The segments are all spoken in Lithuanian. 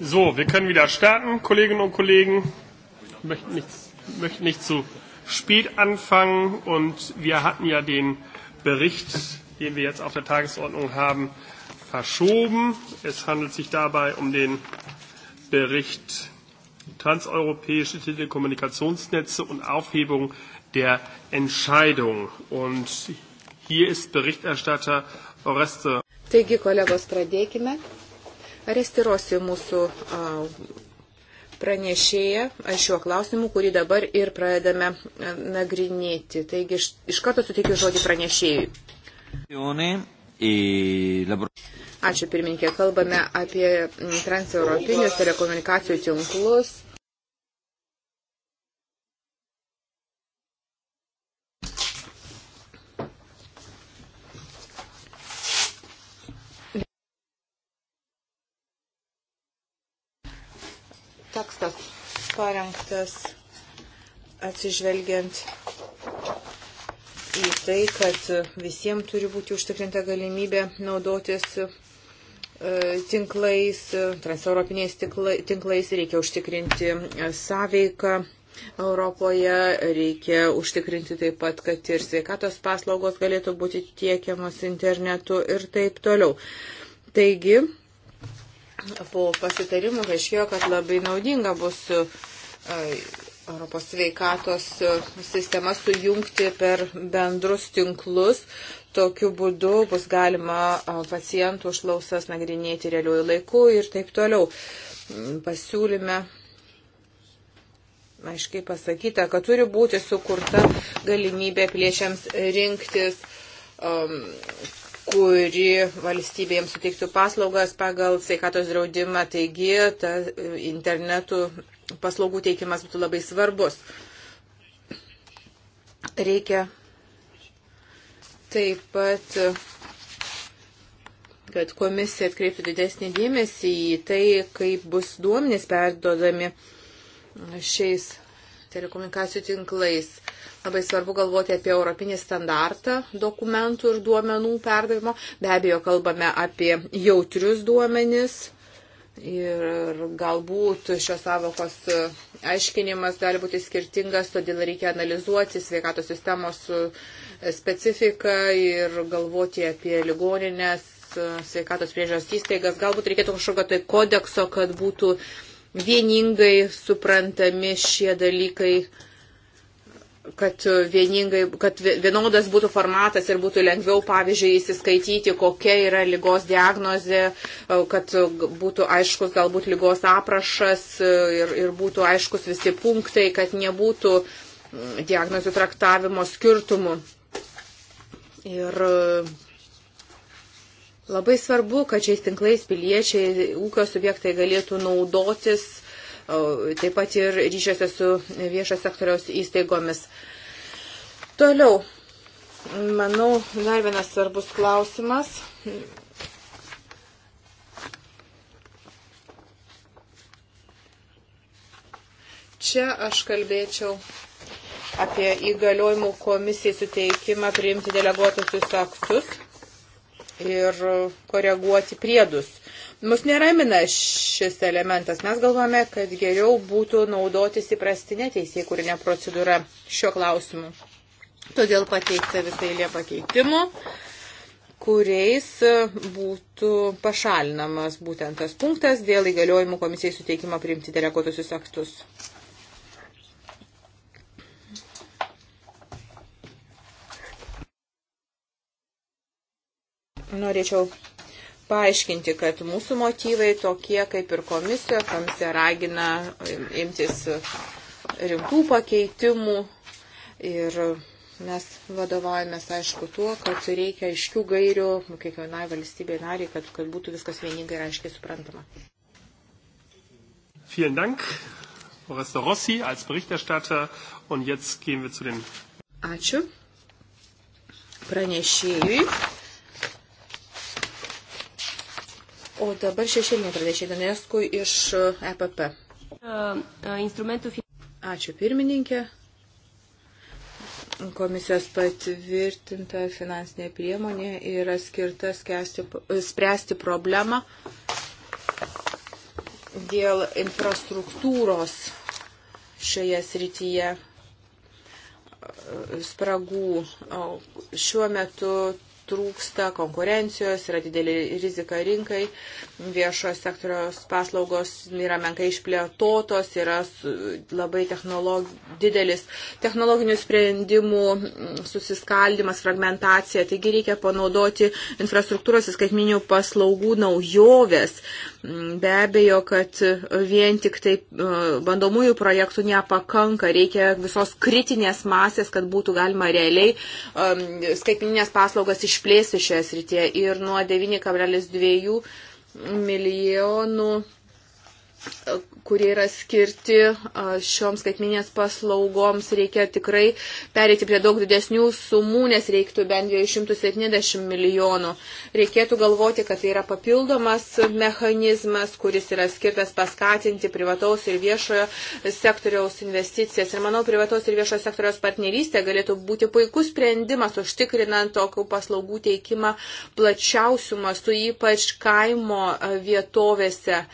So, wir können wieder starten, Kolleginnen und Kollegen. Ich möchte nicht, möchte nicht zu spät anfangen und wir hatten ja den Bericht, den wir jetzt auf der Tagesordnung haben, verschoben. Es handelt sich dabei um den Bericht Transeuropäische Telekommunikationsnetze und Aufhebung der Entscheidung. Und hier ist Berichterstatter Oreste. Taigi, kolegos, pradėkime. Restirosi mūsų pranešėja šiuo klausimu, kurį dabar ir pradedame nagrinėti. Taigi iš karto suteikiu žodį pranešėjui. Ačiū pirmininkė, kalbame apie transeuropinius telekomunikacijų tinklus tekstas parengtas atsižvelgiant į tai, kad visiems turi būti užtikrinta galimybė naudotis e, tinklais, transeuropiniais tinklais, reikia užtikrinti e, sąveiką Europoje, reikia užtikrinti taip pat, kad ir sveikatos paslaugos galėtų būti tiekiamos internetu ir taip toliau. Taigi, po pasitarimų aiškėjo, kad labai naudinga bus e, Europos sveikatos e, sistema sujungti per bendrus tinklus. Tokiu būdu bus galima e, pacientų užklausas nagrinėti realiuoju laiku ir taip toliau. Mm, pasiūlyme aiškiai pasakyta, kad turi būti sukurta galimybė piliečiams rinktis um, kuri valstybėms suteiktų paslaugas pagal sveikatos draudimą, taigi ta e, internetų paslaugų teikimas būtų labai svarbus. Reikia taip pat kad komisija atkreiptų didesnį dėmesį į tai, kaip bus duomenys perdodami šiais telekomunikacijų tinklais. Labai svarbu galvoti apie europinį standartą dokumentų ir duomenų perdavimo. Be abejo, kalbame apie jautrius duomenis. Ir galbūt šios savokos aiškinimas gali būti skirtingas, todėl reikia analizuoti sveikatos sistemos specifiką ir galvoti apie ligoninės, sveikatos priežiūros įstaigas. Galbūt reikėtų kažkokio tai kodekso, kad būtų vieningai suprantami šie dalykai kad, vieningai, kad vienodas būtų formatas ir būtų lengviau, pavyzdžiui, įsiskaityti, kokia yra lygos diagnozė, e, kad būtų aiškus galbūt lygos aprašas e, ir, ir būtų aiškus visi punktai, kad nebūtų mm, diagnozių traktavimo skirtumų. Ir e, labai svarbu, kad šiais tinklais piliečiai, ūkio subjektai galėtų naudotis taip pat ir ryšiuose su viešo sektoriaus įstaigomis. Toliau, manau, dar vienas svarbus klausimas. Čia aš kalbėčiau apie įgaliojimų komisijai suteikimą priimti deleguotusius aktus ir koreguoti priedus. Mus neramina šis elementas. Mes galvojame, kad geriau būtų naudotis įprastinė teisė kūrinė procedūra šiuo klausimu. Todėl pateikta visai lė pakeitimų, kuriais būtų pašalinamas būtent tas punktas dėl įgaliojimų komisijai suteikimo priimti deleguotusius aktus. norėčiau paaiškinti, kad mūsų motyvai tokie kaip ir komisija, komisija ragina imtis rimtų pakeitimų ir mes vadovaujamės, aišku, tuo, kad reikia aiškių gairių kiekvienai valstybei nariai, kad, kad būtų viskas vieningai ir aiškiai suprantama. Vielen Dank, Oreste Rossi, als Berichterstatter. Und jetzt gehen wir zu den. Ačiū. Pranešėjui. O dabar šešėlinė pradėšė Daneskui iš EPP. E uh, uh, Ačiū pirmininkė. Komisijos patvirtinta finansinė priemonė yra skirta skęsti, spręsti problemą dėl infrastruktūros šioje srityje e, spragų. Šiuo metu trūksta, konkurencijos, yra didelė rizika rinkai, viešo sektoriaus paslaugos yra menkai išplėtotos, yra labai technolog... didelis technologinių sprendimų mm, susiskaldimas, fragmentacija, taigi reikia panaudoti infrastruktūros įskaitminių paslaugų naujoves. Mm, be abejo, kad vien tik tai e, bandomųjų projektų nepakanka, reikia visos kritinės masės, kad būtų galima realiai um, skaitmininės paslaugas iš išplėsti šioje srityje ir nuo 9,2 milijonų kurie yra skirti šioms skaitminės paslaugoms, reikia tikrai perėti prie daug didesnių sumų, nes reiktų bent 270 milijonų. Reikėtų galvoti, kad tai yra papildomas mechanizmas, kuris yra skirtas paskatinti privataus ir viešojo sektoriaus investicijas. Ir manau, privataus ir viešojo sektoriaus partnerystė galėtų būti puikus sprendimas, užtikrinant tokių paslaugų teikimą plačiausių mastų, ypač kaimo vietovėse.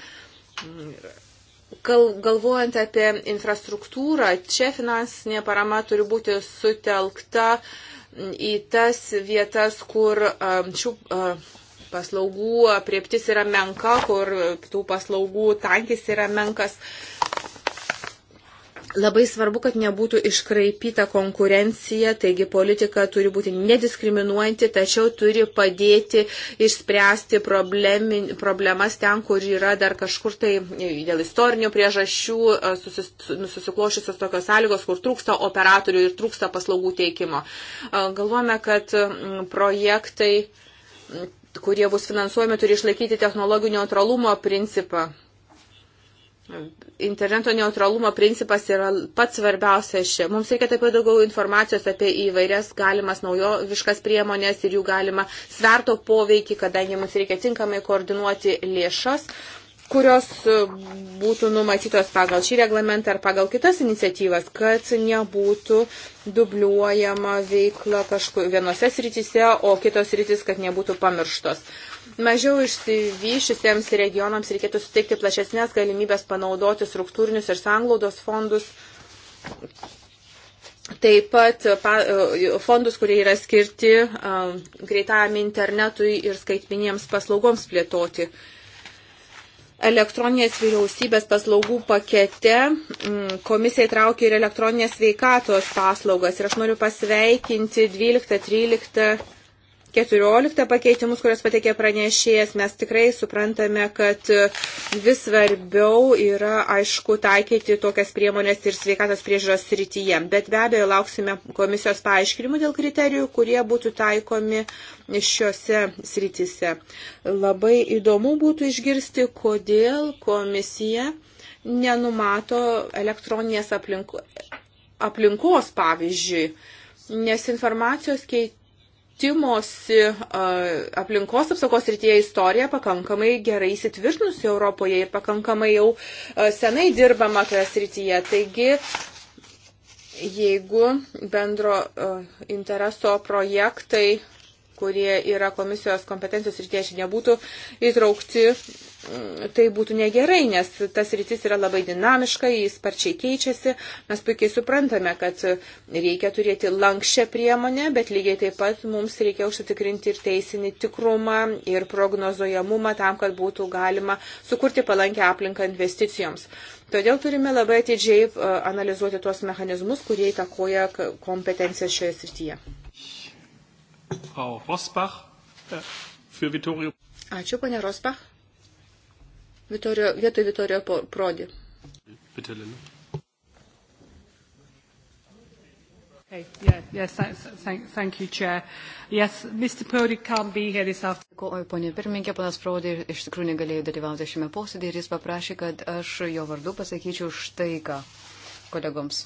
Gal, galvojant apie infrastruktūrą, čia finansinė parama turi būti sutelkta į tas vietas, kur šių paslaugų prieptis yra menka, kur tų paslaugų tankis yra menkas. Labai svarbu, kad nebūtų iškraipyta konkurencija, taigi politika turi būti nediskriminuojanti, tačiau turi padėti išspręsti problemi, problemas ten, kur yra dar kažkur tai dėl istorinių priežasčių susis, nu, susiklošusios tokios sąlygos, kur trūksta operatorių ir trūksta paslaugų teikimo. Galvome, kad projektai kurie bus finansuojami, turi išlaikyti technologinio neutralumo principą interneto neutralumo principas yra pats svarbiausias čia. Mums reikia taip pat daugiau informacijos apie įvairias galimas naujoviškas priemonės ir jų galima sverto poveikį, kadangi mums reikia tinkamai koordinuoti lėšas kurios e, būtų numatytos pagal šį reglamentą ar pagal kitas iniciatyvas, kad nebūtų dubliuojama veikla kažkur vienose srityse, o kitos sritis, kad nebūtų pamirštos. Uh, Mažiau išsivyšusiems regionams reikėtų suteikti plašesnės galimybės panaudoti struktūrinius ir sanglaudos fondus. Taip pat pa, e, fondus, kurie yra skirti e, greitajam internetui ir skaitminiems paslaugoms plėtoti elektroninės vyriausybės paslaugų pakete komisija įtraukė ir elektroninės veikatos paslaugas. Ir aš noriu pasveikinti 12, 13 14 pakeitimus, kurios pateikė pranešėjas, mes tikrai suprantame, kad vis svarbiau yra, aišku, taikyti tokias priemonės ir sveikatos priežiūros srityje. Bet be abejo, lauksime komisijos paaiškinimų dėl kriterijų, kurie būtų taikomi šiuose srityse. Labai įdomu būtų išgirsti, kodėl komisija nenumato elektroninės aplink... aplinkos, pavyzdžiui, nes informacijos keitimas keitimosi aplinkos apsaugos rytyje istorija pakankamai gerai įsitvirtinusi Europoje ir pakankamai jau senai dirbama toje srityje. Taigi, jeigu bendro intereso projektai kurie yra komisijos kompetencijos ir tieši nebūtų įtraukti, mm, tai būtų negerai, nes tas rytis yra labai dinamiška, jis sparčiai keičiasi. Mes puikiai suprantame, kad reikia turėti lankščią priemonę, bet lygiai taip pat mums reikia užsitikrinti ir teisinį tikrumą ir prognozojamumą tam, kad būtų galima sukurti palankę aplinką investicijoms. Todėl turime labai atidžiai e, analizuoti tuos mechanizmus, kurie įtakoja kompetencijas šioje srityje. Frau Rosbach äh, für Vittorio. Ačiū, ponė Rosbach. Vitorio, vietoj Vitorio Prodi. Bitte, Lena. Dėkoju, ponė pirmininkė, panas Prodi iš tikrųjų negalėjo dalyvauti šiame posėdėje ir jis paprašė, kad aš jo vardu pasakyčiau štai ką kolegoms.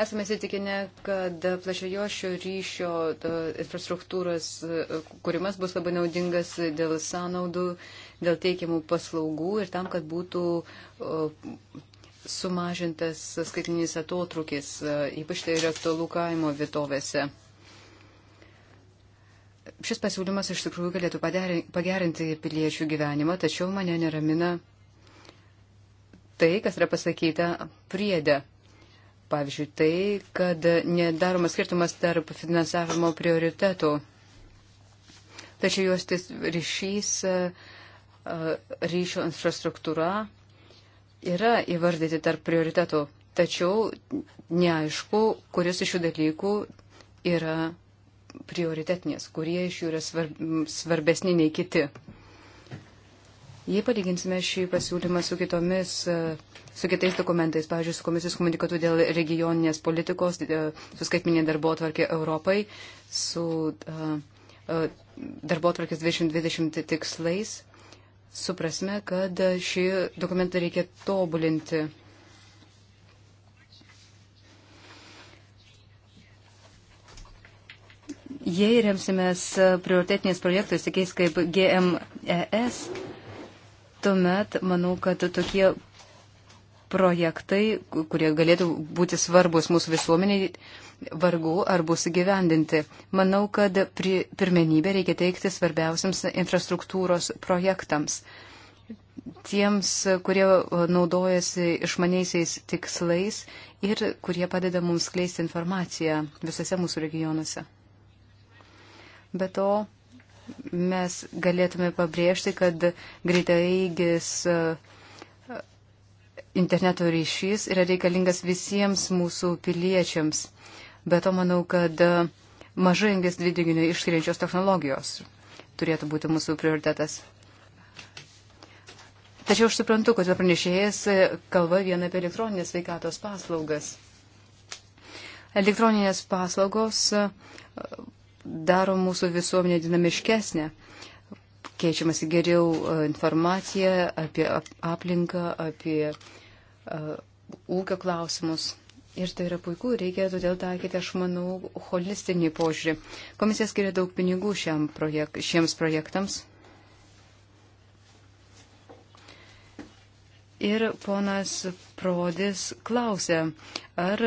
Esame įsitikinę, kad plašiojošio ryšio e, infrastruktūros e, kūrimas bus labai naudingas dėl sąnaudų, dėl teikiamų paslaugų ir tam, kad būtų e, sumažintas skaitlinis atotrukis, ypač tai yra aktualu kaimo vietovėse. Šis pasiūlymas iš tikrųjų galėtų pagerinti piliečių gyvenimą, tačiau mane neramina tai, kas yra pasakyta priedė. Pavyzdžiui, tai, kad nedaromas skirtumas tarp finansavimo prioritetų. Tačiau jos ryšys, ryšio infrastruktūra yra įvardyti tarp prioritetų. Tačiau neaišku, kuris iš šių dalykų yra prioritetinės, kurie iš jų yra svarb, svarbesni nei kiti. Jei palyginsime šį pasiūlymą su kitomis su kitais dokumentais, pavyzdžiui, su komisijos komunikatu dėl regioninės politikos, e, su skaitminė darbo atvarkė Europai, su darbo atvarkės 2020 tikslais. Suprasme, kad šį dokumentą reikia tobulinti. Jei remsimės prioritetiniais projektais, tokiais kaip GMES, tuomet manau, kad tokie projektai, kurie galėtų būti svarbus mūsų visuomeniai, vargu ar bus įgyvendinti. Manau, kad pri, pirmenybę reikia teikti svarbiausiams infrastruktūros projektams. Tiems, kurie naudojasi išmaniaisiais tikslais ir kurie padeda mums kleisti informaciją visose mūsų regionuose. Be to, mes galėtume pabrėžti, kad greitaeigis uh, interneto ryšys yra reikalingas visiems mūsų piliečiams. Bet to manau, kad e, mažai angės dvideginio išskiriančios technologijos turėtų būti mūsų prioritetas. Tačiau aš suprantu, kad pranešėjas e, kalba vieną apie elektroninės veikatos paslaugas. Elektroninės paslaugos e, daro mūsų visuomenę dinamiškesnę keičiamasi geriau informacija apie aplinką, apie E, ūkio klausimus. Ir tai yra puiku, reikia todėl taikyti, aš manau, holistinį požiūrį. Komisija skiria daug pinigų projek šiems projektams. Ir ponas Prodis klausė, ar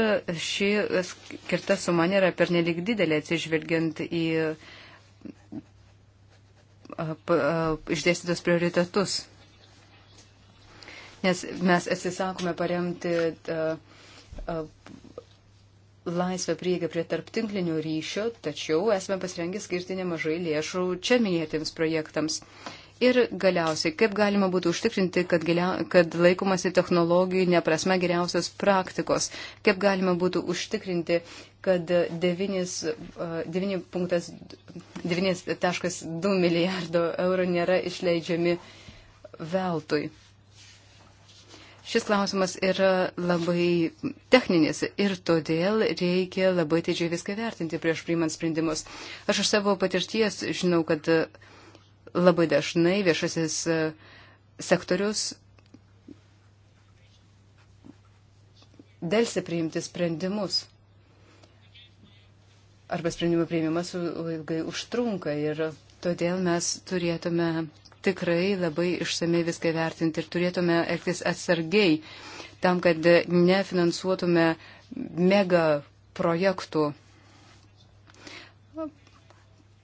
ši skirta suma nėra pernelik didelė atsižvelgiant į e, e, išdėstytos prioritetus nes mes atsisakome paremti laisvę prieigą prie tarptinklinio ryšio, tačiau esame pasirengę skirti nemažai lėšų čia minėtiems projektams. Ir galiausiai, kaip galima būtų užtikrinti, kad, gilia, kad laikomasi technologijų neprasme geriausios praktikos, kaip galima būtų užtikrinti, kad 9.2 milijardo eurų nėra išleidžiami veltui. Šis klausimas yra labai techninis ir todėl reikia labai tėdžiai viską vertinti prieš priimant sprendimus. Aš iš savo patirties žinau, kad labai dažnai viešasis e, sektorius dėlsi priimti sprendimus. Arba sprendimų priimimas ilgai užtrunka ir todėl mes turėtume tikrai labai išsamei viską vertinti ir turėtume elgtis atsargiai tam, kad nefinansuotume mega projektų.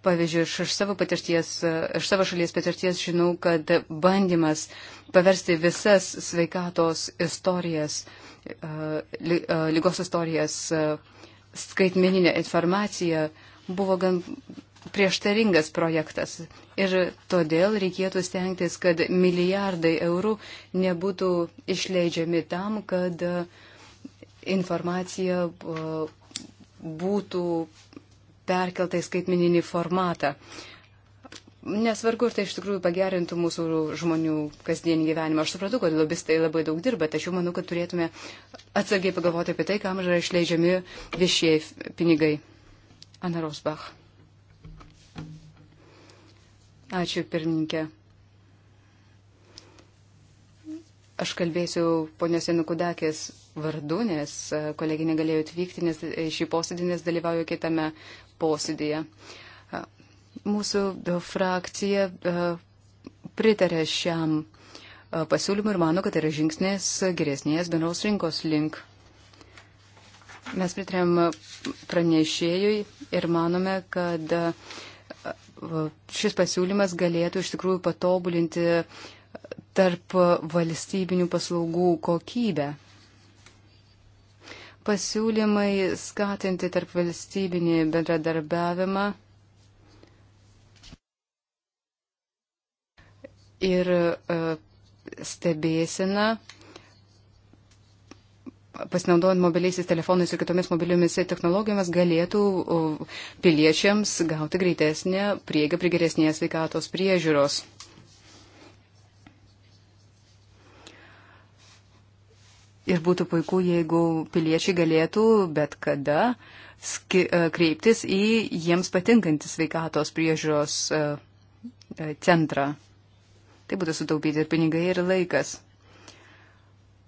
Pavyzdžiui, aš iš savo, patirties, iš savo šalies patirties žinau, kad bandymas paversti visas sveikatos istorijas, e, lygos e, istorijas e, skaitmeninę informaciją buvo gan prieštaringas projektas. Ir todėl reikėtų stengtis, kad milijardai eurų nebūtų išleidžiami tam, kad e, informacija e, būtų perkelta į skaitmininį formatą. Nesvarbu, ar tai iš tikrųjų pagerintų mūsų žmonių kasdienį gyvenimą. Aš supratau, kad lobistai labai daug dirba, tačiau manau, kad turėtume atsargiai pagalvoti apie tai, kam yra išleidžiami viešieji pinigai. Ana Rosbach. Ačiū, pirmininkė. Aš kalbėsiu ponios Janukudakės vardu, nes e, kolegė negalėjo atvykti, nes e, šį posėdį, nes dalyvauju kitame posėdėje. Mūsų e, frakcija pritarė šiam pasiūlymui ir mano, kad tai yra žingsnis geresnės bendros rinkos link. Mes pritarėm pranešėjui ir manome, kad uh, šis pasiūlymas galėtų iš tikrųjų patobulinti tarp valstybinių paslaugų kokybę. Pasiūlymai skatinti tarp valstybinį bendradarbiavimą ir e, stebėsena pasinaudojant mobiliaisiais telefonais ir kitomis mobiliomis technologijomis, galėtų piliečiams gauti greitesnę prieigą prie geresnės sveikatos priežiūros. Ir būtų puiku, jeigu piliečiai galėtų bet kada e, kreiptis į jiems patinkantį sveikatos priežiūros e, e, centrą. Tai būtų sutaupyti ir pinigai, ir laikas.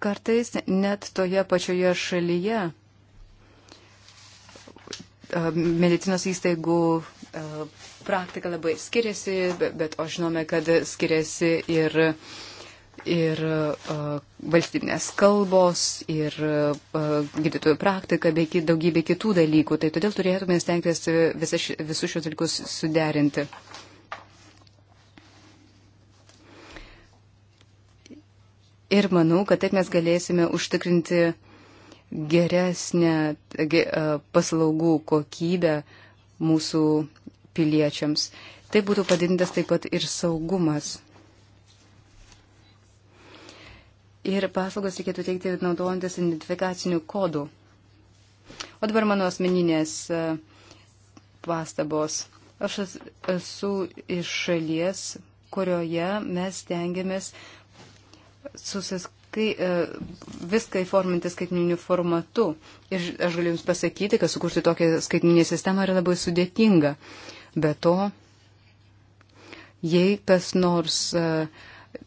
Kartais net toje pačioje šalyje medicinos įstaigų praktika labai skiriasi, bet o žinome, kad skiriasi ir, ir valstybinės kalbos, ir gydytojų praktika, bei daugybė kitų dalykų. Tai todėl turėtume stengtis visus šios dalykus suderinti. Ir manau, kad taip mes galėsime užtikrinti geresnę paslaugų kokybę mūsų piliečiams. Tai būtų padidintas taip pat ir saugumas. Ir paslaugas reikėtų teikti naudojantis identifikacinių kodų. O dabar mano asmeninės pastabos. Aš esu iš šalies, kurioje mes tengiamės susiskai, e, viską įforminti skaitmininiu formatu. Ir aš galiu Jums pasakyti, kad sukurti tokią skaitmininę sistemą yra labai sudėtinga. Be to, jei kas nors e,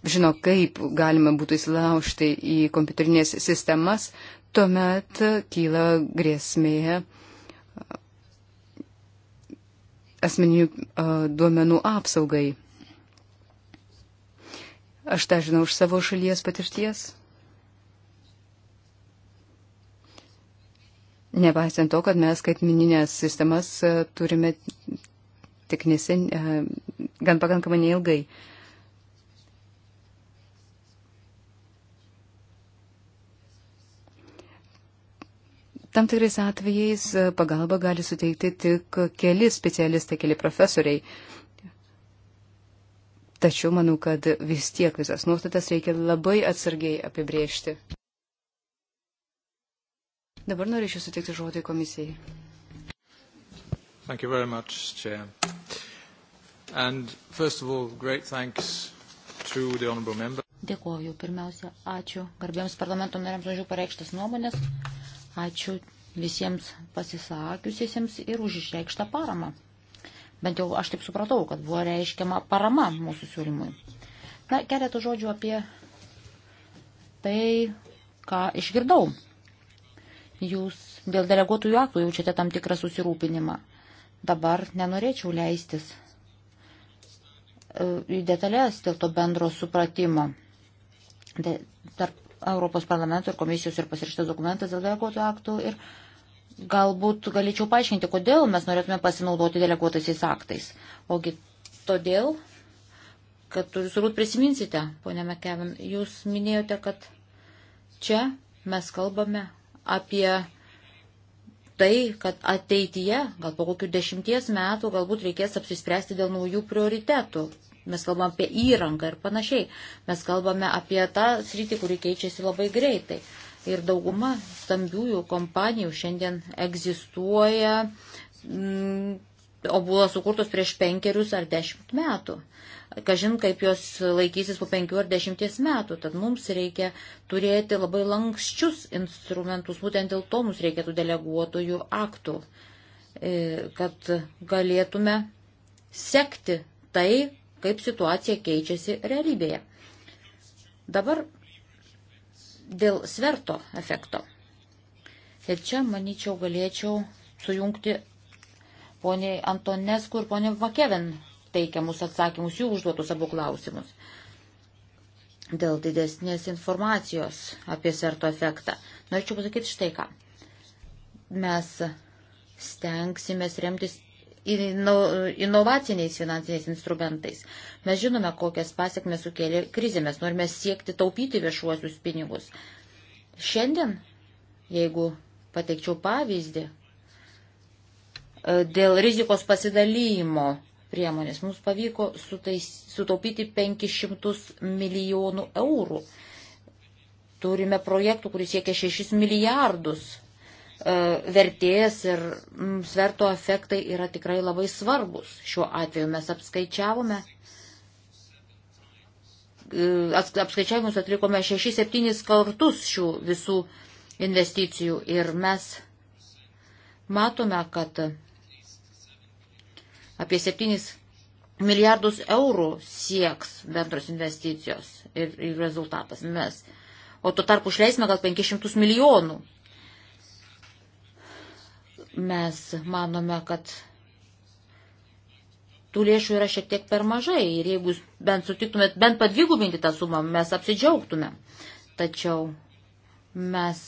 žino, kaip galima būtų įsilaužti į kompiuterinės sistemas, tuomet kyla grėsmė e, asmeninių duomenų apsaugai. Aš tą žinau iš savo šalies patirties. Nepaisant to, kad mes skaitmininės sistemas e, turime tik nesen, e, gan pakankamai neilgai. Tam tikrais atvejais e, pagalba gali suteikti tik keli specialistai, keli profesoriai. Uh, Tačiau manau, kad vis tiek visas nuostatas reikia labai atsargiai apibriežti. Dabar norėčiau sutikti žodį komisijai. Thank you very much, Chair. And first of all, great thanks to the Honourable Member. Dėkuoju. Pirmiausia, ačiū garbėms parlamento nariams už jų pareikštas nuomonės. Ačiū visiems pasisakiusiesiems ir už išreikštą paramą. Bent jau aš taip supratau, kad buvo reiškiama parama mūsų siūlymui. Na, keletą žodžių apie tai, ką išgirdau. Jūs dėl deleguotųjų aktų jaučiate tam tikrą susirūpinimą. Dabar nenorėčiau leistis e, į detalės dėl to bendro supratimo tarp Europos parlamento ir komisijos ir pasirištas dokumentas dėl deleguotų aktų ir uh, Galbūt galėčiau paaiškinti, kodėl mes norėtume pasinaudoti deleguotaisiais aktais. Ogi todėl, kad jūs turbūt prisiminsite, ponė Mekevin, jūs minėjote, kad čia mes kalbame apie tai, kad ateityje, gal po kokių dešimties metų, galbūt reikės apsispręsti dėl naujų prioritetų. Mes kalbame apie įrangą ir panašiai. Mes kalbame apie tą sritį, kuri keičiasi labai greitai. Ir dauguma stambiųjų kompanijų šiandien egzistuoja, m, mm, o buvo sukurtos prieš penkerius ar dešimt metų. Kažin, kaip jos laikysis po penkių ar dešimties metų. Tad mums reikia turėti labai lankščius instrumentus. Būtent dėl to mums reikėtų deleguotojų aktų, e, kad galėtume sekti tai, kaip situacija keičiasi realybėje. Dabar dėl sverto efekto. Ir čia, manyčiau, galėčiau sujungti poniai Antonesku ir poniai Vakeven teikiamus atsakymus, jų užduotus abu klausimus. Dėl didesnės informacijos apie sverto efektą. Norėčiau pasakyti štai ką. Mes stengsimės remtis inovaciniais finansiniais instrumentais. Mes žinome, kokias pasiekmes sukėlė krizė, mes norime siekti taupyti viešuosius pinigus. Šiandien, jeigu pateikčiau pavyzdį, e, dėl rizikos pasidalymo priemonės mums pavyko sutais, sutaupyti 500 milijonų eurų. Turime projektų, kuris siekia 6 milijardus E, vertėjas ir mm, sverto efektai yra tikrai labai svarbus. Šiuo atveju mes apskaičiavome, e, apskaičiavimus atlikome 6-7 kartus šių visų investicijų ir mes matome, kad apie 7 milijardus eurų sieks bendros investicijos ir, ir rezultatas mes. O tuo tarpu išleisime gal 500 milijonų Mes manome, kad tų lėšų yra šiek tiek per mažai ir jeigu bent sutiktumėt, bent padvigubinti tą sumą, mes apsidžiaugtume. Tačiau mes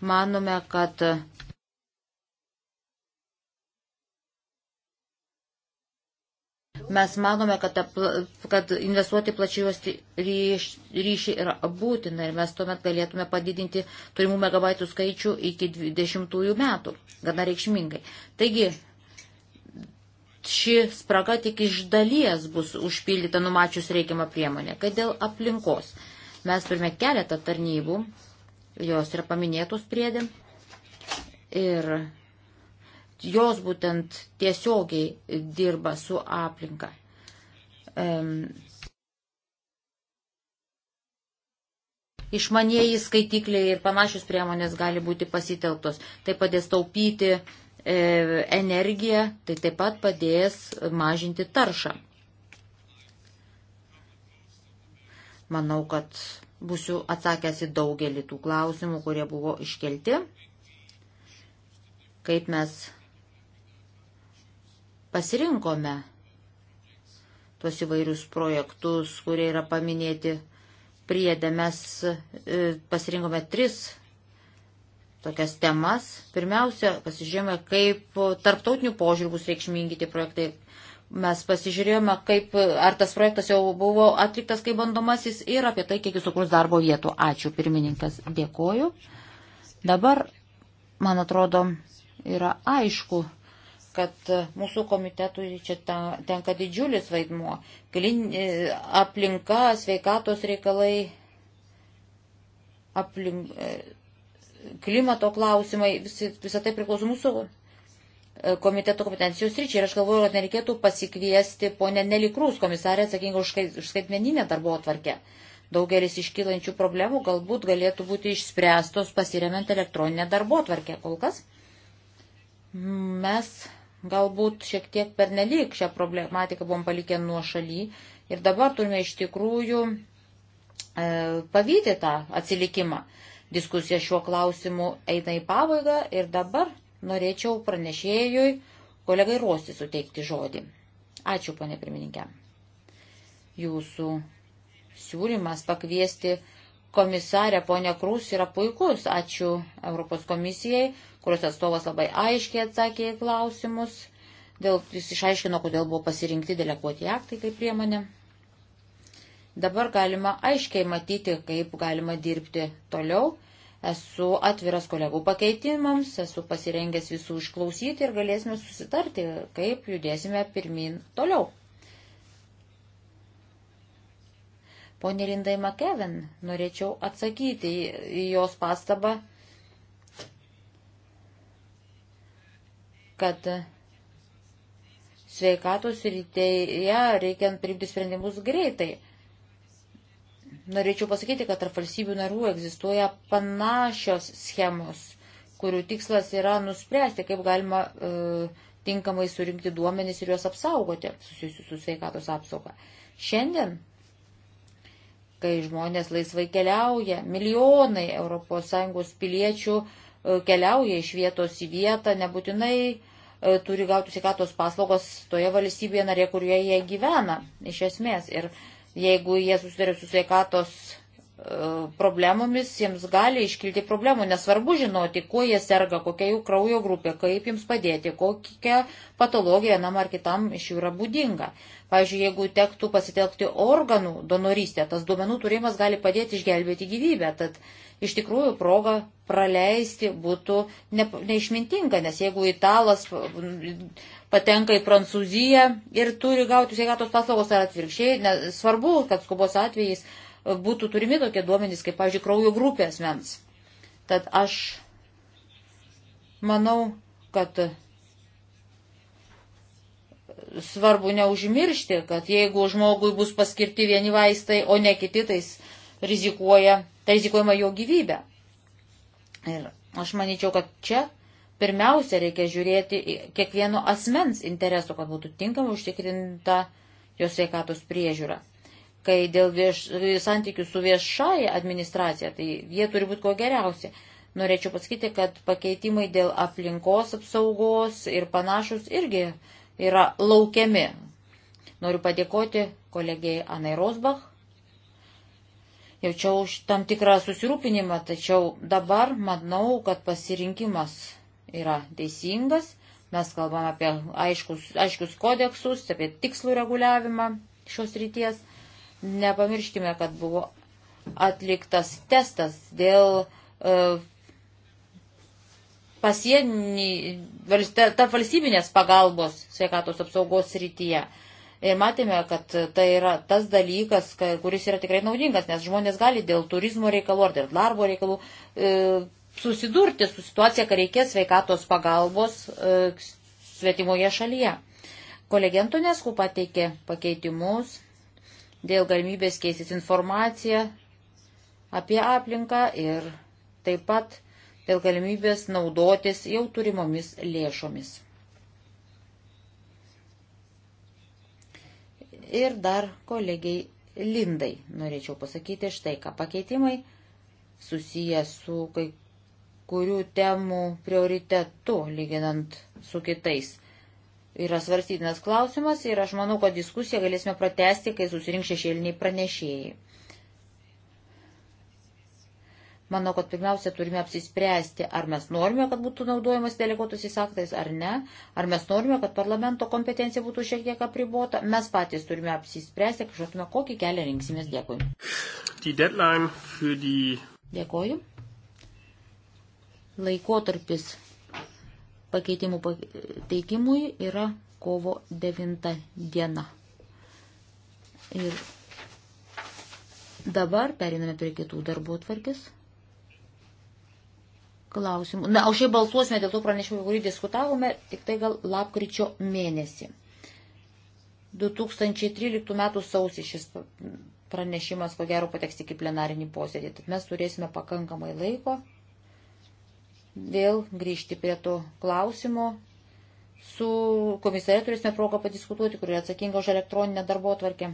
manome, kad Mes manome, kad, ta, kad investuoti plačiuosti ryš, ryšį yra būtina ir mes tuomet galėtume padidinti turimų megabaitų skaičių iki 20 metų, gana reikšmingai. Taigi, ši spraga tik iš dalies bus užpildyta numačius reikiamą priemonę, kad dėl aplinkos. Mes turime keletą tarnybų, jos yra paminėtos priedėm. Ir jos būtent tiesiogiai dirba su aplinka. Išmanieji skaitikliai ir panašius priemonės gali būti pasitelktos. Tai padės taupyti e, energiją, tai taip pat padės mažinti taršą. Manau, kad būsiu atsakęs į daugelį tų klausimų, kurie buvo iškelti, kaip mes pasirinkome tuos įvairius projektus, kurie yra paminėti priedę. Mes e, pasirinkome tris tokias temas. Pirmiausia, pasižiūrėjome, kaip tarptautinių požiūrį bus reikšmingi tie projektai. Mes pasižiūrėjome, kaip, ar tas projektas jau buvo atliktas kaip bandomasis ir apie tai, kiek jis sukurs darbo vietų. Ačiū, pirmininkas, dėkoju. Dabar, man atrodo, yra aišku, kad mūsų komitetui čia tenka didžiulis vaidmuo. Klin, e, aplinka, sveikatos reikalai, aplink, e, klimato klausimai, vis, visą tai priklauso mūsų e, komiteto kompetencijos ryčiai. Ir aš galvoju, kad nereikėtų pasikviesti ponę Nelikrus, komisarę atsakingą už skaitmeninę darbo atvarkę. Daugelis iškylančių problemų galbūt galėtų būti išspręstos pasiremiant elektroninę darbo atvarkę. Kol kas mes Galbūt šiek tiek pernelyg šią problematiką buvom palikę nuo šaly ir dabar turime iš tikrųjų e, pavyti tą atsilikimą. Diskusija šiuo klausimu eina į pabaigą ir dabar norėčiau pranešėjui kolegai Rosi suteikti žodį. Ačiū, ponė pirmininkė. Jūsų siūlymas pakviesti komisarė ponė Krūs yra puikus. Ačiū Europos komisijai, kurios atstovas labai aiškiai atsakė į klausimus. Dėl, jis išaiškino, kodėl buvo pasirinkti deleguoti aktai kaip priemonė. Dabar galima aiškiai matyti, kaip galima dirbti toliau. Esu atviras kolegų pakeitimams, esu pasirengęs visų išklausyti ir galėsime susitarti, kaip judėsime pirmin toliau. Pone Lindai Makeven, norėčiau atsakyti į jos pastabą, kad sveikatos rytėje reikiant priimti sprendimus greitai. Norėčiau pasakyti, kad tarp valstybių narų egzistuoja panašios schemos, kurių tikslas yra nuspręsti, kaip galima e, tinkamai surinkti duomenys ir juos apsaugoti susijusius su sveikatos apsauga. Šiandien kai žmonės laisvai keliauja. Milijonai ES piliečių e, keliauja iš vietos į vietą, nebūtinai e, turi gauti sveikatos paslaugos toje valstybėje narė, kurioje jie gyvena iš esmės. Ir jeigu jie susiduria su sveikatos problemomis, jiems gali iškilti problemų, nesvarbu žinoti, kuo jie serga, kokia jų kraujo grupė, kaip jiems padėti, kokia patologija vienam ar kitam iš jų yra būdinga. Pavyzdžiui, jeigu tektų pasitelkti organų donorystę, tas duomenų turėjimas gali padėti išgelbėti gyvybę, tad iš tikrųjų proga praleisti būtų ne, neišmintinga, nes jeigu italas patenka į Prancūziją ir turi gauti sveikatos paslaugos ar atvirkščiai, nesvarbu, kad skubos atvejais būtų turimi tokie duomenys, kaip, pavyzdžiui, kraujo grupės mens. Tad aš manau, kad svarbu neužmiršti, kad jeigu žmogui bus paskirti vieni vaistai, o ne kiti, tai rizikuoja, tai rizikuojama jo gyvybė. Ir aš manyčiau, kad čia pirmiausia reikia žiūrėti kiekvieno asmens interesų, kad būtų tinkama užtikrinta jos sveikatos priežiūra kai dėl vieš, santykių su viešai administracija, tai jie turi būti ko geriausia. Norėčiau pasakyti, kad pakeitimai dėl aplinkos apsaugos ir panašus irgi yra laukiami. Noriu padėkoti kolegijai Anai Rosbach. Jaučiau tam tikrą susirūpinimą, tačiau dabar manau, kad pasirinkimas yra teisingas. Mes kalbam apie aiškus, aiškius kodeksus, apie tikslų reguliavimą šios ryties. Nepamirškime, kad buvo atliktas testas dėl e, pasienį, tarp valstybinės pagalbos sveikatos apsaugos rytyje. Ir matėme, kad tai yra tas dalykas, kuris yra tikrai naudingas, nes žmonės gali dėl turizmo reikalų ar dėl darbo reikalų e, susidurti su situacija, kai reikės sveikatos pagalbos e, svetimoje šalyje. Kolegentų nesku pateikė pakeitimus dėl galimybės keistis informaciją apie aplinką ir taip pat dėl galimybės naudotis jau turimomis lėšomis. Ir dar kolegiai Lindai norėčiau pasakyti štai ką pakeitimai susiję su kai kurių temų prioritetu lyginant su kitais yra svarstytinas klausimas ir aš manau, kad diskusiją galėsime pratesti, kai susirink šešėliniai pranešėjai. Manau, kad pirmiausia turime apsispręsti, ar mes norime, kad būtų naudojamas deleguotus įsaktais ar ne, ar mes norime, kad parlamento kompetencija būtų šiek tiek apribota. Mes patys turime apsispręsti, kad žinotume, kokį kelią rinksimės. Dėkui. Die... Dėkoju. Laikotarpis Pakeitimų teikimui yra kovo 9 diena. Ir dabar periname prie kitų darbų tvarkis. Klausimų. Na, o šiaip balsuosime dėl to pranešimo, kurį diskutavome, tik tai gal lapkričio mėnesį. 2013 m. sausį šis pranešimas, ko gero, pateks tik į plenarinį posėdį. Tad mes turėsime pakankamai laiko vėl grįžti prie to klausimo. Su komisarė turėsime progą padiskutuoti, kuri atsakinga už elektroninę darbo atvarkę.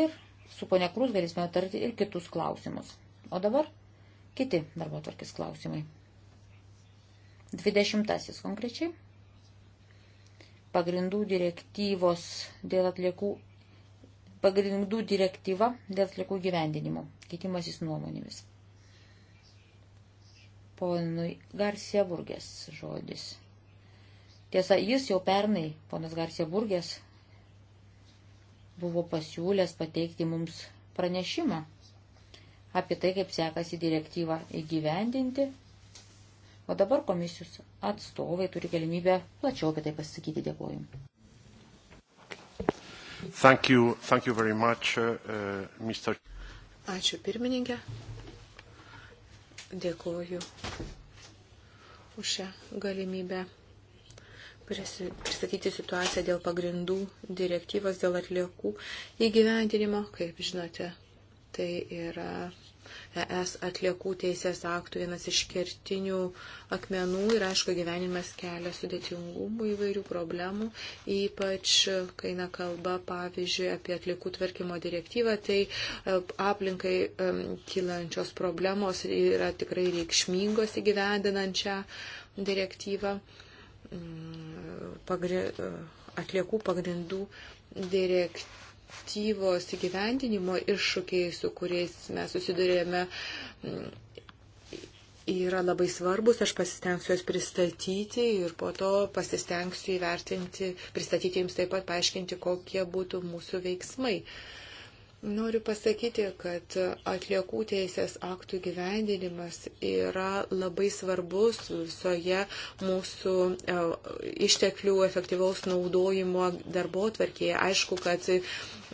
Ir su ponia Krus galėsime aptarti ir kitus klausimus. O dabar kiti darbo atvarkės klausimai. Dvidešimtasis konkrečiai. Pagrindų direktyvos dėl atliekų pagrindų direktyva dėl atliekų gyvendinimo, keitimasis nuomonėmis ponui Garcia Burgės žodis. Tiesa, jis jau pernai, ponas Garcia Burgės, buvo pasiūlęs pateikti mums pranešimą apie tai, kaip sekasi direktyvą įgyvendinti, o dabar komisijos atstovai turi galimybę plačiau apie tai pasisakyti. Dėkuoju. Thank you, thank you very much, uh, uh Mr. Ačiū pirmininkė. Dėkoju už šią galimybę pristatyti situaciją dėl pagrindų direktyvos dėl atliekų įgyvendinimo. Kaip žinote, tai yra ES atliekų teisės aktų vienas iš kertinių akmenų ir, aišku, gyvenimas kelia sudėtingumų įvairių problemų, ypač kai na kalba, pavyzdžiui, apie atliekų tvarkymo direktyvą, tai e, aplinkai e, kylančios problemos yra tikrai reikšmingos įgyvendinančią direktyvą mm, e, atliekų pagrindų direktyvą direktyvos įgyvendinimo iššūkiai, su kuriais mes susidurėjome, mm, yra labai svarbus. Aš pasistengsiu juos pristatyti ir po to pasistengsiu įvertinti, pristatyti jums taip pat, paaiškinti, kokie būtų mūsų veiksmai. Noriu pasakyti, kad atliekų teisės aktų gyvendinimas yra labai svarbus visoje mūsų e, išteklių efektyvaus naudojimo darbo tvarkėje. Aišku, kad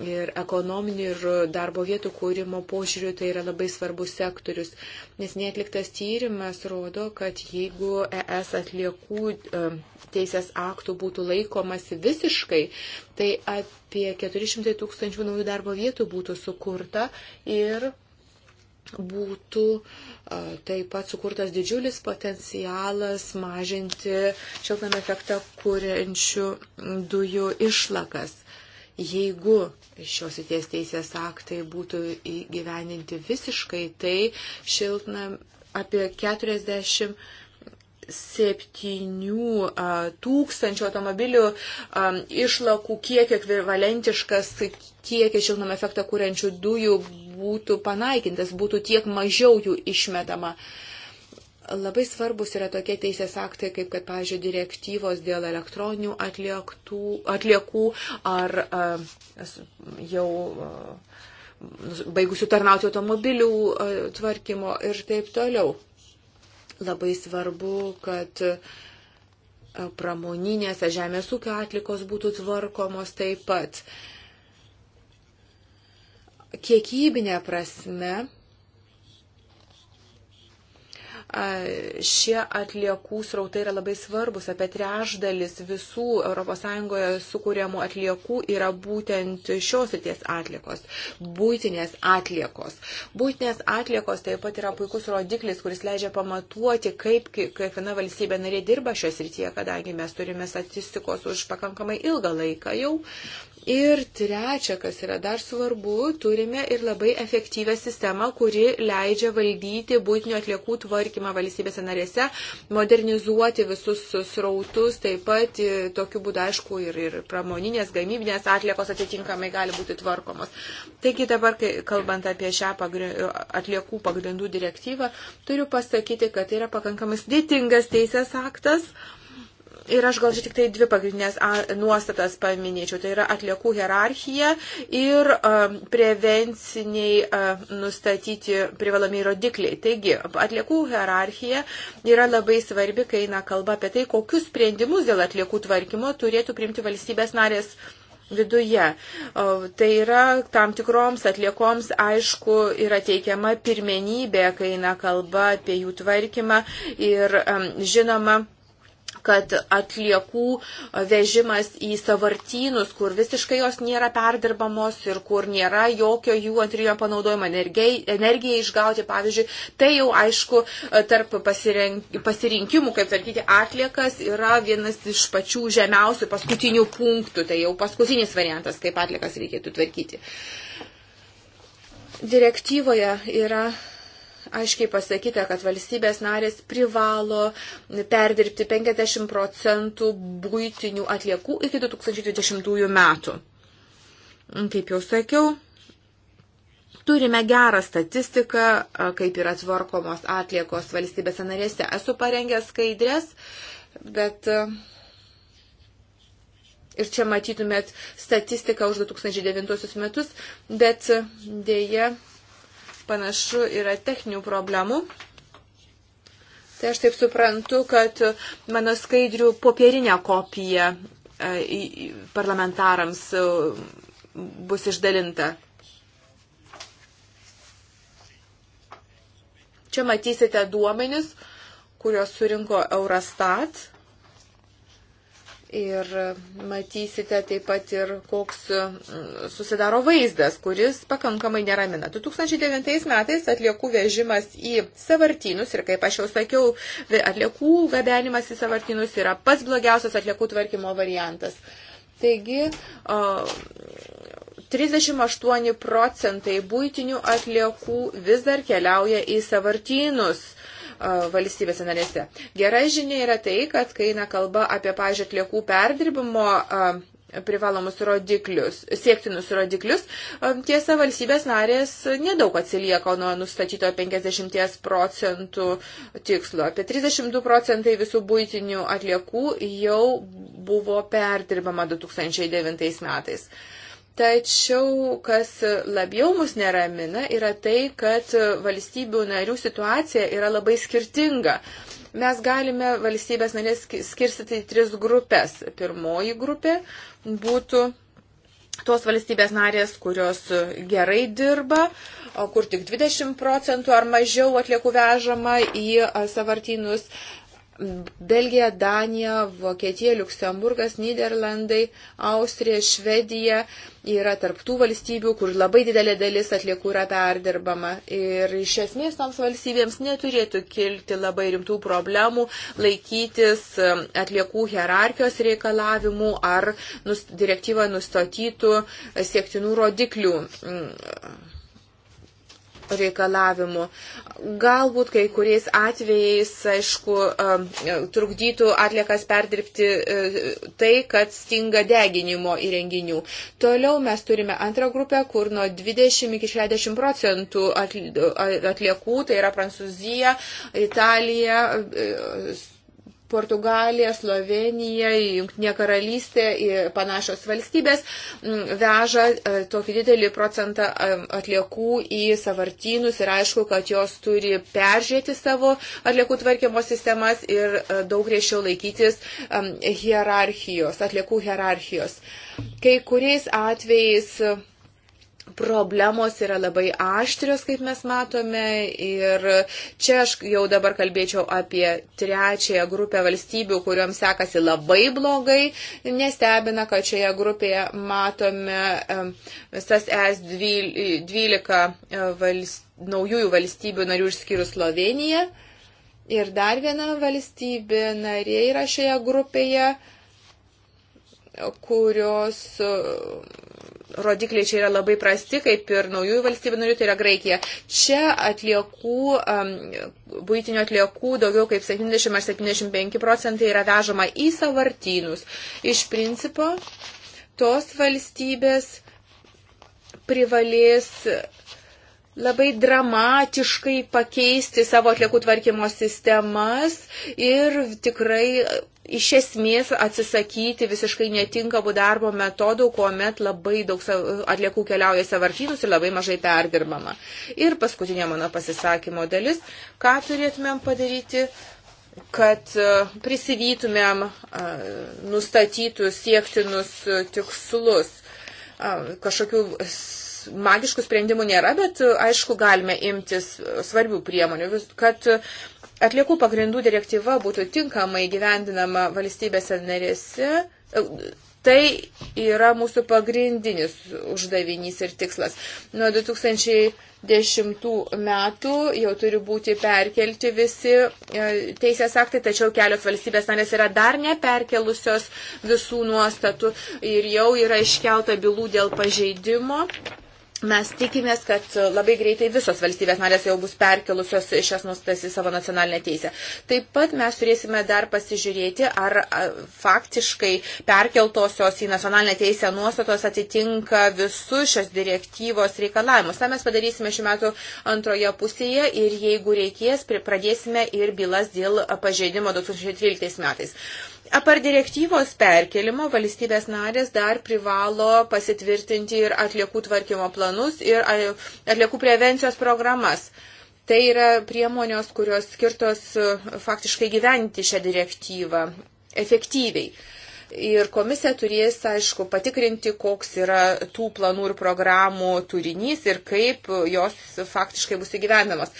ir ekonominių ir darbo vietų kūrimo požiūrių tai yra labai svarbus sektorius. Nes neatliktas tyrimas rodo, kad jeigu ES atliekų e, teisės aktų būtų laikomas visiškai, tai apie 400 tūkstančių naujų darbo vietų būtų sukurta ir būtų e, taip pat sukurtas didžiulis potencialas mažinti šiltnamio efektą kūrenčių dujų išlakas. Jeigu šios įties teisės aktai būtų įgyveninti visiškai, tai šiltnam apie 40 septynių tūkstančių automobilių išlakų kiek ekvivalentiškas kiekis šiltnamio efektą kūrenčių dujų būtų panaikintas, būtų tiek mažiau jų išmetama. Uh, Labai svarbus yra tokie teisės aktai, kaip, kad, pavyzdžiui, direktyvos dėl elektroninių atliektų, atliekų ar a, jau a, baigusių tarnauti automobilių a, tvarkymo ir taip toliau. Labai svarbu, kad pramoninės ar žemės ūkio atlikos būtų tvarkomos taip pat. Kiekybinė prasme Šie atliekų srautai yra labai svarbus. Apie trešdalis visų ES sukūriamų atliekų yra būtent šios ryties atliekos - būtinės atliekos. Būtinės atliekos taip pat yra puikus rodiklis, kuris leidžia pamatuoti, kaip kiekviena valstybė narė dirba šios rytyje, kadangi mes turime statistikos už pakankamai ilgą laiką jau. Ir trečia, kas yra dar svarbu, turime ir labai efektyvę sistemą, kuri leidžia valdyti būtinių atliekų tvarkymą valstybėse narėse, modernizuoti visus srautus, taip pat e, tokiu būdu, aišku, ir, ir pramoninės, gamybinės atliekos atitinkamai gali būti tvarkomos. Taigi dabar, kai, kalbant apie šią pagri... atliekų pagrindų direktyvą, turiu pasakyti, kad tai yra pakankamai sudėtingas teisės aktas. Ir aš gal čia tik tai dvi pagrindinės nuostatas paminėčiau. Tai yra atliekų hierarchija ir um, prevenciniai uh, nustatyti privalomi rodikliai. Taigi, atliekų hierarchija yra labai svarbi, kai eina kalba apie tai, kokius sprendimus dėl atliekų tvarkymo turėtų priimti valstybės narės viduje. Tai yra tam tikroms atliekoms, aišku, yra teikiama pirmenybė, kai eina kalba apie jų tvarkymą ir žinoma, kad atliekų vežimas į savartynus, kur visiškai jos nėra perdirbamos ir kur nėra jokio jų antrinio panaudojimo energijai, energijai išgauti, pavyzdžiui, tai jau aišku tarp pasirinkimų, kaip tvarkyti atliekas, yra vienas iš pačių žemiausių paskutinių punktų, tai jau paskutinis variantas, kaip atliekas reikėtų tvarkyti. Direktyvoje yra aiškiai pasakyta, kad valstybės narės privalo perdirbti 50 procentų būtinių atliekų iki 2020 metų. Kaip jau sakiau, turime gerą statistiką, kaip yra tvarkomos atliekos valstybėse narėse. Esu parengęs skaidrės, bet. Ir čia matytumėt statistiką už 2009 metus, bet dėje panašu yra techninių problemų. Tai aš taip suprantu, kad mano skaidrių popierinė kopija e, parlamentarams e, bus išdalinta. Čia matysite duomenis, kuriuos surinko Eurostat Ir matysite taip pat ir koks mm, susidaro vaizdas, kuris pakankamai neramina. 2009 metais atliekų vežimas į savartynus ir, kaip aš jau sakiau, atliekų gabenimas į savartynus yra pats blogiausias atliekų tvarkymo variantas. Taigi, 38 procentai būtinių atliekų vis dar keliauja į savartynus valstybėse narėse. Gera žinia yra tai, kad kai eina kalba apie, pažiūrėjau, atliekų perdirbimo privalomus rodiklius, siektinus rodiklius, tiesa, valstybės narės nedaug atsilieka nuo nustatyto 50 procentų tikslo. Apie 32 procentai visų būtinių atliekų jau buvo perdirbama 2009 metais. Tačiau kas labiau mus neramina yra tai, kad valstybių narių situacija yra labai skirtinga. Mes galime valstybės narės skirstyti į tris grupės. Pirmoji grupė būtų tos valstybės narės, kurios gerai dirba, kur tik 20 procentų ar mažiau atliekų vežama į savartynus. Belgija, Danija, Vokietija, Luksemburgas, Niderlandai, Austrija, Švedija yra tarptų valstybių, kur labai didelė dalis atliekų yra perdirbama. Ir iš esmės toms valstybėms neturėtų kilti labai rimtų problemų laikytis um, atliekų hierarchijos reikalavimų ar direktyvą nustatytų uh, siektinų rodiklių mm, reikalavimų. Galbūt kai kuriais atvejais, aišku, trukdytų atliekas perdirbti e, tai, kad stinga deginimo įrenginių. Toliau mes turime antrą grupę, kur nuo 20 iki 60 procentų atliekų, tai yra Prancūzija, Italija, e, Portugalija, Slovenija, Junktinė karalystė ir panašios valstybės mm, veža e, tokį didelį procentą e, atliekų į savartynus ir aišku, kad jos turi peržiūrėti savo atliekų tvarkymo sistemas ir e, daug griežčiau laikytis hierarchijos, atliekų hierarchijos. Kai kuriais atvejais problemos yra labai aštrios, kaip mes matome. Ir čia aš jau dabar kalbėčiau apie trečiąją grupę valstybių, kuriuoms sekasi labai blogai. Nestebina, kad šioje grupėje matome visas S12 e, valst, naujųjų valstybių narių išskyrus Sloveniją. Ir dar viena valstybė narė yra šioje grupėje kurios rodikliai čia yra labai prasti, kaip ir naujųjų valstybių narių, tai yra Graikija. Čia atliekų, um, būtinių atliekų daugiau kaip 70 ar 75 procentai yra vežama į savartynus. Iš principo, tos valstybės privalės labai dramatiškai pakeisti savo atliekų tvarkymo sistemas ir tikrai iš esmės atsisakyti visiškai netinkamų darbo metodų, kuomet labai daug atliekų keliauja savartynus ir labai mažai perdirbama. Ir paskutinė mano pasisakymo dalis, ką turėtumėm padaryti kad e, prisivytumėm e, nustatytus siektinus e, tikslus kažkokių magiškų sprendimų nėra, bet aišku, galime imtis svarbių priemonių, kad atliekų pagrindų direktyva būtų tinkamai gyvendinama valstybėse narėse. Tai yra mūsų pagrindinis uždavinys ir tikslas. Nuo 2010 metų jau turi būti perkelti visi e, teisės aktai, tačiau kelios valstybės narės yra dar neperkelusios visų nuostatų ir jau yra iškelta bylų dėl pažeidimo. Mes tikimės, kad labai greitai visos valstybės narės jau bus perkelusios šias nustatas į savo nacionalinę teisę. Taip pat mes turėsime dar pasižiūrėti, ar faktiškai perkeltosios į nacionalinę teisę nuostatos atitinka visus šios direktyvos reikalavimus. Ta mes padarysime šiuo metu antroje pusėje ir jeigu reikės, pradėsime ir bylas dėl pažeidimo 2013 metais. Apar direktyvos perkelimo valstybės narės dar privalo pasitvirtinti ir atliekų tvarkymo planus ir atliekų prevencijos programas. Tai yra priemonios, kurios skirtos e, faktiškai gyventi šią direktyvą efektyviai. Ir komisija turės, aišku, patikrinti, koks yra tų planų ir programų turinys ir kaip jos faktiškai bus įgyvendamos.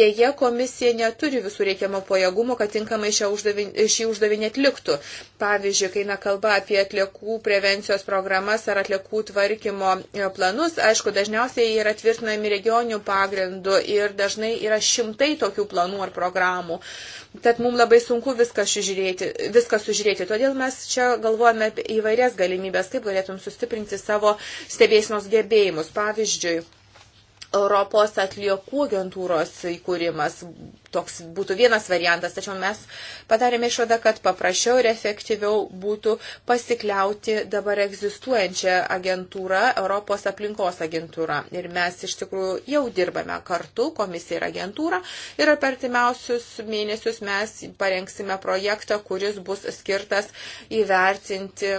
Deja, komisija neturi visų reikiamo pajėgumo, kad tinkamai šį uždavinį, šį uždavinį atliktų. Pavyzdžiui, kai na kalba apie atliekų prevencijos programas ar atliekų tvarkymo planus, aišku, dažniausiai yra tvirtinami regioninių pagrindų ir dažnai yra šimtai tokių planų ar programų. Tad mums labai sunku viską sužiūrėti, viską sužiūrėti. Todėl mes čia galvojame apie įvairias galimybės, kaip galėtum sustiprinti savo stebėsinos gebėjimus. Pavyzdžiui, Europos atliekų agentūros įkūrimas. Toks būtų vienas variantas, tačiau mes padarėme išvadą, kad paprasčiau ir efektyviau būtų pasikliauti dabar egzistuojančią agentūrą, Europos aplinkos agentūrą. Ir mes iš tikrųjų jau dirbame kartu, komisija ir agentūra. Ir per timiausius mėnesius mes parengsime projektą, kuris bus skirtas įvertinti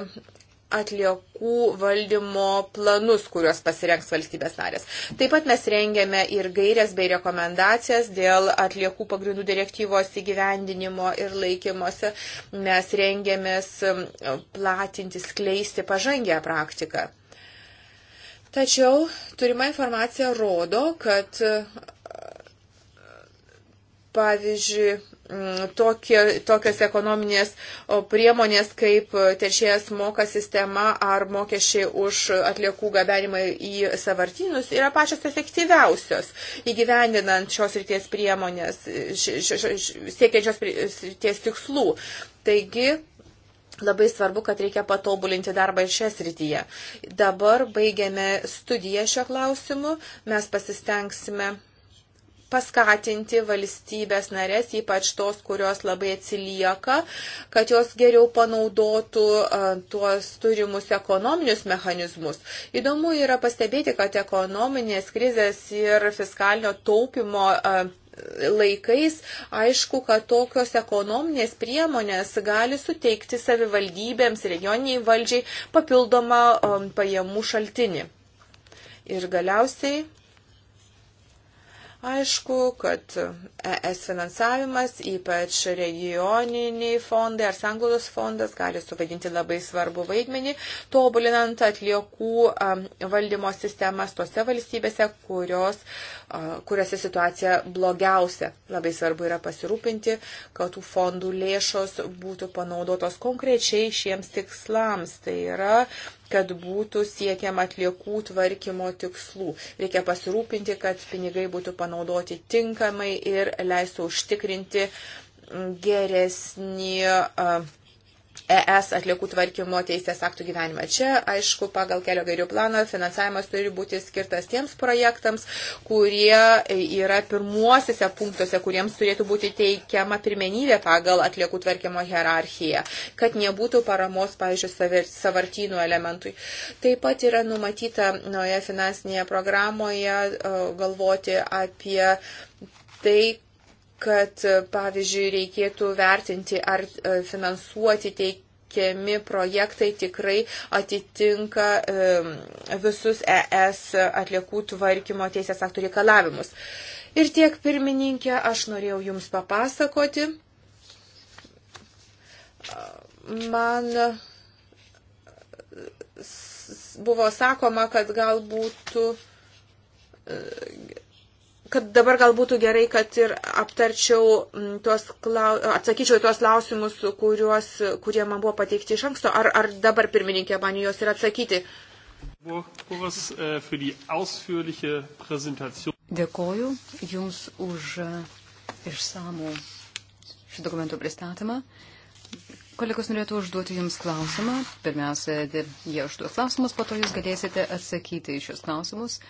atliekų valdymo planus, kuriuos pasirengs valstybės narės. Taip pat mes rengėme ir gairias bei rekomendacijas dėl atliekų pagrindų direktyvos įgyvendinimo ir laikymosi. Mes rengėmės um, platinti, skleisti pažangę praktiką. Tačiau turima informacija rodo, kad uh, pavyzdžiui, E, tokie, tokios ekonominės priemonės kaip teršėjas moka sistema ar mokesčiai už atliekų gabenimą į savartynus yra pačios efektyviausios įgyvendinant šios ryties priemonės, siekiančios ryties tikslų. Taigi, Labai svarbu, kad reikia patobulinti darbą ir šią srityje. Dabar baigiame studiją šio klausimu. Mes pasistengsime paskatinti valstybės narės, ypač tos, kurios labai atsilieka, kad jos geriau panaudotų tuos turimus ekonominius mechanizmus. Įdomu yra pastebėti, kad ekonominės krizės ir fiskalinio taupimo laikais, aišku, kad tokios ekonominės priemonės gali suteikti savivaldybėms, regioniniai valdžiai papildomą pajamų šaltinį. Ir galiausiai Aišku, kad ES finansavimas, ypač regioniniai fondai ar sanglaudos fondas, gali suvaidinti labai svarbu vaidmenį, tobulinant atliekų valdymo sistemas tose valstybėse, kurios, kuriuose situacija blogiausia. Labai svarbu yra pasirūpinti, kad tų fondų lėšos būtų panaudotos konkrečiai šiems tikslams. Tai yra kad būtų siekiama atliekų tvarkymo tikslų. Reikia pasirūpinti, kad pinigai būtų panaudoti tinkamai ir leistų užtikrinti geresnį uh, ES atliekų tvarkymo teisės aktų gyvenimą. Čia, aišku, pagal kelio gairių plano finansavimas turi būti skirtas tiems projektams, kurie yra pirmuosiuose punktuose, kuriems turėtų būti teikiama pirmenybė pagal atliekų tvarkymo hierarchiją, kad nebūtų paramos, pavyzdžiui, savartynų elementui. Taip pat yra numatyta nauja finansinėje programoje e, galvoti apie tai, kad, e, pavyzdžiui, reikėtų vertinti, ar e, finansuoti teikiami projektai tikrai atitinka e, visus ES atliekų tvarkymo teisės aktų reikalavimus. Ir tiek, pirmininkė, aš norėjau Jums papasakoti. Man buvo sakoma, kad galbūt kad dabar gal būtų gerai, kad ir aptarčiau mm, tuos, klau... atsakyčiau tuos klausimus, kuriuos, kurie man buvo pateikti iš anksto, ar, ar dabar pirmininkė man juos ir atsakyti. Äh, Dėkoju Jums už äh, išsamų šį dokumentų pristatymą. Kolegos norėtų užduoti Jums klausimą. Pirmiausia, jie užduos klausimus, po to Jūs galėsite atsakyti į šios klausimus. Uh,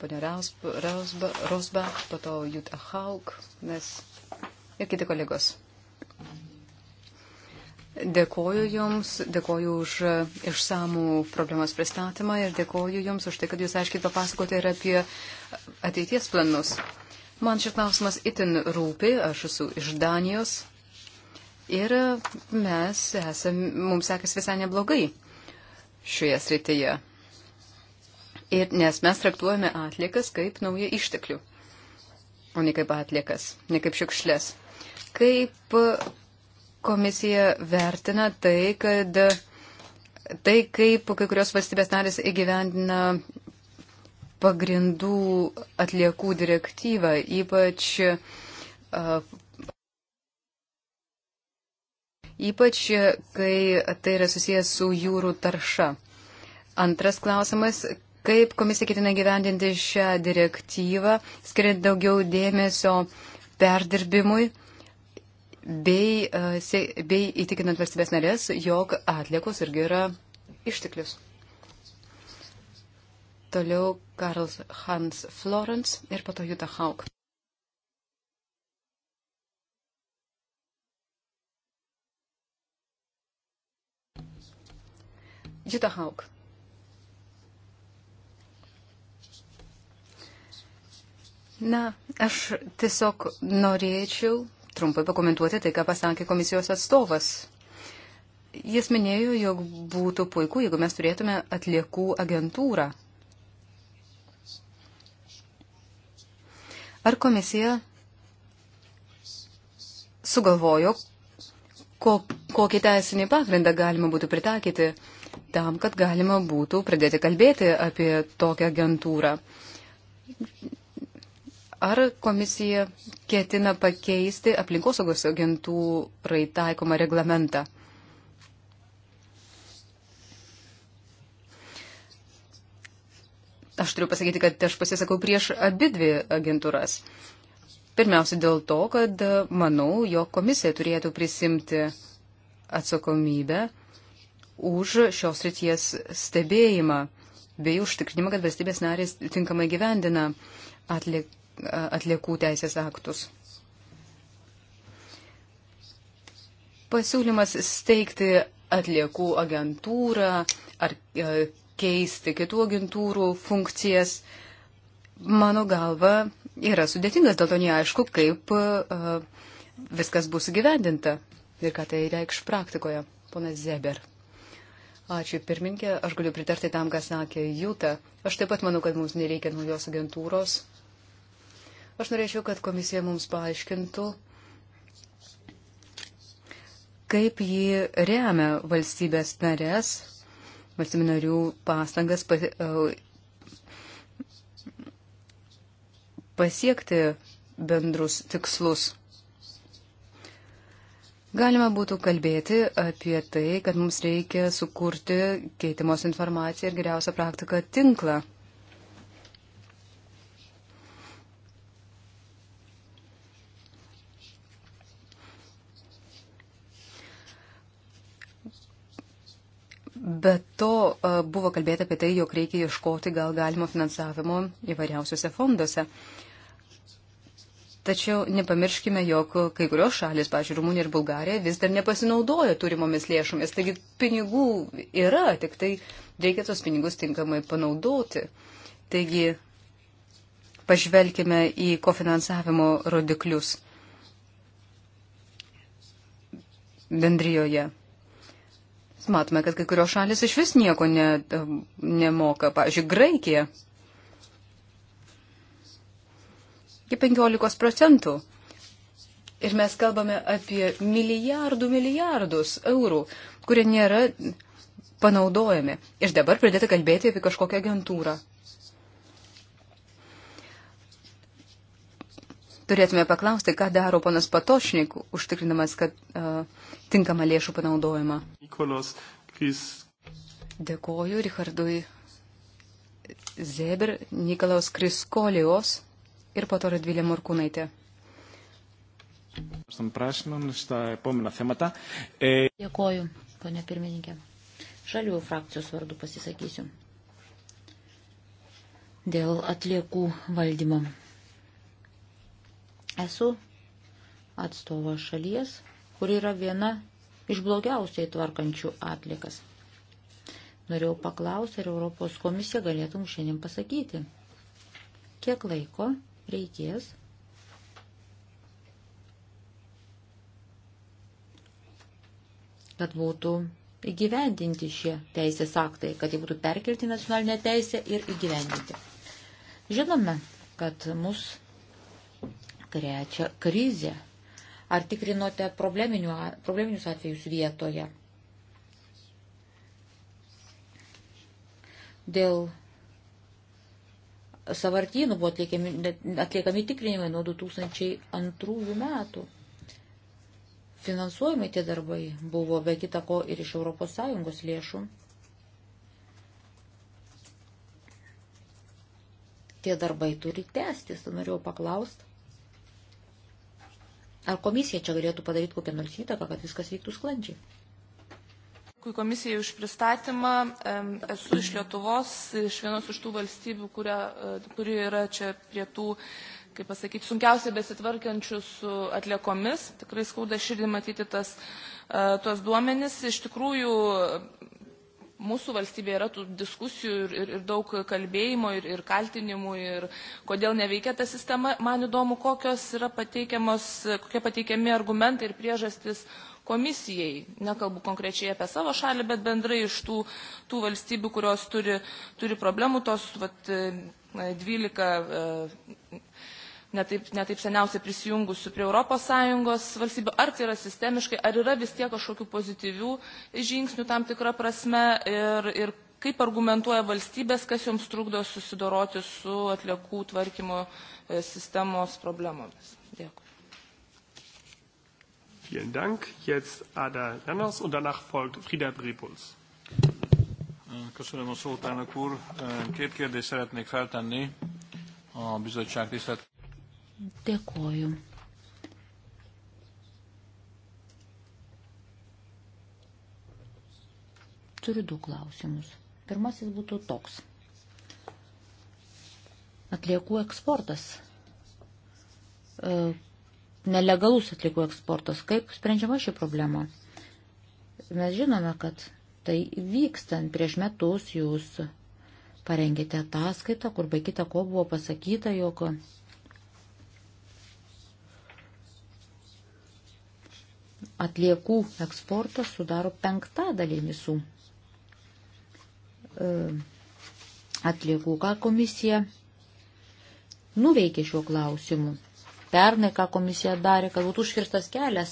ponia Rosbach, po to Jutta Haug, mes ir kiti kolegos. Dėkoju Jums, dėkoju už išsamų problemos pristatymą ir dėkoju Jums už tai, kad Jūs aiškiai papasakote ir apie ateities planus. Man šis klausimas itin rūpi, aš esu iš Danijos ir mes esam, mums sekasi visai neblogai šioje srityje. Ir nes mes traktuojame atliekas kaip naują išteklių, o ne kaip atliekas, ne kaip šiukšlės. Kaip komisija vertina tai, kad tai, kaip kai kurios valstybės narės įgyvendina pagrindų atliekų direktyvą, ypač, uh, ypač kai tai yra susijęs su jūrų tarša. Antras klausimas, Kaip komisija ketina gyvendinti šią direktyvą, skiriant daugiau dėmesio perdirbimui bei, e, bei įtikinant valstybės narės, jog atliekos irgi yra išteklius. Toliau Karls Hans Florence ir pato Juta Hauk. Juta Hauk. Na, aš tiesiog norėčiau trumpai pakomentuoti tai, ką pasakė komisijos atstovas. Jis minėjo, jog būtų puiku, jeigu mes turėtume atliekų agentūrą. Ar komisija sugalvojo, kokį teisinį pagrindą galima būtų pritaikyti tam, kad galima būtų pradėti kalbėti apie tokią agentūrą? ar komisija ketina pakeisti aplinkosaugos agentų praeitaikomą reglamentą? Aš turiu pasakyti, kad aš pasisakau prieš abidvi agentūras. Pirmiausia dėl to, kad manau, jo komisija turėtų prisimti atsakomybę už šios ryties stebėjimą bei užtikrinimą, kad valstybės narės tinkamai gyvendina atlik, atliekų teisės aktus. Pasiūlymas steigti atliekų agentūrą ar e, keisti kitų agentūrų funkcijas, mano galva, yra sudėtingas, dėl to neaišku, kaip e, viskas bus gyvendinta ir ką tai reikš praktikoje, ponas Zeber. Ačiū, pirminkė, aš galiu pritarti tam, ką sakė Jūta. Aš taip pat manau, kad mums nereikia naujos agentūros. Aš norėčiau, kad komisija mums paaiškintų, kaip ji remia valstybės narės, valstybių narių pastangas e, pasiekti bendrus tikslus. Galima būtų kalbėti apie tai, kad mums reikia sukurti keitimos informaciją ir geriausią praktiką tinklą. Bet to buvo kalbėta apie tai, jog reikia ieškoti gal galimo finansavimo įvairiausiuose fonduose. Tačiau nepamirškime, jog kai kurios šalis, pažiūrėjau, Rumunija ir Bulgarija vis dar nepasinaudoja turimomis lėšomis. Taigi pinigų yra, tik tai reikia tos pinigus tinkamai panaudoti. Taigi pažvelkime į kofinansavimo rodiklius bendrijoje. Matome, kad kai kurios šalis iš vis nieko ne, nemoka. Pavyzdžiui, Graikija. Iki 15 procentų. Ir mes kalbame apie milijardų milijardus eurų, kurie nėra panaudojami. Ir dabar pradėti kalbėti apie kažkokią agentūrą. turėtume paklausti, ką daro ponas Patošnik, užtikrinamas, kad uh, tinkama lėšų panaudojama. Nikolas, Kris. Dėkoju Richardui Zeber, Nikolaus Kriskolijos ir po to Radvilė Morkūnaitė. Dėkoju, ponė pirmininkė. Žaliųjų frakcijos vardu pasisakysiu. Dėl atliekų valdymo Esu atstovas šalies, kur yra viena iš blogiausiai tvarkančių atlikas. Norėjau paklausti, ar Europos komisija galėtum šiandien pasakyti, kiek laiko reikės kad būtų įgyvendinti šie teisės aktai, kad jie būtų perkelti nacionalinę teisę ir įgyvendinti. Žinome, kad mus krečia krizė? Ar tikrinote probleminius atvejus vietoje? Dėl savartynų buvo atliekami, atliekami tikrinimai nuo 2002 metų. Finansuojami tie darbai buvo be kitako ir iš ES lėšų. tie darbai turi tęstis. Tai norėjau paklausti, Ar komisija čia galėtų padaryti kokią nors įtaką, kad viskas vyktų sklandžiai? Dėkui komisijai už pristatymą. Esu iš Lietuvos, iš vienos iš tų valstybių, kuria, e, kuri yra čia prie tų, kaip pasakyti, sunkiausiai besitvarkiančių su atliekomis. Tikrai skauda širdį matyti tas, e, tuos duomenis. Iš tikrųjų, mūsų valstybėje yra tų diskusijų ir, ir, ir daug kalbėjimo ir, ir kaltinimų ir kodėl neveikia ta sistema. Man įdomu, kokios yra pateikiamos, kokie pateikiami argumentai ir priežastis komisijai. Nekalbu konkrečiai apie savo šalį, bet bendrai iš tų, tų valstybių, kurios turi, turi problemų, tos vat, 12 netaip, netaip seniausiai prisijungusių prie ES valstybių, ar tai yra sistemiškai, ar yra vis tiek kažkokių pozityvių žingsnių tam tikrą prasme ir, ir kaip argumentuoja valstybės, kas joms trukdo susidoroti su atliekų tvarkymo e, sistemos problemomis. Dėkui. Vielen Dank. Jetzt Ada Lenners und danach folgt Frida Brepuls. Köszönöm a szót, elnök úr. Két kérdést szeretnék feltenni a bizottság tisztelt Dėkoju. Turiu du klausimus. Pirmasis būtų toks. Atliekų eksportas. E, nelegalus atliekų eksportas. Kaip sprendžiama ši problema? Mes žinome, kad tai vykstant prieš metus jūs parengėte ataskaitą, kur be kita ko buvo pasakyta, jog atliekų eksportas sudaro penktadalį visų e, atliekų. Ką komisija nuveikė šiuo klausimu? Pernai, ką komisija darė, kad būtų užkirstas kelias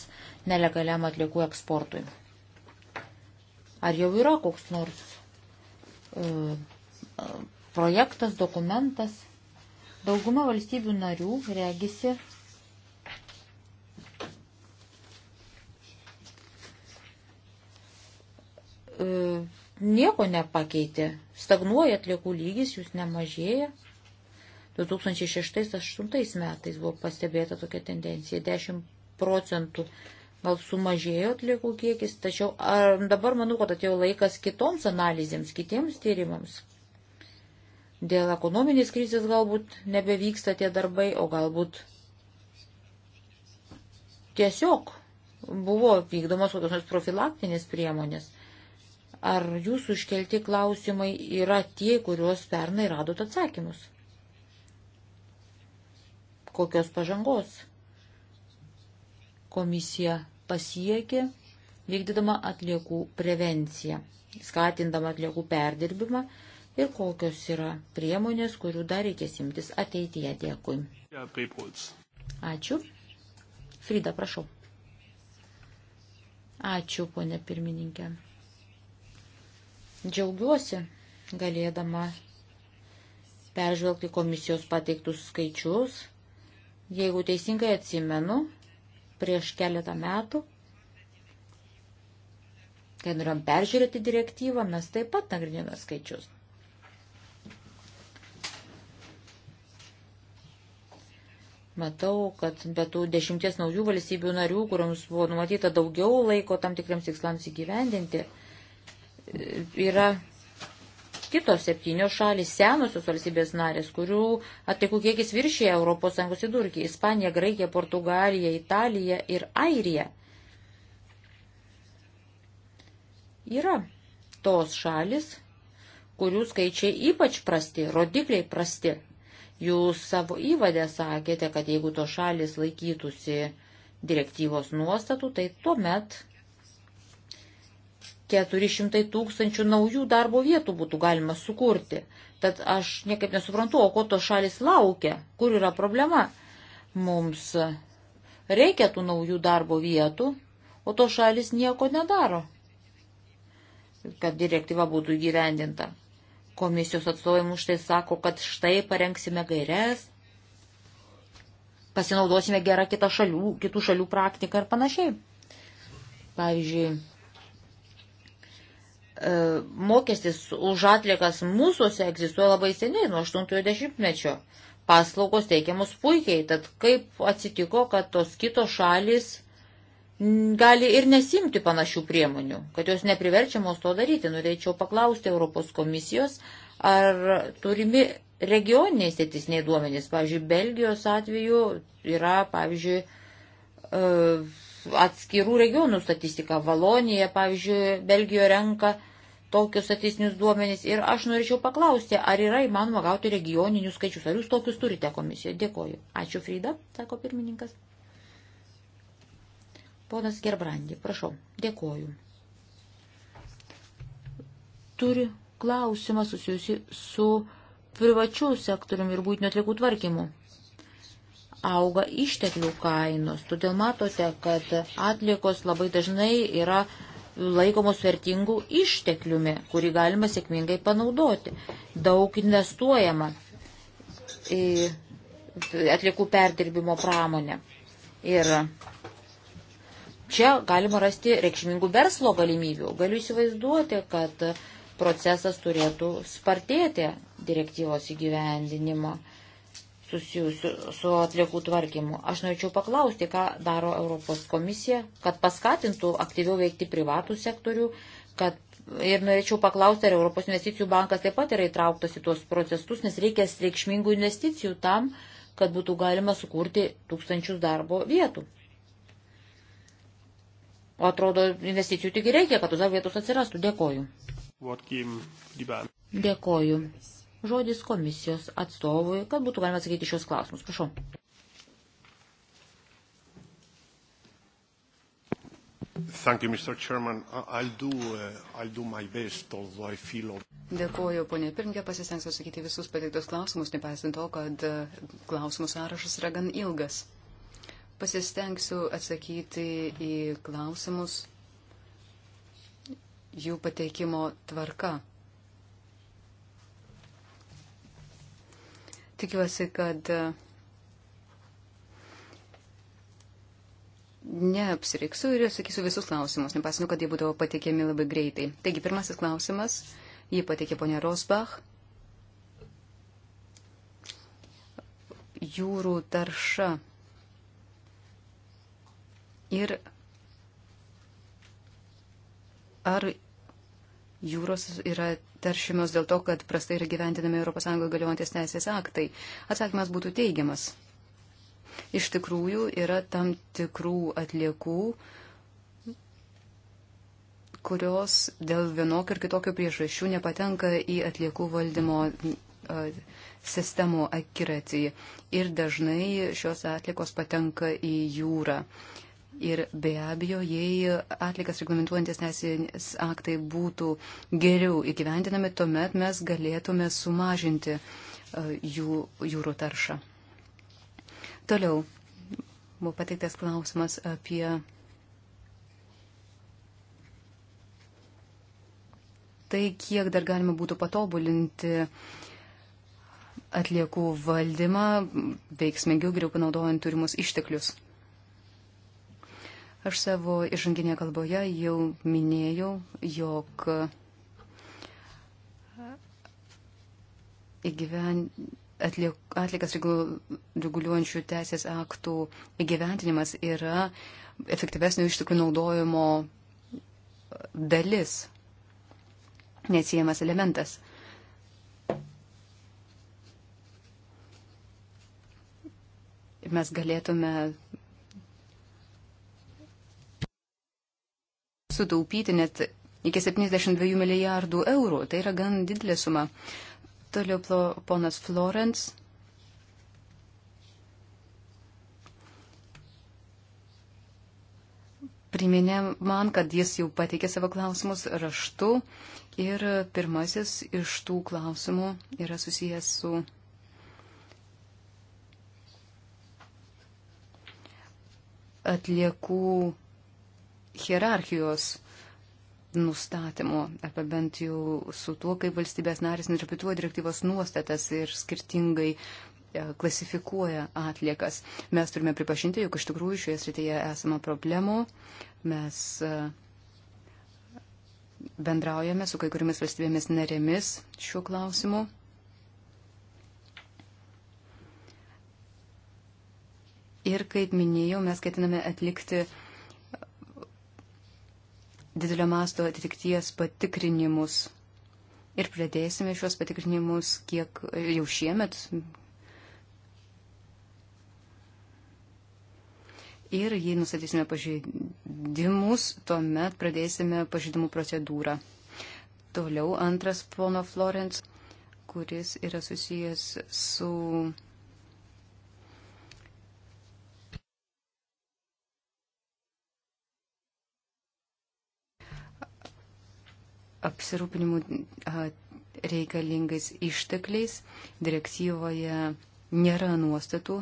nelegaliam atliekų eksportui. Ar jau yra koks nors e, projektas, dokumentas? Dauguma valstybių narių regisi E, nieko nepakeitė. Stagnuoja atliekų lygis, jūs nemažėja. 2006-2008 metais buvo pastebėta tokia tendencija. 10 procentų gal sumažėjo atliekų kiekis, tačiau ar, dabar manau, kad atėjo laikas kitoms analizėms, kitiems tyrimams. Dėl ekonominės krizės galbūt nebevyksta tie darbai, o galbūt tiesiog buvo vykdomas kokios nors profilaktinės priemonės. Ar jūsų iškelti klausimai yra tie, kuriuos pernai radot atsakymus? Kokios pažangos komisija pasiekė, vykdydama atliekų prevenciją, skatindama atliekų perdirbimą ir kokios yra priemonės, kurių dar reikės imtis ateityje. Dėkui. Ačiū. Frida, prašau. Ačiū, ponė pirmininkė. Džiaugiuosi galėdama peržvelgti komisijos pateiktus skaičius. Jeigu teisingai atsimenu, prieš keletą metų, kai norėjom peržiūrėti direktyvą, mes taip pat nagrinėjome skaičius. Matau, kad be tų dešimties naujų valstybių narių, kuriams buvo numatyta daugiau laiko tam tikriams tikslams įgyvendinti, yra kitos septynios šalis, senosios valstybės narės, kurių atliekų kiekis viršyje ES vidurkį - Ispanija, Graikija, Portugalija, Italija ir Airija. Yra tos šalis, kurių skaičiai ypač prasti, rodikliai prasti. Jūs savo įvadę sakėte, kad jeigu tos šalis laikytųsi direktyvos nuostatų, tai tuomet 400 tūkstančių naujų darbo vietų būtų galima sukurti. Tad aš niekaip nesuprantu, o ko tos šalis laukia, kur yra problema. Mums reikia tų naujų darbo vietų, o tos šalis nieko nedaro, kad direktyva būtų įgyvendinta. Komisijos atstovai mums štai sako, kad štai parengsime gairias, pasinaudosime gerą kitą šalių, kitų šalių praktiką ir panašiai. Pavyzdžiui, E, mokestis už atliekas mūsųse egzistuoja labai seniai, nuo 80-mečio. Paslaugos teikiamus puikiai, tad kaip atsitiko, kad tos kitos šalis gali ir nesimti panašių priemonių, kad jos nepriverčiamos to daryti. Norėčiau paklausti Europos komisijos, ar turimi regioniniai statistiniai duomenys. Pavyzdžiui, Belgijos atveju yra, pavyzdžiui, e, atskirų regionų statistika. Valonija, pavyzdžiui, Belgijoje renka tokius statistinius duomenys. Ir aš norėčiau paklausti, ar yra įmanoma gauti regioninius skaičius, ar jūs tokius turite komisijoje. Dėkoju. Ačiū, Frida, sako pirmininkas. Ponas Gerbrandi, prašau, dėkoju. Turiu klausimą susijusi su privačių sektoriumi ir būtinių atliekų tvarkymu. Auga išteklių kainos, todėl matote, kad atliekos labai dažnai yra laikomos vertingų ištekliumi, kurį galima sėkmingai panaudoti. Daug investuojama į atliekų perdirbimo pramonę. Ir čia galima rasti reikšmingų verslo galimybių. Galiu įsivaizduoti, kad procesas turėtų spartėti direktyvos įgyvendinimo susijusių su atliekų tvarkymu. Aš norėčiau paklausti, ką daro Europos komisija, kad paskatintų aktyviau veikti privatų sektorių, kad ir norėčiau paklausti, ar Europos investicijų bankas taip pat yra įtrauktas į tuos procesus, nes reikia reikšmingų investicijų tam, kad būtų galima sukurti tūkstančius darbo vietų. O atrodo, investicijų tik reikia, kad tos darbo vietos atsirastų. Dėkoju. Dėkoju žodis komisijos atstovui, kad būtų galima atsakyti šios klausimus. Prašau. Thank you, Mr. Chairman. I'll do, uh, I'll do my best, although I feel... Dėkuoju, ponė pirmininkė, pasistengsiu atsakyti visus pateiktus klausimus, nepaisant to, kad uh, klausimų sąrašas yra gan ilgas. Pasistengsiu atsakyti į klausimus jų pateikimo tvarka. Tikiuosi, kad e, neapsiriksiu ir sakysiu visus klausimus, nepasinu, kad jie būdavo pateikiami labai greitai. Taigi, pirmasis klausimas, jį pateikė ponia Rosbach. Jūrų tarša. Ir ar jūros yra taršymas dėl to, kad prastai yra gyventinami ES galiojantis teisės aktai? Atsakymas būtų teigiamas. Iš tikrųjų yra tam tikrų atliekų, kurios dėl vienokio ir kitokio priežasčių nepatenka į atliekų valdymo sistemų akiratį ir dažnai šios atlikos patenka į jūrą. Ir be abejo, jei atlikas reglamentuojantis teisės aktai būtų geriau įgyvendinami, tuomet mes galėtume sumažinti e, jų, jūrų taršą. Toliau buvo pateiktas klausimas apie. Tai kiek dar galima būtų patobulinti atliekų valdymą, veiksmingiau, geriau panaudojant turimus išteklius. Aš savo išanginėje kalboje jau minėjau, jog įgyven, atliek, atlikas reguliuojančių teisės aktų įgyventinimas yra efektyvesnio išteklių naudojimo dalis, neatsiejamas elementas. Mes galėtume sutaupyti net iki 72 milijardų eurų. Tai yra gan didelė suma. Toliau ponas Florence. Priminė man, kad jis jau pateikė savo klausimus raštu ir pirmasis iš tų klausimų yra susijęs su atliekų hierarchijos nustatymo, arba bent jau su tuo, kaip valstybės narės interpretuoja direktyvos nuostatas ir skirtingai e, klasifikuoja atliekas. Mes turime pripažinti, jog iš tikrųjų šioje srityje esama problemų. Mes e, bendraujame su kai kuriamis valstybėmis narėmis šiuo klausimu. Ir kaip minėjau, mes ketiname atlikti uh, didelio masto atitikties patikrinimus. Ir pradėsime šios patikrinimus kiek jau šiemet. Ir jei nustatysime pažeidimus, tuomet pradėsime pažeidimų procedūrą. Toliau antras pono Florence, kuris yra susijęs su apsirūpinimu reikalingais ištekliais. Direktyvoje nėra nuostatų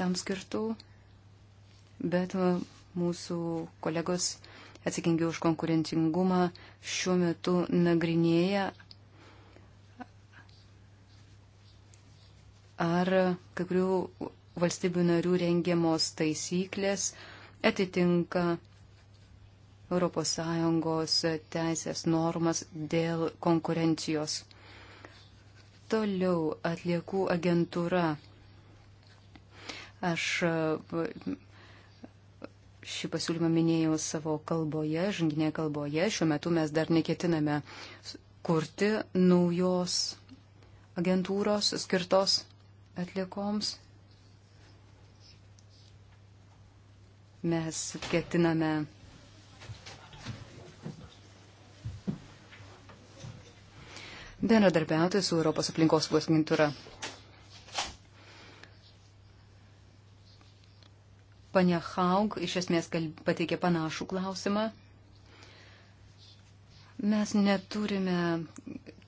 tam skirtų, bet mūsų kolegos atsakingi už konkurencingumą šiuo metu nagrinėja, ar kai kurių valstybių narių rengiamos taisyklės atitinka ES teisės normas dėl konkurencijos. Toliau atliekų agentūra. Aš šį pasiūlymą minėjau savo kalboje, žanginėje kalboje. Šiuo metu mes dar neketiname kurti naujos agentūros skirtos atliekoms. Mes ketiname bendradarbiauti su Europos aplinkos agentūra. Pane Haug iš esmės pateikė panašų klausimą. Mes neturime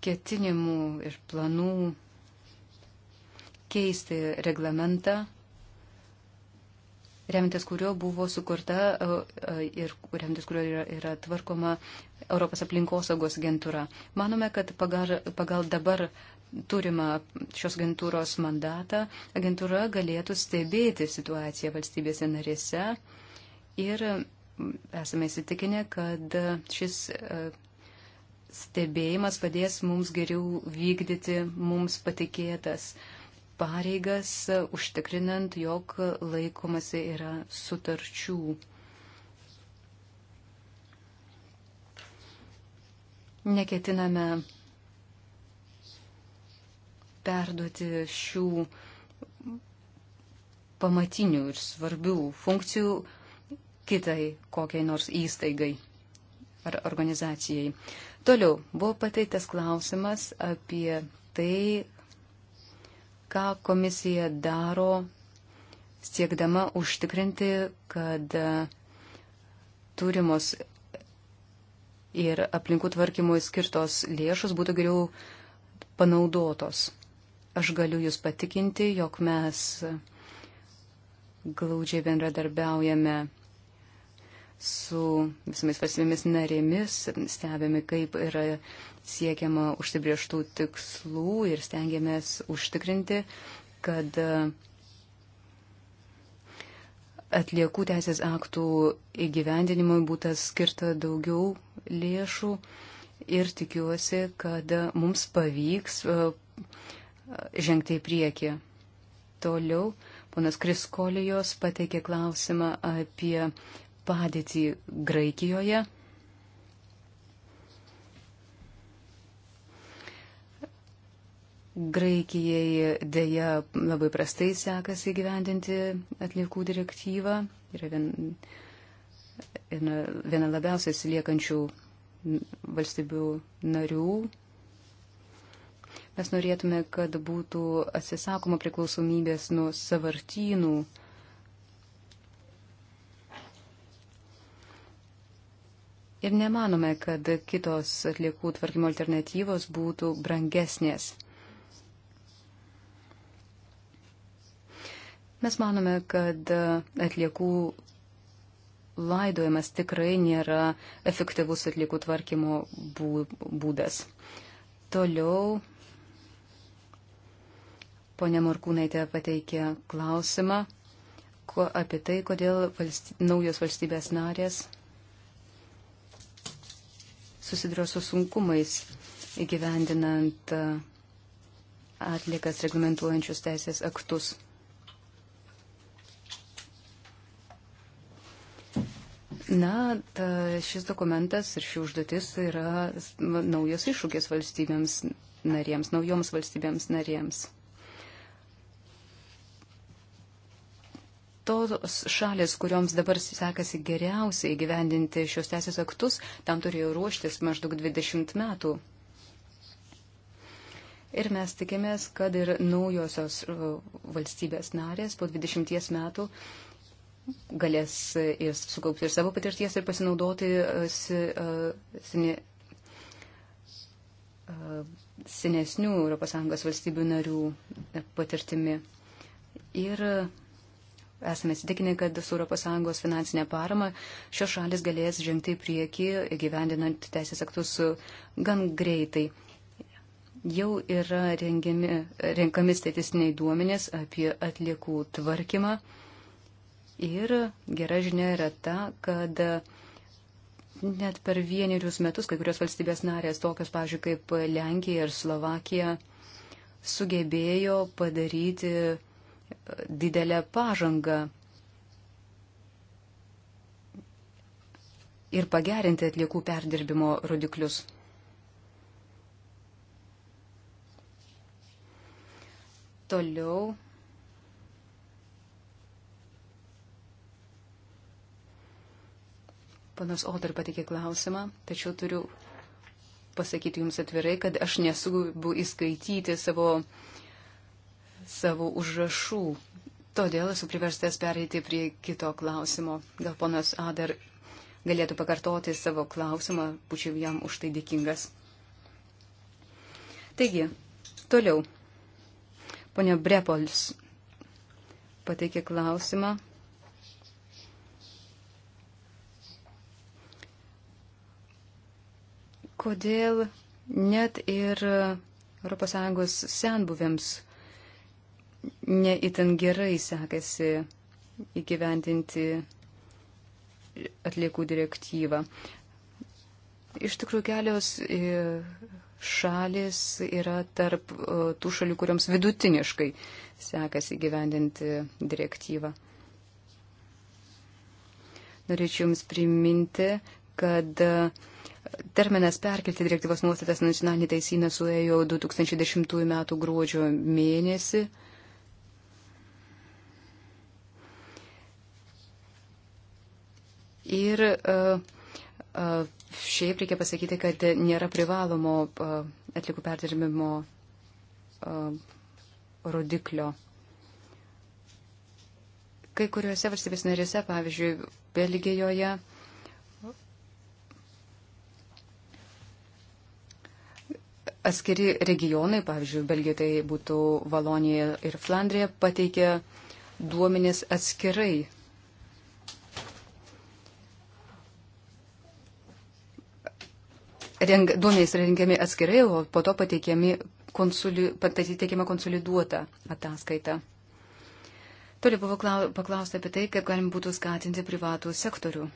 ketinimų ir planų keisti reglamentą remintis kurio buvo sukurta e, e, ir remintis kurio yra, yra tvarkoma Europos aplinkosaugos agentūra. Manome, kad pagal, pagal dabar turimą šios agentūros mandatą agentūra galėtų stebėti situaciją valstybėse narėse ir esame įsitikinę, kad šis e, stebėjimas padės mums geriau vykdyti mums patikėtas uh, pareigas, e, užtikrinant, jog laikomasi yra sutarčių. Neketiname perduoti šių pamatinių ir svarbių funkcijų kitai kokiai nors įstaigai ar organizacijai. Toliau buvo pateiktas klausimas apie tai, ką komisija daro siekdama užtikrinti, kad e, turimos ir aplinkų tvarkymui skirtos lėšos būtų geriau panaudotos. Aš galiu Jūs patikinti, jog mes glaudžiai bendradarbiaujame su visomis valstybėmis narėmis, stebėme, kaip yra siekiama užsibrieštų tikslų ir stengiamės užtikrinti, kad e, atliekų teisės aktų įgyvendinimui būtų skirta daugiau lėšų ir tikiuosi, kad mums pavyks e, žengti į priekį. Toliau ponas Kriskolijos pateikė klausimą apie padėtį Graikijoje. Graikijai dėja labai prastai sekasi gyvendinti atliekų direktyvą. Yra vien, viena, viena labiausiai atsiliekančių valstybių narių. Mes norėtume, kad būtų atsisakoma priklausomybės nuo savartynų Ir nemanome, kad kitos atliekų tvarkymo alternatyvos būtų brangesnės. Mes manome, kad atliekų laidojimas tikrai nėra efektyvus atliekų tvarkymo būdas. Toliau ponia Morkūnaitė pateikė klausimą apie tai, kodėl valsty, naujos valstybės narės susiduria su sunkumais įgyvendinant e, atlikas reglamentuojančius teisės aktus. Na, ta, šis dokumentas ir ši užduotis yra naujas iššūkis valstybėms narėms, naujoms valstybėms narėms. tos šalis, kurioms dabar sekasi geriausiai gyvendinti šios teisės aktus, tam turėjo ruoštis maždaug 20 metų. Ir mes tikimės, kad ir naujosios e, valstybės narės po 20 metų galės ir sukaupti ir savo patirties ir pasinaudoti e, e, senesnių ES valstybių narių patirtimi. Ir Esame įsitikinę, kad su ES finansinė parama šios šalis galės žengti į priekį, gyvendinant teisės aktus gan greitai. Jau yra rengiami, renkami statistiniai duomenės apie atliekų tvarkymą. Ir gera žinia yra ta, kad net per vienerius metus kai kurios valstybės narės, tokios, pažiūrėjau, kaip Lenkija ir Slovakija, sugebėjo padaryti didelę pažangą ir pagerinti atliekų perdirbimo rodiklius. Toliau. Panas Oder patikė klausimą, tačiau turiu pasakyti Jums atvirai, kad aš nesugebu įskaityti savo uh, savo užrašų. Todėl esu priverstas pereiti prie kito klausimo. Gal ponas Adar galėtų pakartoti savo klausimą, būčiau jam už tai dėkingas. Taigi, toliau. Pone Brepols pateikė klausimą. Kodėl net ir ES senbuvėms neįtin gerai sekasi įgyvendinti atliekų direktyvą. Iš tikrųjų, kelios e, šalis yra tarp e, tų šalių, kuriams vidutiniškai sekasi gyvendinti direktyvą. Norėčiau Jums priminti, kad e, terminas perkelti direktyvos nuostatas nacionalinį teisyną suėjo 2010 m. gruodžio mėnesį. Ir e, e, šiaip reikia pasakyti, kad nėra privalomo e, atlikų perdirbimo rodiklio. Kai kuriuose valstybės narėse, pavyzdžiui, Belgijoje, atskiri regionai, pavyzdžiui, Belgija tai būtų Valonija ir Flandrija, pateikė duomenis atskirai reng, duomenys yra rengiami atskirai, o po to pateikiami konsoli, pateikiama konsoliduota ataskaita. Toliau buvo paklausta apie tai, kaip galim būtų skatinti privatų sektorių,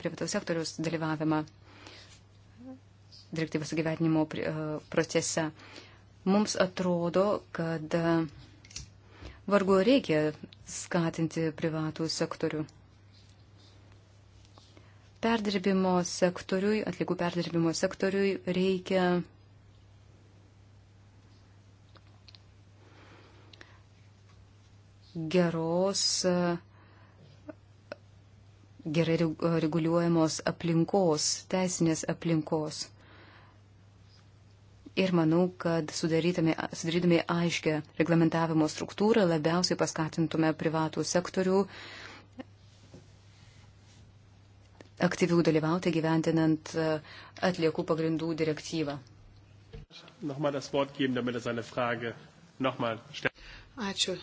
privatų sektoriaus dalyvavimą direktyvos gyvenimo e, procese. Mums atrodo, kad e, vargu reikia skatinti privatų sektorių. Perdirbimo sektoriui, atlikų perdirbimo sektoriui reikia geros, gerai reguliuojamos aplinkos, teisinės aplinkos. Ir manau, kad sudarydami aiškę reglamentavimo struktūrą labiausiai paskatintume privatų sektorių uh, aktyviau dalyvauti gyventinant e, atliekų pagrindų direktyvą. Er Ačiū.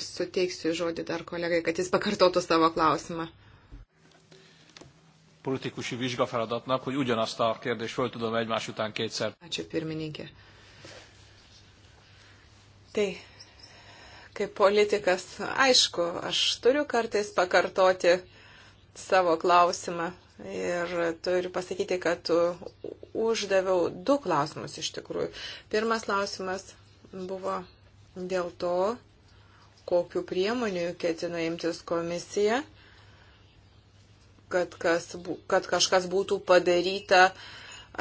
Suteiksiu žodį dar kolegai, kad jis pakartotų savo klausimą. Politikusi vizsgafeladatnak, hogy ugyanazt a kérdést föl tudom egymás után kétszer. Ačiū pirmininkė. Tai, kaip politikas, aišku, aš turiu kartais pakartoti uh, savo klausimą ir turiu pasakyti, kad uždaviau du klausimus iš tikrųjų. Pirmas klausimas buvo dėl to, kokiu priemoniu ketina imtis komisija, kad, kas, kad kažkas būtų padaryta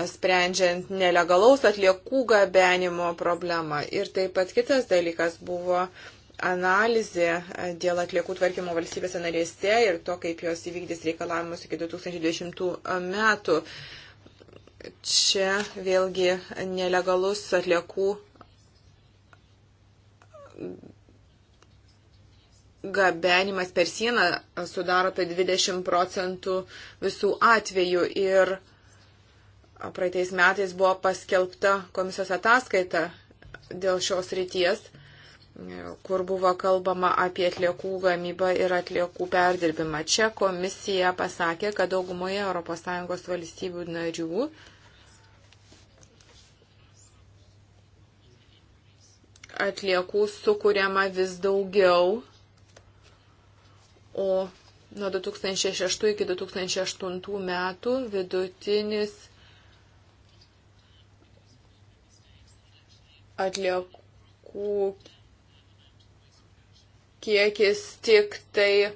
sprendžiant nelegalaus atliekų gabenimo problemą. Ir taip pat kitas dalykas buvo analizė e, dėl atliekų tvarkymo valstybėse narėse ir to, kaip jos įvykdys reikalavimus iki 2020 metų. Čia vėlgi nelegalus atliekų gabenimas per sieną sudaro apie 20 procentų visų atvejų ir praeitais metais buvo paskelbta komisijos ataskaita dėl šios ryties kur buvo kalbama apie atliekų gamybą ir atliekų perdirbimą. Čia komisija pasakė, kad daugumoje ES valstybių narių atliekų sukūriama vis daugiau, o nuo 2006 iki 2008 metų vidutinis atliekų kiekis tik tai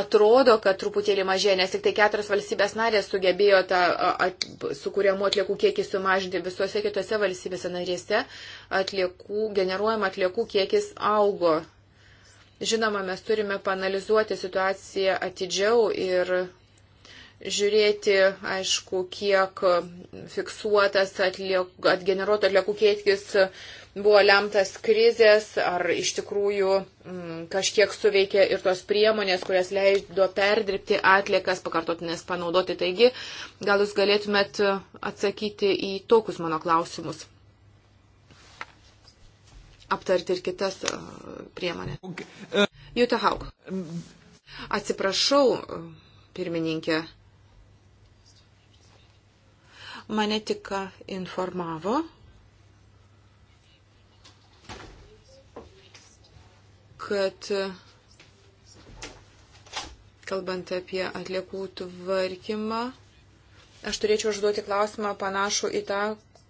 atrodo, kad truputėlį mažėja, nes tik tai keturios valstybės narės sugebėjo tą at, sukūriamų atliekų kiekį sumažinti. Visose kitose valstybėse narėse atliekų, generuojama atliekų kiekis augo. Žinoma, mes turime panalizuoti situaciją atidžiau ir žiūrėti, aišku, kiek fiksuotas atliek, atgeneruotų atliekų kiekis buvo lemtas krizės, ar iš tikrųjų mm, kažkiek suveikė ir tos priemonės, kurias leido perdirbti atliekas, pakartotinės panaudoti. Taigi, gal jūs galėtumėt atsakyti į tokius mano klausimus, aptarti ir kitas e, priemonės. E, Jūta Haug. Atsiprašau, e, pirmininkė. Mane tik informavo, kad kalbant apie atliekų tvarkymą, aš turėčiau užduoti klausimą panašų į tą,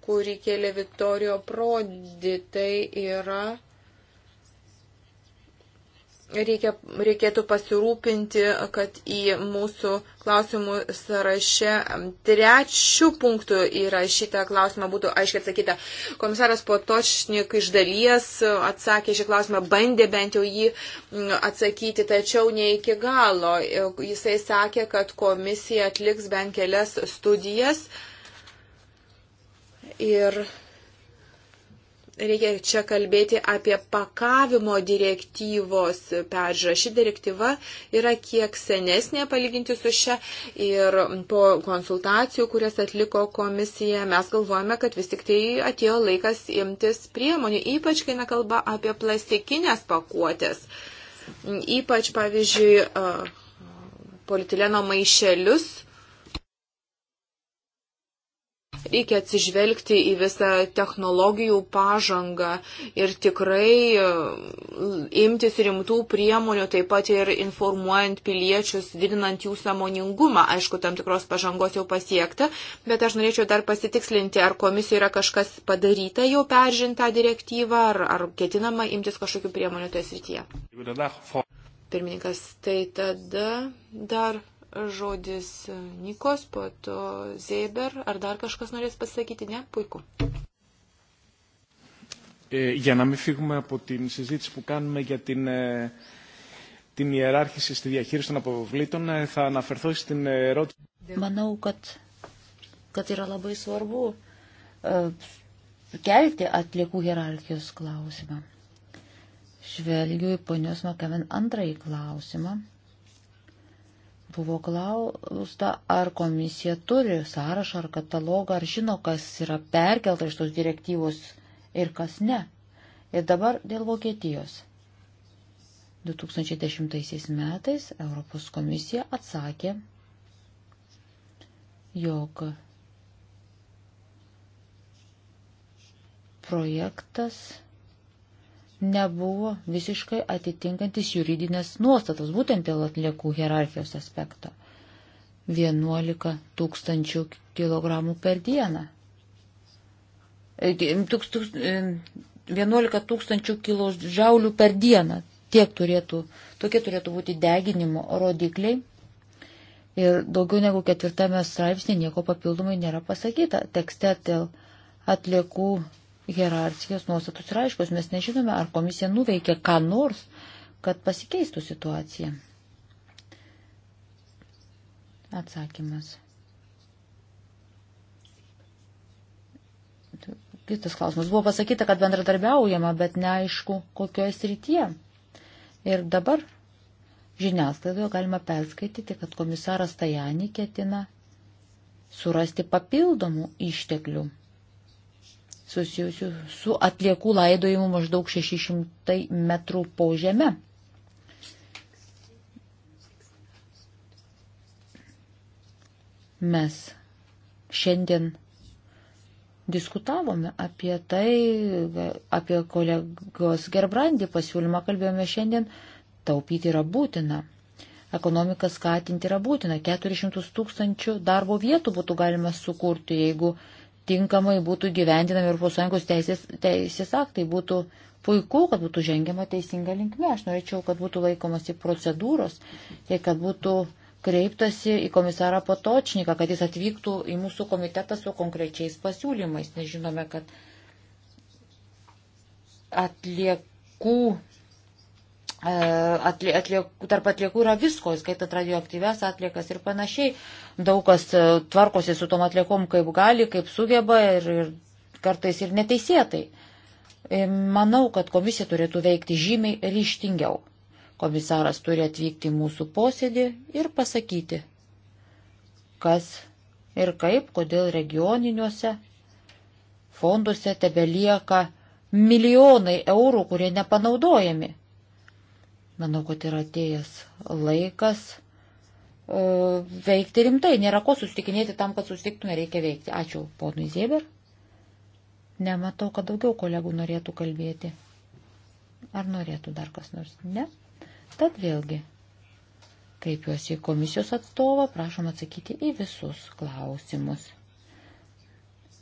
kurį kėlė Vittorio Prodi. Tai yra reikia, reikėtų pasirūpinti, kad į mūsų klausimų sąraše trečių punktų įrašytą klausimą būtų aiškiai atsakyta. Komisaras Potočnik iš dalies atsakė šį klausimą, bandė bent jau jį mm, atsakyti, tačiau ne iki galo. Jisai sakė, kad komisija atliks bent kelias studijas. Ir Reikia čia kalbėti apie pakavimo direktyvos peržiūrą. Ši direktyva yra kiek senesnė palyginti su šia ir po konsultacijų, kurias atliko komisija, mes galvojame, kad vis tik tai atėjo laikas imtis priemonių, ypač kai nekalba apie plastikinės pakuotės. Ypač, pavyzdžiui, politileno maišelius reikia atsižvelgti į visą technologijų pažangą ir tikrai e, imtis rimtų priemonių, taip pat ir informuojant piliečius, didinant jų samoningumą. Aišku, tam tikros pažangos jau pasiekta, bet aš norėčiau dar pasitikslinti, ar komisijoje yra kažkas padaryta jau peržintą direktyvą, ar, ar ketinama imtis kažkokių priemonių toje srityje. Pirmininkas, tai tada dar žodis Nikos, po to Zeber. Ar dar kažkas norės pasakyti? Ne? Puiku. Ε, για να μην φύγουμε από την συζήτηση που κάνουμε για την, ε, την ιεράρχηση στη διαχείριση των αποβλήτων, ε, θα αναφερθώ στην ερώτηση. Manau, kad, kad yra labai svarbu uh, kelti atliekų hierarchijos klausimą. Žvelgiu į ponios Makamen antrąjį klausimą. Uh, Buvo klausta, ar komisija turi sąrašą ar katalogą, ar žino, kas yra perkelta iš tos direktyvos ir kas ne. Ir dabar dėl Vokietijos. 2010 metais Europos komisija atsakė, jog projektas nebuvo visiškai atitinkantis juridinės nuostatos, būtent dėl atliekų hierarchijos aspekto. 11 tūkstančių kilogramų per dieną. 11 e, e, tūkstančių kiložaulių per dieną. Tiek turėtų, tokie turėtų būti deginimo rodikliai. Ir daugiau negu ketvirtame straipsnė nieko papildomai nėra pasakyta. Tekste dėl atliekų hierarchijos nuostatus yra aiškus. Mes nežinome, ar komisija nuveikė ką nors, kad pasikeistų situacija. Atsakymas. Kitas klausimas. Buvo pasakyta, kad bendradarbiaujama, bet neaišku, kokioje srityje. Ir dabar žiniasklaidoje galima perskaityti, kad komisaras Tajani ketina surasti papildomų išteklių susijusių su atliekų laidojimu maždaug 600 metrų po žeme. Mes šiandien diskutavome apie tai, apie kolegos Gerbrandį pasiūlymą kalbėjome šiandien, taupyti yra būtina. Ekonomiką skatinti yra būtina. 400 tūkstančių darbo vietų būtų galima sukurti, jeigu tinkamai būtų gyvendinami ES teisės, teisės aktai. Būtų puiku, kad būtų žengiama teisinga linkme. Aš norėčiau, kad būtų laikomasi procedūros ir kad būtų kreiptasi į komisarą Patočniką, kad jis atvyktų į mūsų komitetą su konkrečiais pasiūlymais. Nežinome, kad atliekų E, atlie, atliekų, tarp atliekų yra visko, skaitant radioaktyves atliekas ir panašiai. Daug kas e, tvarkosi su tom atliekom kaip gali, kaip sugeba ir, ir kartais ir neteisėtai. E, manau, kad komisija turėtų veikti žymiai ryštingiau. Komisaras turi atvykti į mūsų posėdį ir pasakyti, kas ir kaip, kodėl regioniniuose fonduose tebelieka milijonai eurų, kurie nepanaudojami Manau, kad yra atėjęs laikas o, e, veikti rimtai. Nėra ko susitikinėti tam, kad susitiktume, reikia veikti. Ačiū, ponui Zieber. Nematau, kad daugiau kolegų norėtų kalbėti. Ar norėtų dar kas nors? Ne. Tad vėlgi, kreipiuosi į komisijos atstovą, prašom atsakyti į visus klausimus.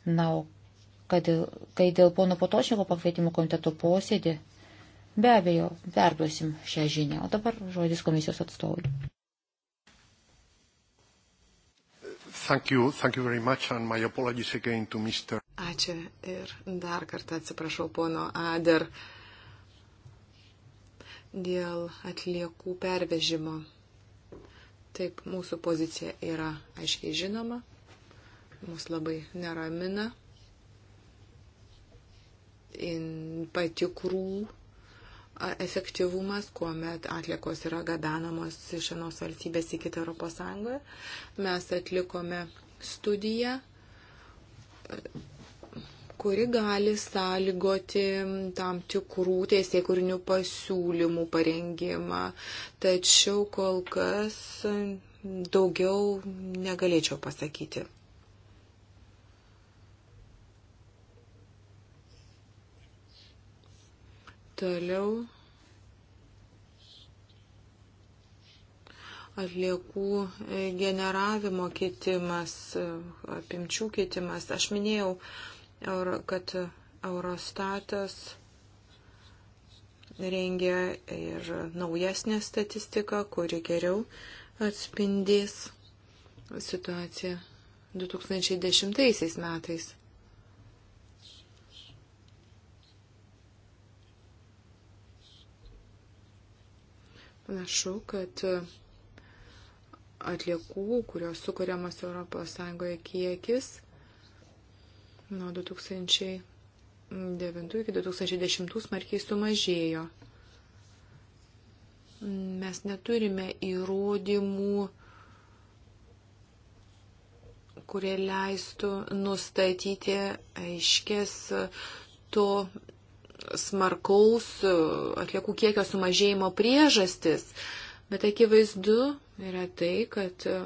Na, o kad, kai dėl pono Potošėko pakvietimo komiteto posėdį Be abejo, perduosim šią žinią. O dabar žodis komisijos atstovui. Thank you, thank you very much and my apologies again to Mr. Ačiū ir dar kartą atsiprašau pono Ader dėl atliekų pervežimo. Taip, mūsų pozicija yra aiškiai žinoma, mus labai neramina in patikrų efektyvumas, kuomet atlikos yra gabenamos iš vienos valstybės į kitą Europos Sąjungą. Mes atlikome studiją, kuri gali sąlygoti tam tikrų teisėkurinių pasiūlymų parengimą. Tačiau kol kas daugiau negalėčiau pasakyti. Toliau atliekų e, generavimo keitimas, e, apimčių keitimas. Aš minėjau, kad Eurostatas rengia ir naujesnę statistiką, kuri geriau atspindės situaciją 2010 metais. Panašu, kad e, atliekų, kurios sukūriamas ES kiekis nuo 2009 iki 2010 smarkiai sumažėjo. Mes neturime įrodymų, kurie leistų nustatyti aiškės to smarkaus e, atliekų kiekio sumažėjimo priežastis, bet akivaizdu yra tai, kad e,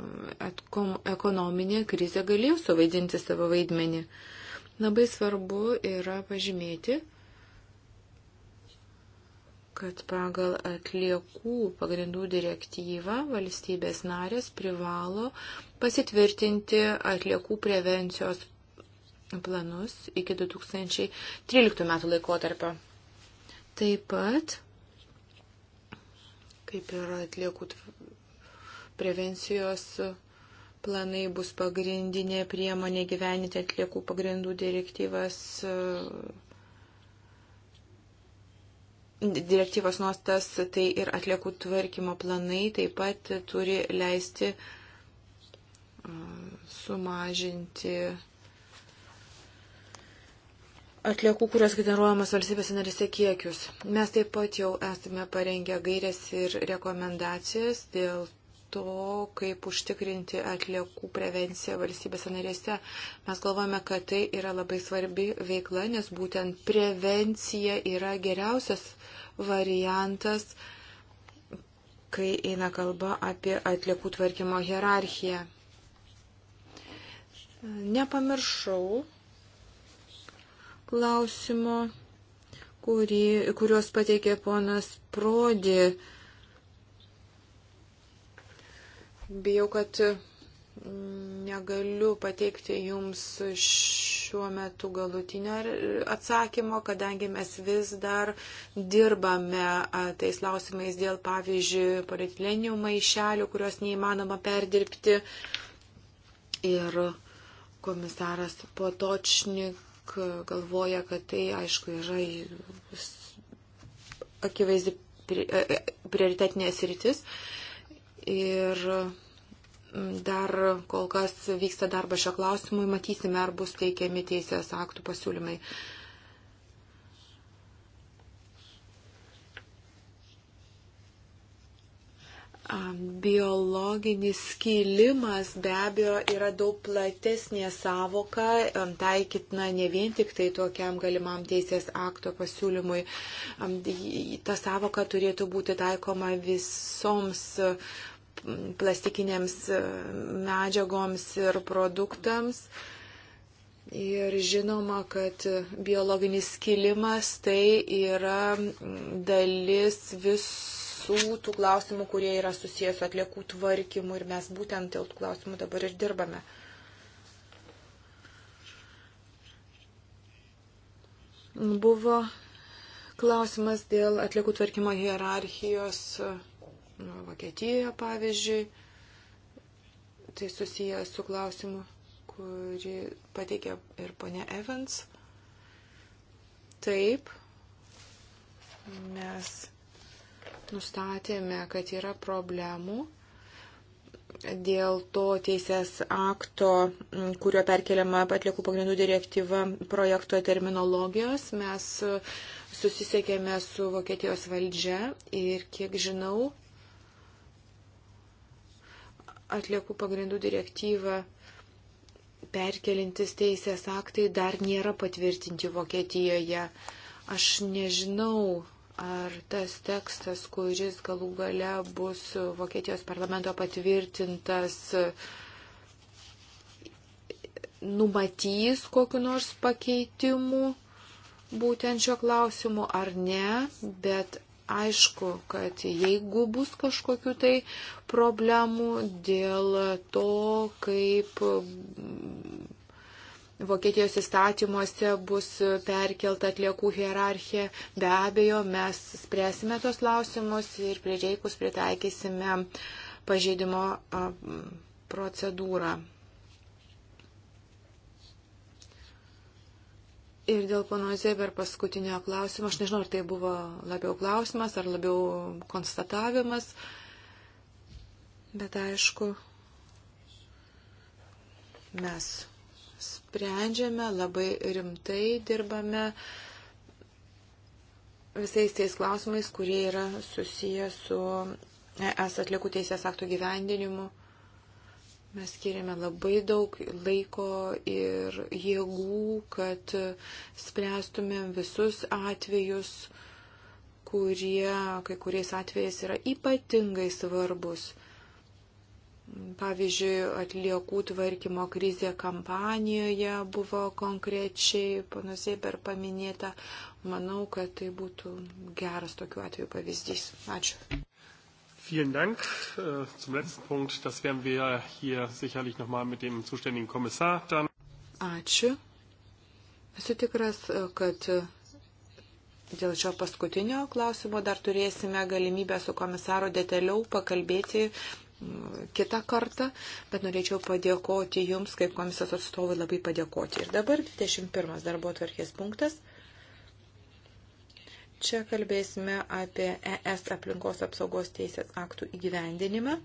ekonominė krizė galėjo suvaidinti savo vaidmenį. Labai svarbu yra pažymėti, kad pagal atliekų pagrindų direktyvą valstybės narės privalo pasitvirtinti atliekų prevencijos planus iki 2013 metų laikotarpio. Taip pat, kaip ir atliekų prevencijos planai bus pagrindinė priemonė gyveninti atliekų pagrindų direktyvas, direktyvos nuostas, tai ir atliekų tvarkymo planai taip pat turi leisti sumažinti atliekų, kurios generuojamas valstybės narėse kiekius. Mes taip pat jau esame parengę gairias ir rekomendacijas dėl to, kaip užtikrinti atliekų prevenciją valstybės narėse. Mes galvojame, kad tai yra labai svarbi veikla, nes būtent prevencija yra geriausias variantas, kai eina kalba apie atliekų tvarkymo hierarchiją. Nepamiršau klausimo, kurį, kuriuos pateikė ponas Prodi. Bijau, kad mm, negaliu pateikti jums šiuo metu galutinio atsakymo, kadangi mes vis dar dirbame tais klausimais dėl, pavyzdžiui, polietilenių maišelių, kuriuos neįmanoma perdirbti. Ir komisaras Potočnik galvoja, kad tai, aišku, yra akivaizdi e, e, prioritetinė sritis. Ir dar kol kas vyksta darbas šio klausimui, matysime, ar bus teikiami teisės aktų pasiūlymai. Uh, Biologinis skilimas be abejo yra daug platesnė savoka, taikytina ne vien tik tai tokiam galimam teisės akto pasiūlymui. Ta savoka turėtų būti taikoma visoms plastikinėms medžiagoms ir produktams. Ir žinoma, kad biologinis skilimas tai yra dalis viso visų tų klausimų, kurie yra susijęs su atliekų tvarkymu ir mes būtent dėl tų klausimų dabar ir dirbame. Buvo klausimas dėl atliekų tvarkymo hierarchijos Vokietijoje, pavyzdžiui. Tai susijęs su klausimu, kurį pateikė ir ponė Evans. Taip, mes nustatėme, kad yra problemų dėl to teisės akto, kurio perkeliama atliekų pagrindų direktyva projekto terminologijos. Mes susisiekėme su Vokietijos valdžia ir, kiek žinau, atliekų pagrindų direktyva perkelintis teisės aktai dar nėra patvirtinti Vokietijoje. Aš nežinau, ar tas tekstas, kuris galų gale bus Vokietijos parlamento patvirtintas, numatys kokiu nors pakeitimu būtent šio klausimu ar ne, bet aišku, kad jeigu bus kažkokiu tai problemų dėl to, kaip Vokietijos įstatymuose bus perkelta atliekų hierarchija. Be abejo, mes spręsime tos klausimus ir prie reikus pritaikysime pažeidimo procedūrą. Ir dėl pono Zeber paskutinio klausimo, aš nežinau, ar tai buvo labiau klausimas, ar labiau konstatavimas, bet aišku, mes sprendžiame, labai rimtai dirbame visais tais klausimais, kurie yra susiję su es atliekų teisės aktų gyvendinimu. Mes skiriame labai daug laiko ir jėgų, kad spręstumėm visus atvejus, kurie kai kuriais atvejais yra ypatingai svarbus. Pavyzdžiui, atliekų tvarkymo krizė kampanijoje buvo konkrečiai, panusiai per paminėta. Manau, kad tai būtų geras tokiu atveju pavyzdys. Ačiū. Vielen Dank. Äh, zum letzten Punkt, das werden wir hier sicherlich nochmal mit dem zuständigen Kommissar dann. Ačiū. Esu tikras, kad Dėl šio paskutinio klausimo dar turėsime galimybę su komisaru detaliau pakalbėti kitą kartą, bet norėčiau padėkoti Jums, kaip komisijos atstovui, labai padėkoti. Ir dabar 21 darbo atvarkės punktas. Čia kalbėsime apie ES aplinkos apsaugos teisės aktų įgyvendinimą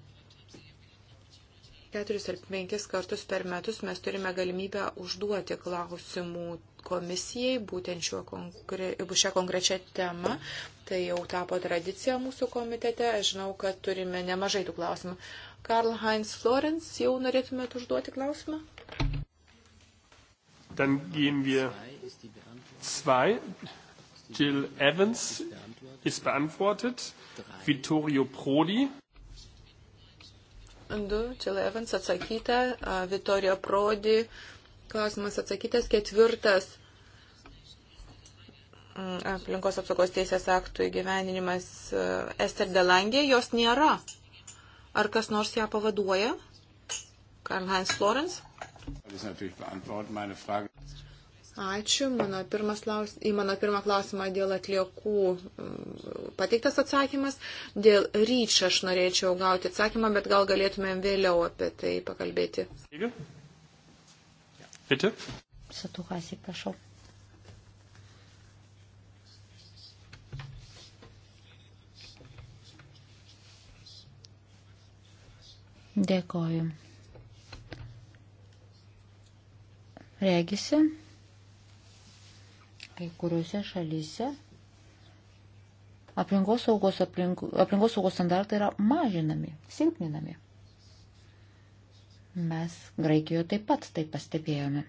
keturis ar penkis kartus per metus mes turime galimybę užduoti klausimų komisijai būtent šiuo konkre... šią konkrečią temą. Tai jau tapo tradicija mūsų komitete. Aš žinau, kad turime nemažai tų klausimų. Karl Heinz Florence, jau norėtumėt užduoti klausimą? Dann gehen wir zwei. Jill Evans ist beantwortet. Vittorio Prodi. Du, Čil Evans atsakyta, Vitorija Prodi, klausimas atsakytas, ketvirtas aplinkos apsaugos teisės aktų įgyveninimas Ester Delangė, jos nėra. Ar kas nors ją pavaduoja? Karl-Heinz Florence? Ačiū. Mano klaus... Į mano pirmą klausimą dėl atliekų mm, pateiktas atsakymas. Dėl ryč aš norėčiau gauti atsakymą, bet gal galėtumėm vėliau apie tai pakalbėti. Bitte. Satuhasi, prašau. Dėkoju. Regisi. Kai kuriuose šalyse aplinkos saugos, aplink, aplinkos saugos standartai yra mažinami, silpninami. Mes Graikijoje taip pat tai pastebėjome.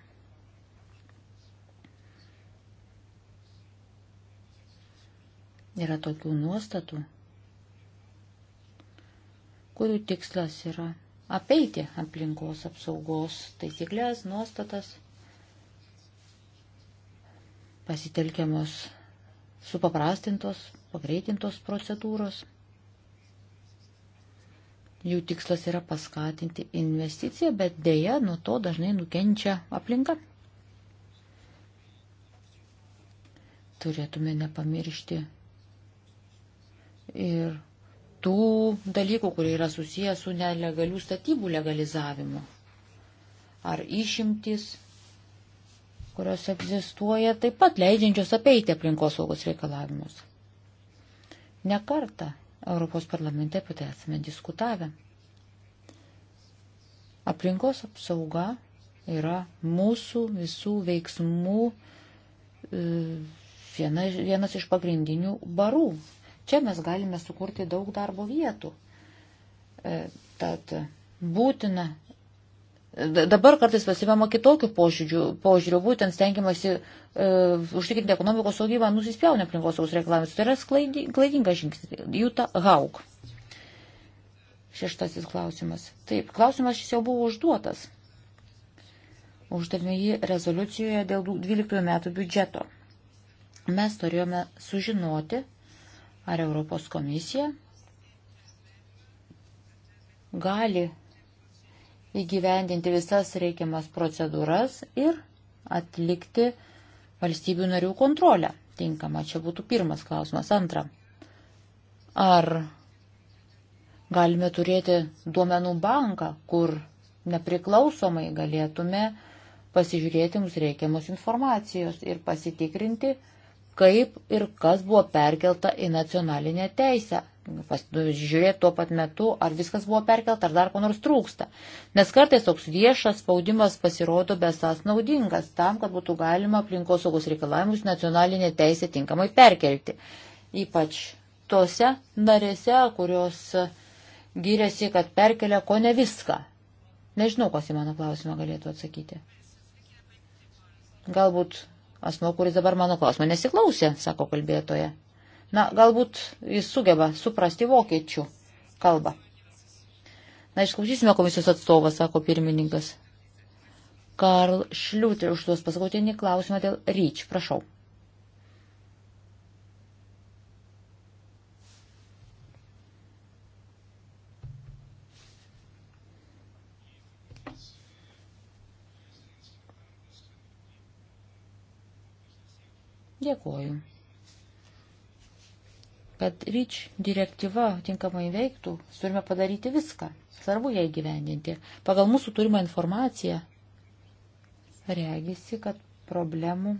Yra tokių nuostatų, kurių tikslas yra apeiti aplinkos apsaugos taisyklės, nuostatas – pasitelkiamos supaprastintos, pagreitintos procedūros. Jų tikslas yra paskatinti investiciją, bet dėja nuo to dažnai nukenčia aplinka. Turėtume nepamiršti ir tų dalykų, kurie yra susijęs su nelegalių statybų legalizavimu. Ar išimtis, kurios egzistuoja taip pat leidžiančios apeiti aplinkosaugos reikalavimus. Nekartą Europos parlamente apie tai esame diskutavę. Aplinkos apsauga yra mūsų visų veiksmų e, viena, vienas iš pagrindinių barų. Čia mes galime sukurti daug darbo vietų. E, tad būtina Dabar kartais pasimama kitokių požiūrių, požiūrių būtent stengiamasi e, užtikrinti ekonomikos saugybą, nusispjaunę aplinkos saugos reikalavimus. Tai yra klaidingas žingsnis. Jūta Hauk. Šeštasis klausimas. Taip, klausimas šis jau buvo užduotas. Uždavėme jį rezoliucijoje dėl 12 metų biudžeto. Mes turėjome sužinoti, ar Europos komisija gali įgyvendinti visas reikiamas procedūras ir atlikti valstybių narių kontrolę. Tinkama, čia būtų pirmas klausimas. Antra, ar galime turėti duomenų banką, kur nepriklausomai galėtume pasižiūrėti mums reikiamus informacijos ir pasitikrinti, kaip ir kas buvo perkelta į nacionalinę teisę žiūrėti tuo pat metu, ar viskas buvo perkelta, ar dar ko nors trūksta. Nes kartais toks viešas spaudimas pasirodo besas naudingas tam, kad būtų galima aplinkosaugos reikalavimus nacionalinė teisė tinkamai perkelti. Ypač tose narėse, kurios e, gyrėsi, kad perkelia ko ne viską. Nežinau, kas į mano klausimą galėtų atsakyti. Galbūt asmo, kuris dabar mano klausimą nesiklausė, sako kalbėtoja. Na, galbūt jis sugeba suprasti vokiečių kalbą. Na, išklausysime komisijos atstovą, sako pirmininkas. Karl Šliūtė užduos paskutinį klausimą dėl ryč. Prašau. Dėkuoju. Kad REACH direktyva tinkamai veiktų, turime padaryti viską. Svarbu ją įgyvendinti. Pagal mūsų turimą informaciją regisi, kad problemų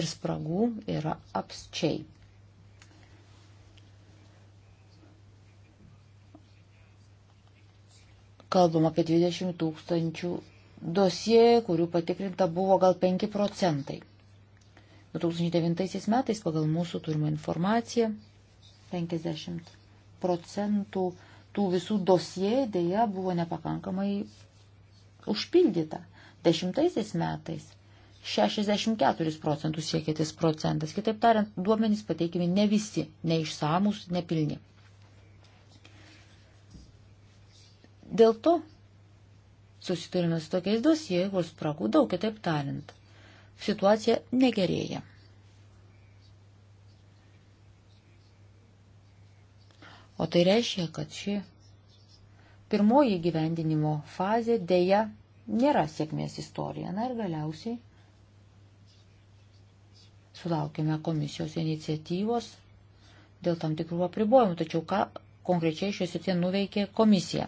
ir spragų yra apsčiai. Kalbam apie 20 tūkstančių dosie, kurių patikrinta buvo gal 5 procentai. 2009 metais pagal mūsų turimą informaciją 50 procentų tų visų dosie dėja buvo nepakankamai užpildyta. Dešimtaisiais metais 64 procentus siekėtis procentas. Kitaip tariant, duomenys pateikimi ne visi, neišsamus, nepilni. Dėl to susiturime su tokiais dosie, kur spragų daug, kitaip tariant, situacija negerėja. O tai reiškia, kad ši pirmoji gyvendinimo fazė dėja nėra sėkmės istorija. Na ir galiausiai sulaukime komisijos iniciatyvos dėl tam tikrų apribojimų, tačiau ką konkrečiai šios įtie nuveikė komisija.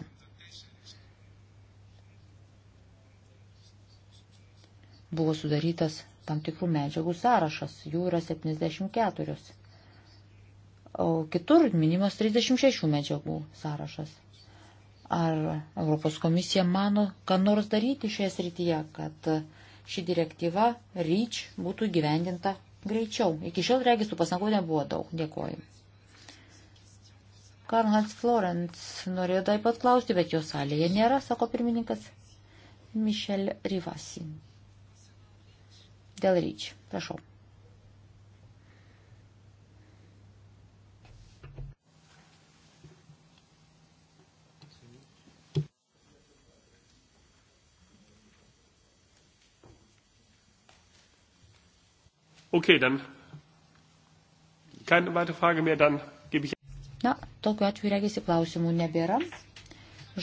Buvo sudarytas tam tikrų medžiagų sąrašas, jų yra 74 o kitur minimas 36 medžiagų sąrašas. Ar Europos komisija mano, ką nors daryti šioje srityje, kad ši direktyva REACH būtų gyvendinta greičiau? Iki šiol registrų pasangų nebuvo daug. Dėkuoju. Karlhans Florence norėjo taip pat klausti, bet jo salėje nėra, sako pirmininkas Mišel Rivasi. Dėl REACH. Prašau. Okay, dann keine weitere Frage mehr, dann gebe ich. Na, tokiu atveju regisi klausimų nebėra.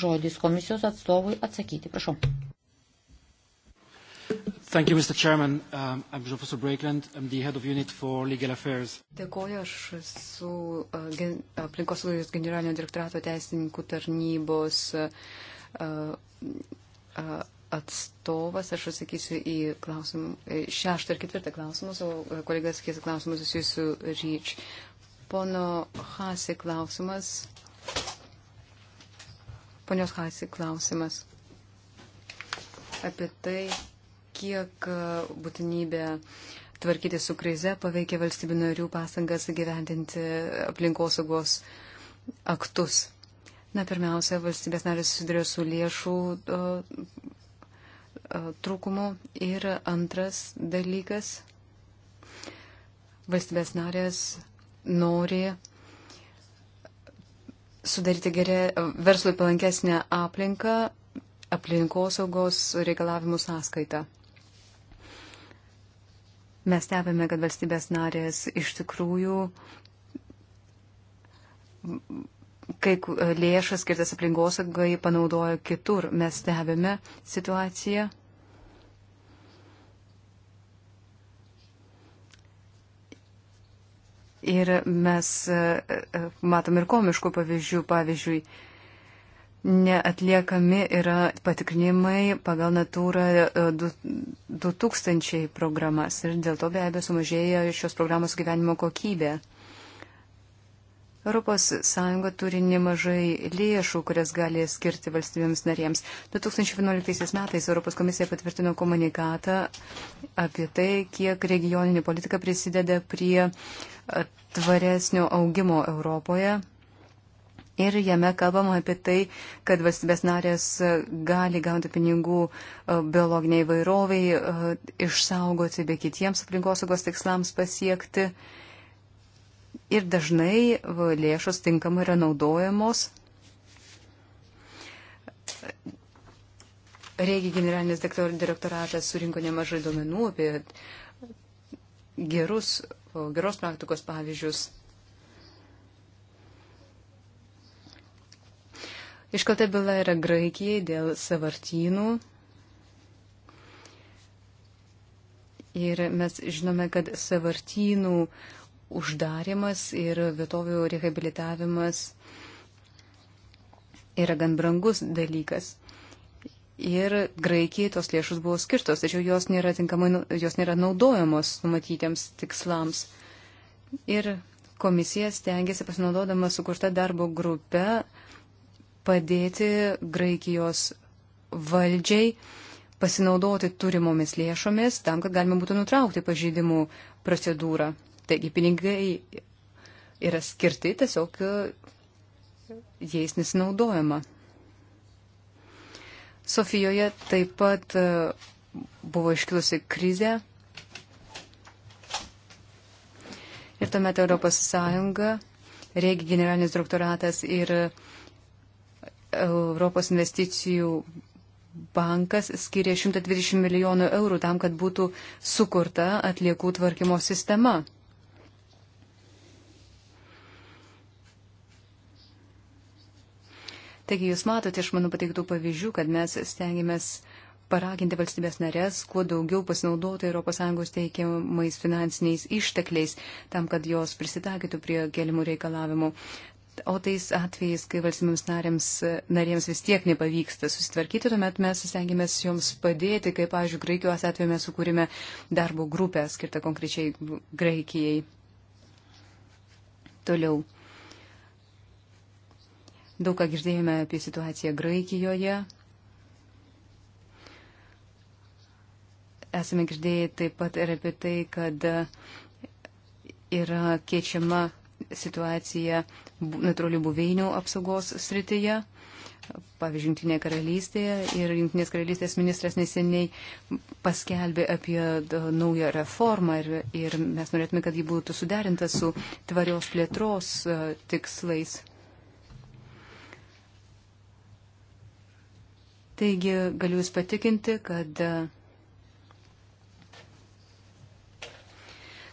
Žodis komisijos atstovui atsakyti, prašau. Thank you, Mr. Chairman. Um, I'm Professor Breakland. I'm the head of unit for legal affairs. Dėkoju, aš esu uh, gen, aplinkosaugos generalinio direktorato teisininkų tarnybos uh, uh, atstovas, aš atsakysiu į klausimą, šeštą ir ketvirtą klausimus, o kolega sakys klausimus susijusiu ryč. Pono Hasi klausimas. Ponios Hasi klausimas. Apie tai, kiek būtinybė tvarkyti su krize paveikia valstybių narių pastangas gyvendinti aplinkosaugos aktus. Na, pirmiausia, valstybės narės susiduria su lėšų E, trūkumų. Ir antras dalykas, valstybės narės nori sudaryti gerę e, verslui palankesnę aplinką aplinkosaugos reikalavimų sąskaitą. Mes stebime, kad valstybės narės iš tikrųjų kai e, lėšas skirtas aplinkosaugai panaudojo kitur. Mes stebime situaciją. Ir mes e, e, matom ir komiškų pavyzdžių. Pavyzdžiui, neatliekami yra patikrinimai pagal Natūra 2000 e, programas. Ir dėl to be abejo sumažėjo šios programos gyvenimo kokybė. ES turi nemažai lėšų, kurias gali skirti valstybėms narėms. 2011 metais Europos komisija patvirtino komunikatą apie tai, kiek regioninė politika prisideda prie e, tvaresnio augimo Europoje. Ir jame kalbama apie tai, kad valstybės narės e, gali gauti pinigų e, biologiniai vairoviai, išsaugoti bei kitiems aplinkosaugos tikslams pasiekti ir dažnai lėšos tinkamai yra naudojamos. Reigi generalinis direktoratas surinko nemažai duomenų apie gerus, geros praktikos pavyzdžius. Iškalta byla yra Graikijai dėl savartynų. Ir mes žinome, kad savartynų uh, uždarimas ir vietovių rehabilitavimas yra gan brangus dalykas. Ir Graikijai tos lėšus buvo skirtos, tačiau jos nėra, tinkamai, nu, jos nėra naudojamos numatytiems tikslams. Ir komisija stengiasi pasinaudodama sukurta darbo grupe padėti Graikijos valdžiai pasinaudoti turimomis lėšomis tam, kad galima būtų nutraukti pažydimų procedūrą. Taigi pinigai yra skirti, tiesiog e, jais nesinaudojama. Sofijoje taip pat e, buvo iškilusi krizė. Ir tuomet Europos Sąjunga, Regi generalinis direktoratas ir Europos investicijų bankas skiria 120 milijonų eurų tam, kad būtų sukurta atliekų tvarkymo sistema. Taigi jūs matote iš mano pateiktų pavyzdžių, kad mes stengiamės paraginti valstybės narės, kuo daugiau pasinaudoti ES teikiamais finansiniais ištekliais, tam, kad jos prisitaikytų prie kelimų reikalavimų. O tais atvejais, kai valstybėms narėms, narėms vis tiek nepavyksta susitvarkyti, tuomet mes stengiamės joms padėti, kaip, pavyzdžiui, Graikijos atveju mes sukūrėme darbo grupę skirtą konkrečiai Graikijai. Toliau. Daug ką girdėjome apie situaciją Graikijoje. Esame girdėję taip pat ir apie tai, kad yra keičiama situacija natūralių buveinių apsaugos srityje pavyzdžiui, Junktinėje karalystėje ir Junktinės karalystės ministras neseniai paskelbė apie naują reformą ir, ir mes norėtume, kad ji būtų suderinta su tvarios plėtros tikslais. Taigi galiu Jūs patikinti, kad,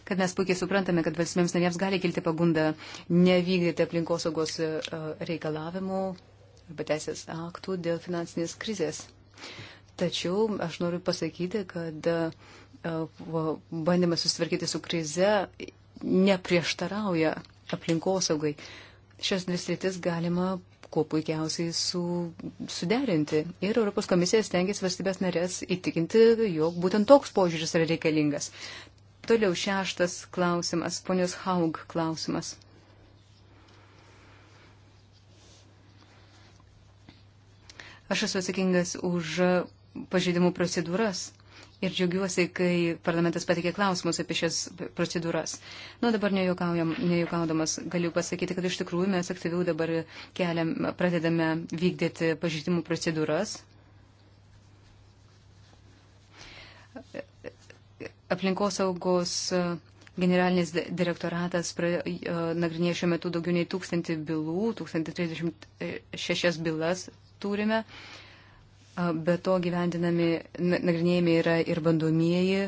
kad mes puikiai suprantame, kad valstybėms narėms gali kilti pagunda nevykdyti aplinkosaugos e, reikalavimų arba teisės aktų dėl finansinės krizės. Tačiau aš noriu pasakyti, kad e, bandymas susitvarkyti su krize neprieštarauja aplinkosaugai. Šias dvi sritis galima kuo puikiausiai su, suderinti. Ir Europos komisija stengiasi valstybės narės įtikinti, jog būtent toks požiūris yra reikalingas. Toliau šeštas klausimas, ponios Haug klausimas. Aš esu atsakingas už pažeidimų procedūras ir džiaugiuosi, kai parlamentas patikė klausimus apie šias procedūras. Nu, dabar nejuokaudamas galiu pasakyti, kad iš tikrųjų mes aktyviau dabar keliam, pradedame vykdyti pažydimų procedūras. Aplinkosaugos generalinis direktoratas nagrinėja šiuo metu daugiau nei tūkstantį bylų, 1036 bylas turime. Uh, Be to gyvendinami, nagrinėjami yra ir bandomieji,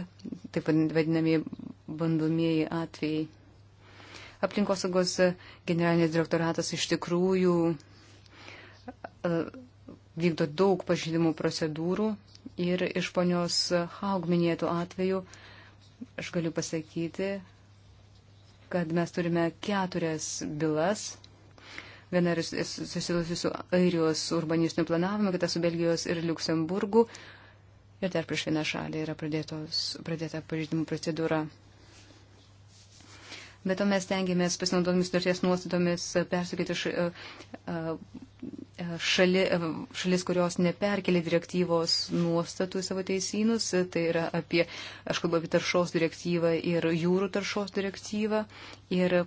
taip vadinami bandomieji atvejai. Aplinkosaugos generalinis direktoratas iš tikrųjų vykdo daug pažydimų procedūrų ir iš ponios Haug minėtų atvejų aš galiu pasakyti, kad mes turime keturias bylas Viena yra susidusi su Airijos urbanistiniu planavimu, kita su Belgijos ir Luksemburgu. Ir dar prieš vieną šalį yra pradėtos, pradėta pažydimų procedūra. Bet to mes tengiamės pasinaudomis sutarties nuostatomis persukyti e, e, e, šali, šalis, kurios neperkelė direktyvos nuostatų į savo teisynus. Tai yra apie, aš kalbu apie taršos direktyvą ir jūrų taršos direktyvą. Ir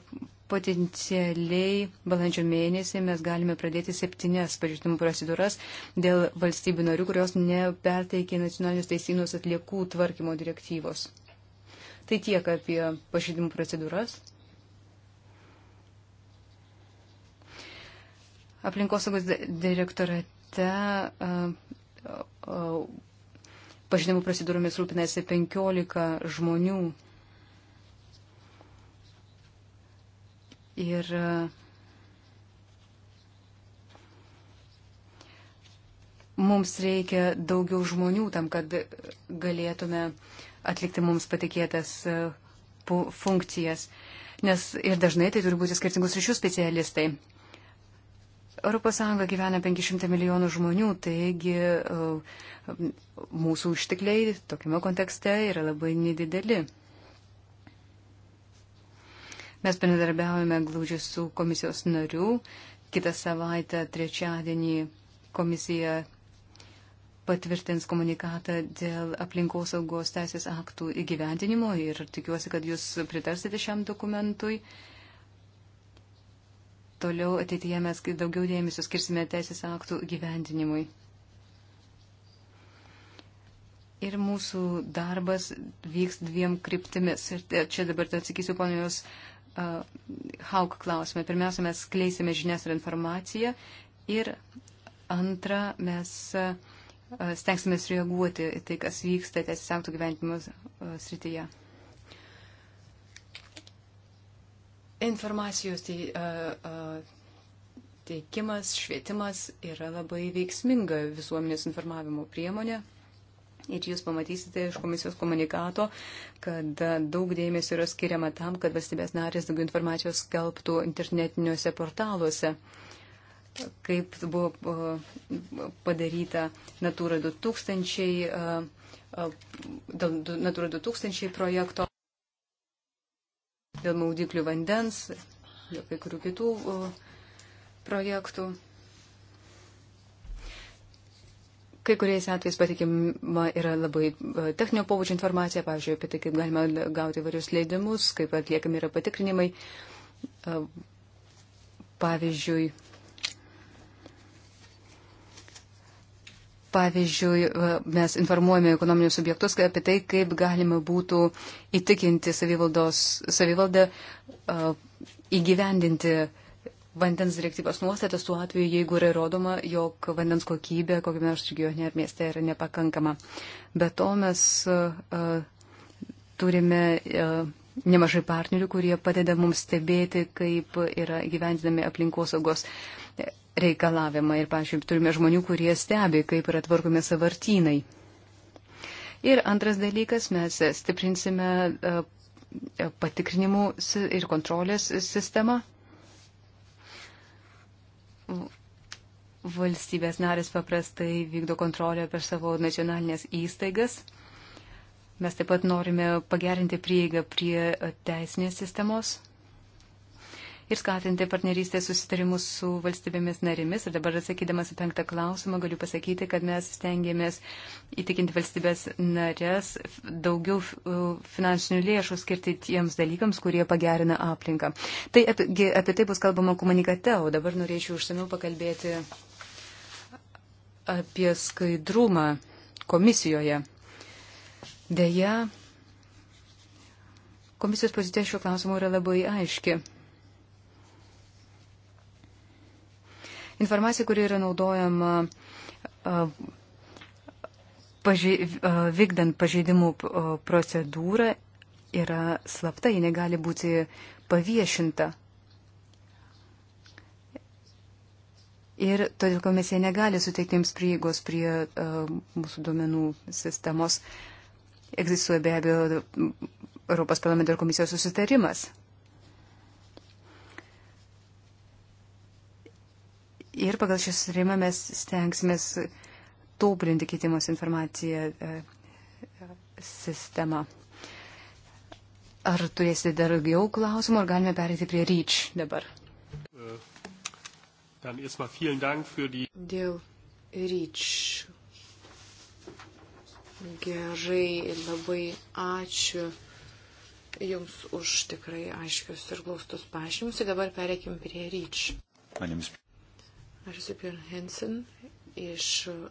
potencialiai balandžio mėnesį mes galime pradėti septynes pažeidimų procedūras dėl valstybių narių, kurios neperteikė nacionalinius teisynus atliekų tvarkymo direktyvos. Tai tiek apie pažeidimų procedūras. aplinkosaugos direktorate pažinimų procedūromis rūpinasi 15 žmonių. Ir mums reikia daugiau žmonių tam, kad galėtume atlikti mums patikėtas funkcijas. Nes ir dažnai tai turi būti skirtingus ryšių specialistai. ES gyvena 500 milijonų žmonių, taigi e, mūsų ištikliai tokiame kontekste yra labai nedideli. Mes bendradarbiaujame glaudžiai su komisijos nariu. Kitą savaitę, trečiadienį, komisija patvirtins komunikatą dėl aplinkosaugos teisės aktų įgyvendinimo ir tikiuosi, kad jūs pritarsite šiam dokumentui. Uh, toliau ateityje mes daugiau dėmesio skirsime teisės aktų gyvendinimui. Ir mūsų darbas vyks dviem kryptimis. Ir čia dabar atsakysiu ponijos uh, Hauk klausimą. Pirmiausia, mes skleisime žinias ir informaciją. Ir antra, mes uh, stengsime reaguoti į tai, kas vyksta teisės aktų gyventimo uh, srityje. Informacijos teikimas, švietimas yra labai veiksminga visuomenės informavimo priemonė. Ir jūs pamatysite iš komisijos komunikato, kad daug dėmesio yra skiriama tam, kad valstybės narės daugiau informacijos skelbtų internetiniuose portaluose, kaip buvo padaryta Natura 2000, Natura 2000 projekto dėl maudiklių vandens, dėl kai kurių kitų projektų. Kai kuriais atvejais patikima yra labai techninio pobūdžio informacija, pavyzdžiui, apie tai, kaip galima gauti varius leidimus, kaip atliekami yra patikrinimai. Pavyzdžiui, Pavyzdžiui, e, mes informuojame ekonominius subjektus apie tai, kaip galima būtų įtikinti savivaldą e, įgyvendinti vandens direktyvos nuostatas tuo atveju, jeigu yra įrodoma, jog vandens kokybė kokiame nors regione ar mieste yra nepakankama. Be to mes e, turime nemažai partnerių, kurie padeda mums stebėti, kaip yra gyvendinami aplinkosaugos. saugos reikalavimą. Ir, pažiūrėjau, turime žmonių, kurie stebi, kaip yra tvarkomi savartynai. Ir antras dalykas, mes stiprinsime e, e, patikrinimų ir kontrolės sistemą. Valstybės narės paprastai vykdo kontrolę per savo nacionalinės įstaigas. Mes taip pat norime pagerinti prieigą prie teisinės sistemos ir skatinti partnerystės susitarimus su valstybėmis narimis. Ir dabar atsakydamas į penktą klausimą galiu pasakyti, kad mes stengiamės įtikinti valstybės narės daugiau e, finansinių lėšų skirti tiems dalykams, kurie pagerina aplinką. Tai apie, apie tai bus kalbama komunikate, o dabar norėčiau užsamiau pakalbėti apie skaidrumą komisijoje. Deja, komisijos pozicija šiuo klausimu yra labai aiški. informacija, kuri yra naudojama paži vykdant pažeidimų procedūrą, yra slapta, ji negali būti paviešinta. Ir todėl komisija negali suteikti jums prieigos prie uh, mūsų duomenų sistemos. Egzistuoja be abejo Europos parlamento ir komisijos susitarimas. Ir pagal šį surimą mes stengsimės tobulinti keitimos informaciją e, sistemą. Ar turėsite dar daugiau klausimų, ar galime perėti prie REACH dabar? Äh, Dėl REACH. Gerai ir labai ačiū Jums už tikrai aiškius ir glaustus pažymus. Ir dabar perėkim prie REACH. Aš esu Pien Hensen iš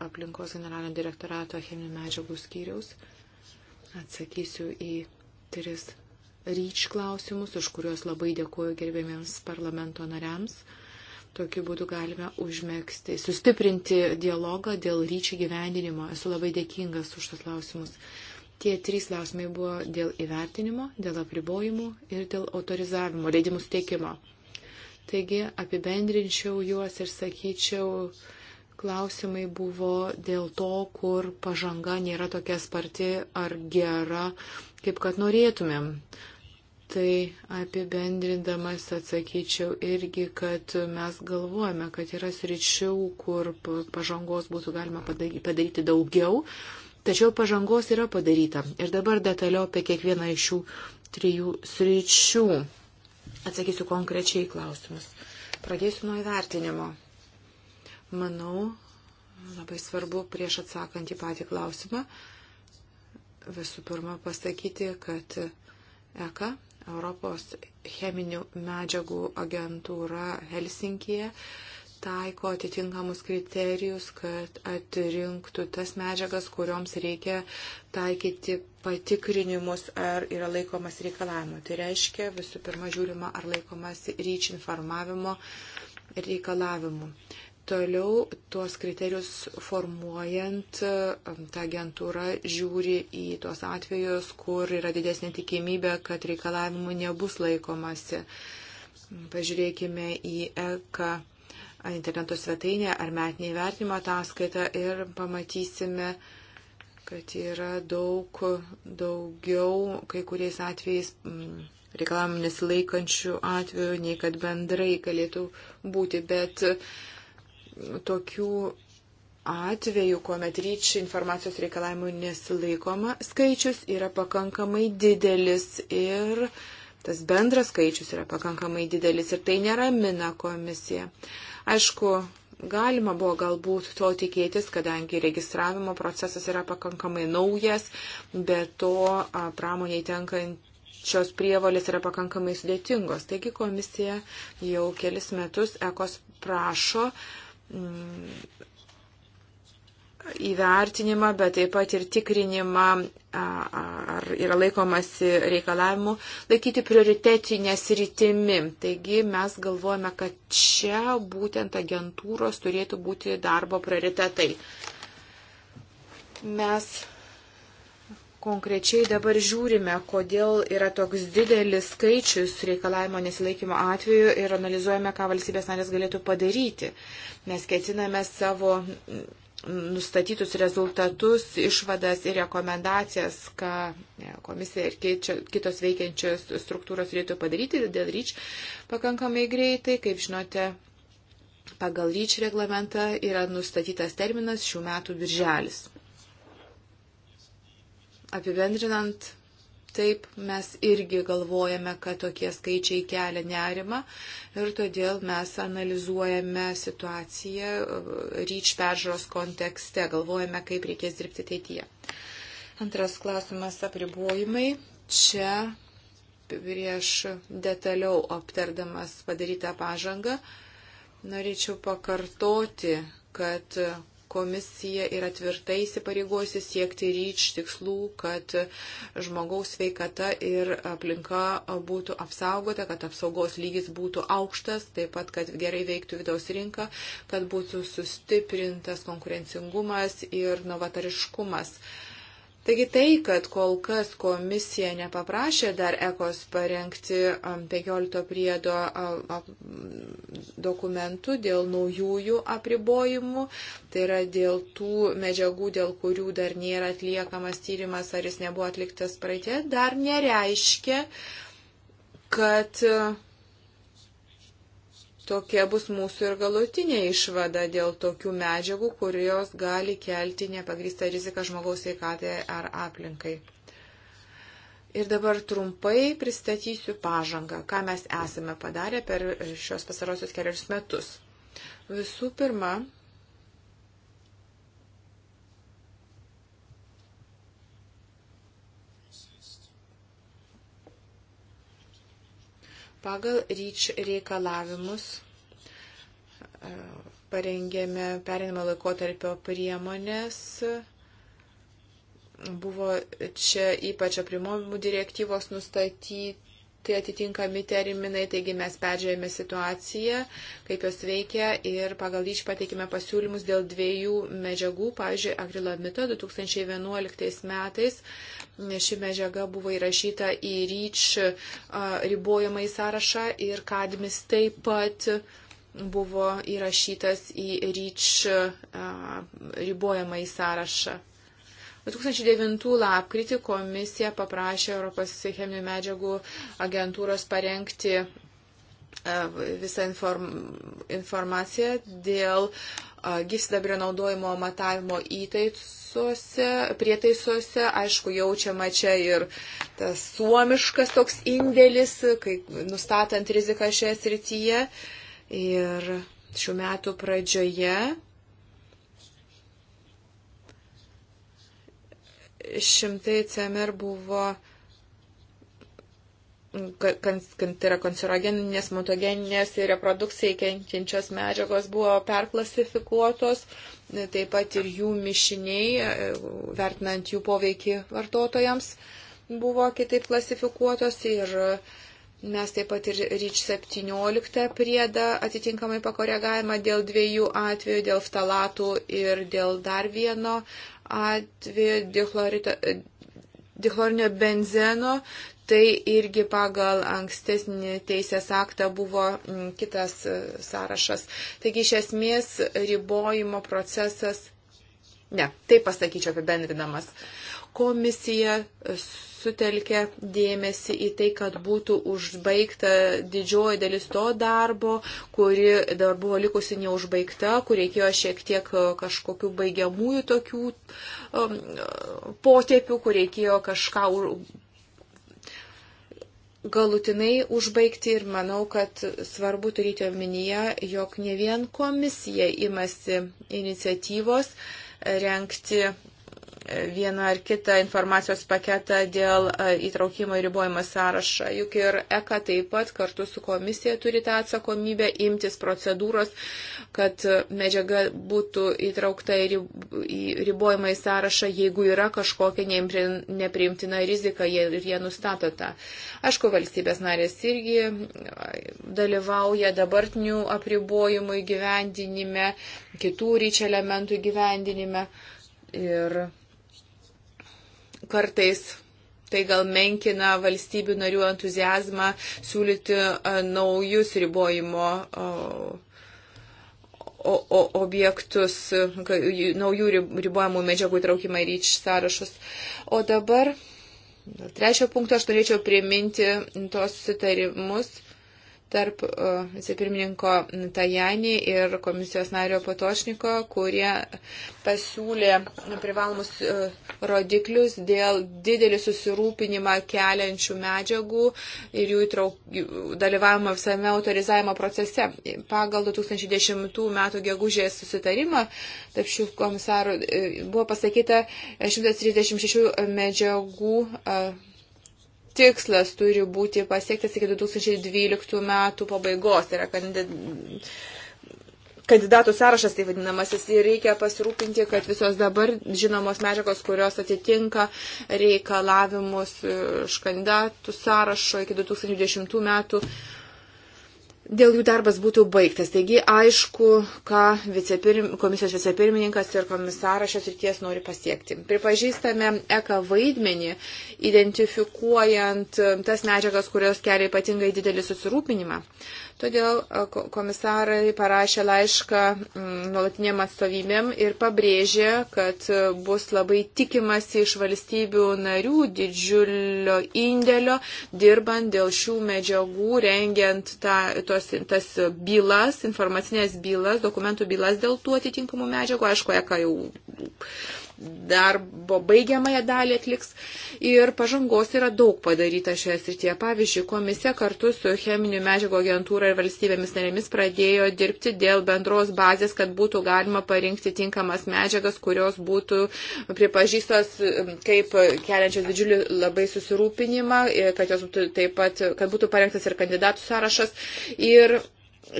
aplinkos generalinio direktorato cheminių medžiagų skyriaus. Atsakysiu į tris ryč klausimus, už kuriuos labai dėkuoju gerbėmiems parlamento nariams. Tokiu būdu galime užmėgsti, sustiprinti dialogą dėl ryčių gyvendinimo. Esu labai dėkingas už tos klausimus. Tie trys klausimai buvo dėl įvertinimo, dėl apribojimų ir dėl autorizavimo, leidimų suteikimo. Taigi apibendrinčiau juos ir sakyčiau, klausimai buvo dėl to, kur pažanga nėra tokia sparti ar gera, kaip kad norėtumėm. Tai apibendrindamas atsakyčiau irgi, kad mes galvojame, kad yra sričių, kur pažangos būtų galima padaryti daugiau, tačiau pažangos yra padaryta. Ir dabar detaliau apie kiekvieną iš šių trijų sričių. Atsakysiu konkrečiai klausimus. Pradėsiu nuo įvertinimo. Manau, labai svarbu prieš atsakant į patį klausimą visų pirma pasakyti, kad ECA, Europos cheminių medžiagų agentūra Helsinkije, taiko atitinkamus kriterijus, kad atrinktų tas medžiagas, kurioms reikia taikyti patikrinimus, ar yra laikomas reikalavimo. Tai reiškia, visų pirma, žiūrima, ar laikomas ryč informavimo reikalavimu. Toliau tuos kriterijus formuojant, um, ta agentūra žiūri į tuos atvejus, kur yra didesnė tikimybė, kad reikalavimų nebus laikomasi. Pažiūrėkime į ECA interneto svetainę ar metinį vertinimo ataskaitą ir pamatysime, kad yra daug daugiau kai kuriais atvejais mm, reikalavimų nesilaikančių atvejų, nei kad bendrai galėtų būti. Bet mm, tokių atvejų, kuomet ryč informacijos reikalavimų nesilaikoma, skaičius yra pakankamai didelis ir tas bendras skaičius yra pakankamai didelis ir tai neramina komisija. Uh, Aišku, galima buvo galbūt to tikėtis, kadangi registravimo procesas yra pakankamai naujas, bet to pramoniai tenkant šios prievalės yra pakankamai sudėtingos. Taigi komisija jau kelis metus ekos prašo mm, įvertinimą, bet taip pat ir tikrinimą, ar yra laikomasi reikalavimų, laikyti prioritetinės rytimi. Taigi mes galvojame, kad čia būtent agentūros turėtų būti darbo prioritetai. Mes konkrečiai dabar žiūrime, kodėl yra toks didelis skaičius reikalavimo nesilaikymo atveju ir analizuojame, ką valstybės narės galėtų padaryti. Mes ketiname savo nustatytus rezultatus, išvadas ir rekomendacijas, ką komisija ir keičia, kitos veikiančios struktūros turėtų padaryti dėl ryč pakankamai greitai. Kaip žinote, pagal ryč reglamentą yra nustatytas terminas šių metų birželis. Apibendrinant, Taip mes irgi galvojame, kad tokie skaičiai kelia nerima ir todėl mes analizuojame situaciją e, ryč peržiūros kontekste, galvojame, kaip reikės dirbti ateityje. Antras klausimas - apribojimai. Čia prieš detaliau aptardamas padarytą pažangą norėčiau pakartoti, kad Komisija yra tvirtai įsipareigojusi siekti ryč tikslų, kad žmogaus sveikata ir aplinka būtų apsaugota, kad apsaugos lygis būtų aukštas, taip pat, kad gerai veiktų vidaus rinka, kad būtų sustiprintas konkurencingumas ir novatariškumas. Uh, Taigi tai, kad kol kas komisija nepaprašė dar ekos parengti 15 um, priedo dokumentų dėl naujųjų apribojimų, tai yra dėl tų medžiagų, dėl kurių dar nėra atliekamas tyrimas ar jis nebuvo atliktas praeitie, dar nereiškia, kad Tokia bus mūsų ir galutinė išvada dėl tokių medžiagų, kurios gali kelti nepagrįstą riziką žmogaus veikatai ar aplinkai. Ir dabar trumpai pristatysiu pažangą, ką mes esame padarę per šios pasarosius kelius metus. Visų pirma, Pagal ryč reikalavimus e, parengėme perinimo laikotarpio priemonės. Buvo čia ypač aprimomų direktyvos nustatyti tai atitinkami terminai, taigi mes peržiūrėjome situaciją, kaip jos veikia ir pagal iš pateikime pasiūlymus dėl dviejų medžiagų, pavyzdžiui, agrilamito 2011 metais. Ši medžiaga buvo įrašyta į ryč ribojimą į sąrašą ir kadmis taip pat buvo įrašytas į ryč ribojimą į sąrašą. 2009 lapkritį komisija paprašė Europos cheminių medžiagų agentūros parengti e, visą inform, informaciją dėl e, gyvsidabrio naudojimo matavimo įtaisuose, prietaisuose. Aišku, jaučiama čia ir tas suomiškas toks indėlis, kai nustatant riziką šioje srityje. Ir šių metų pradžioje šimtai CMR buvo kan, kan, tai yra kancerogeninės, mutageninės ir reprodukcijai kenkiančios medžiagos buvo perklasifikuotos, taip pat ir jų mišiniai, vertinant jų poveikį vartotojams, buvo kitaip klasifikuotos ir mes taip pat ir ryč 17 priedą atitinkamai pakoregavimą dėl dviejų atvejų, dėl ftalatų ir dėl dar vieno atveju dichlorito, dichlorinio benzeno, tai irgi pagal ankstesnį teisės aktą buvo mm, kitas e, sąrašas. Taigi iš esmės ribojimo procesas, ne, taip pasakyčiau apibendrinamas, uh, Komisija sutelkė dėmesį į tai, kad būtų užbaigta didžioji dalis to darbo, kuri dar buvo likusi neužbaigta, kur reikėjo šiek tiek e, kažkokių baigiamųjų tokių um, potėpių, kur reikėjo kažką galutinai užbaigti ir manau, kad svarbu turėti omenyje, jog ne vien komisija imasi iniciatyvos renkti vieną ar kitą informacijos paketą dėl e, įtraukimo į ribojimą sąrašą. Juk ir ECA taip pat kartu su komisija turi tą atsakomybę imtis procedūros, kad medžiaga būtų įtraukta į ribojimą į sąrašą, jeigu yra kažkokia nepriimtina rizika ir jie nustato tą. Aišku, valstybės narės irgi e, dalyvauja dabartinių apribojimų įgyvendinime, kitų ryčių elementų įgyvendinime. Ir kartais tai gal menkina valstybių narių entuzijazmą siūlyti naujus ribojimo objektus, naujų ribojimų medžiagų įtraukimą į ryč sąrašus. O dabar, trečio punkto, aš norėčiau priminti tos sutarimus tarp e, vicepirmininko Tajani ir komisijos nario Patošniko, kurie pasiūlė privalomus e, rodiklius dėl didelį susirūpinimą keliančių medžiagų ir jų įtrauk... dalyvavimo visame autorizavimo procese. Pagal 2010 m. gegužės susitarimą tarp šių komisarų e, buvo pasakyta 136 medžiagų tikslas turi būti pasiektas iki 2012 metų pabaigos. Tai yra kandid... kandidatų sąrašas, tai vadinamasis, ir reikia pasirūpinti, kad visos dabar žinomos medžiagos, kurios atitinka reikalavimus iš kandidatų sąrašo iki 2010 metų, dėl jų darbas būtų baigtas. Taigi aišku, ką vicepirm, komisijos vicepirmininkas ir komisaras šios ryties nori pasiekti. Pripažįstame ECA vaidmenį, identifikuojant tas medžiagas, kurios kelia ypatingai didelį susirūpinimą. Todėl komisarai parašė laišką nuolatiniam atstovybėm ir pabrėžė, kad bus labai tikimasi iš valstybių narių didžiulio indėlio, dirbant dėl šių medžiagų, rengiant ta, tos, tas bylas, informacinės bylas, dokumentų bylas dėl tų atitinkamų medžiagų. Aišku, eka jau darbo baigiamąją dalį atliks. Ir pažangos yra daug padaryta šioje srityje. Pavyzdžiui, komisija kartu su cheminių medžiagų agentūra ir valstybėmis narėmis pradėjo dirbti dėl bendros bazės, kad būtų galima parinkti tinkamas medžiagas, kurios būtų pripažįstos kaip keliančios didžiulį labai susirūpinimą, e, kad, būtų, taip pat, kad būtų parengtas ir kandidatų sąrašas. Ir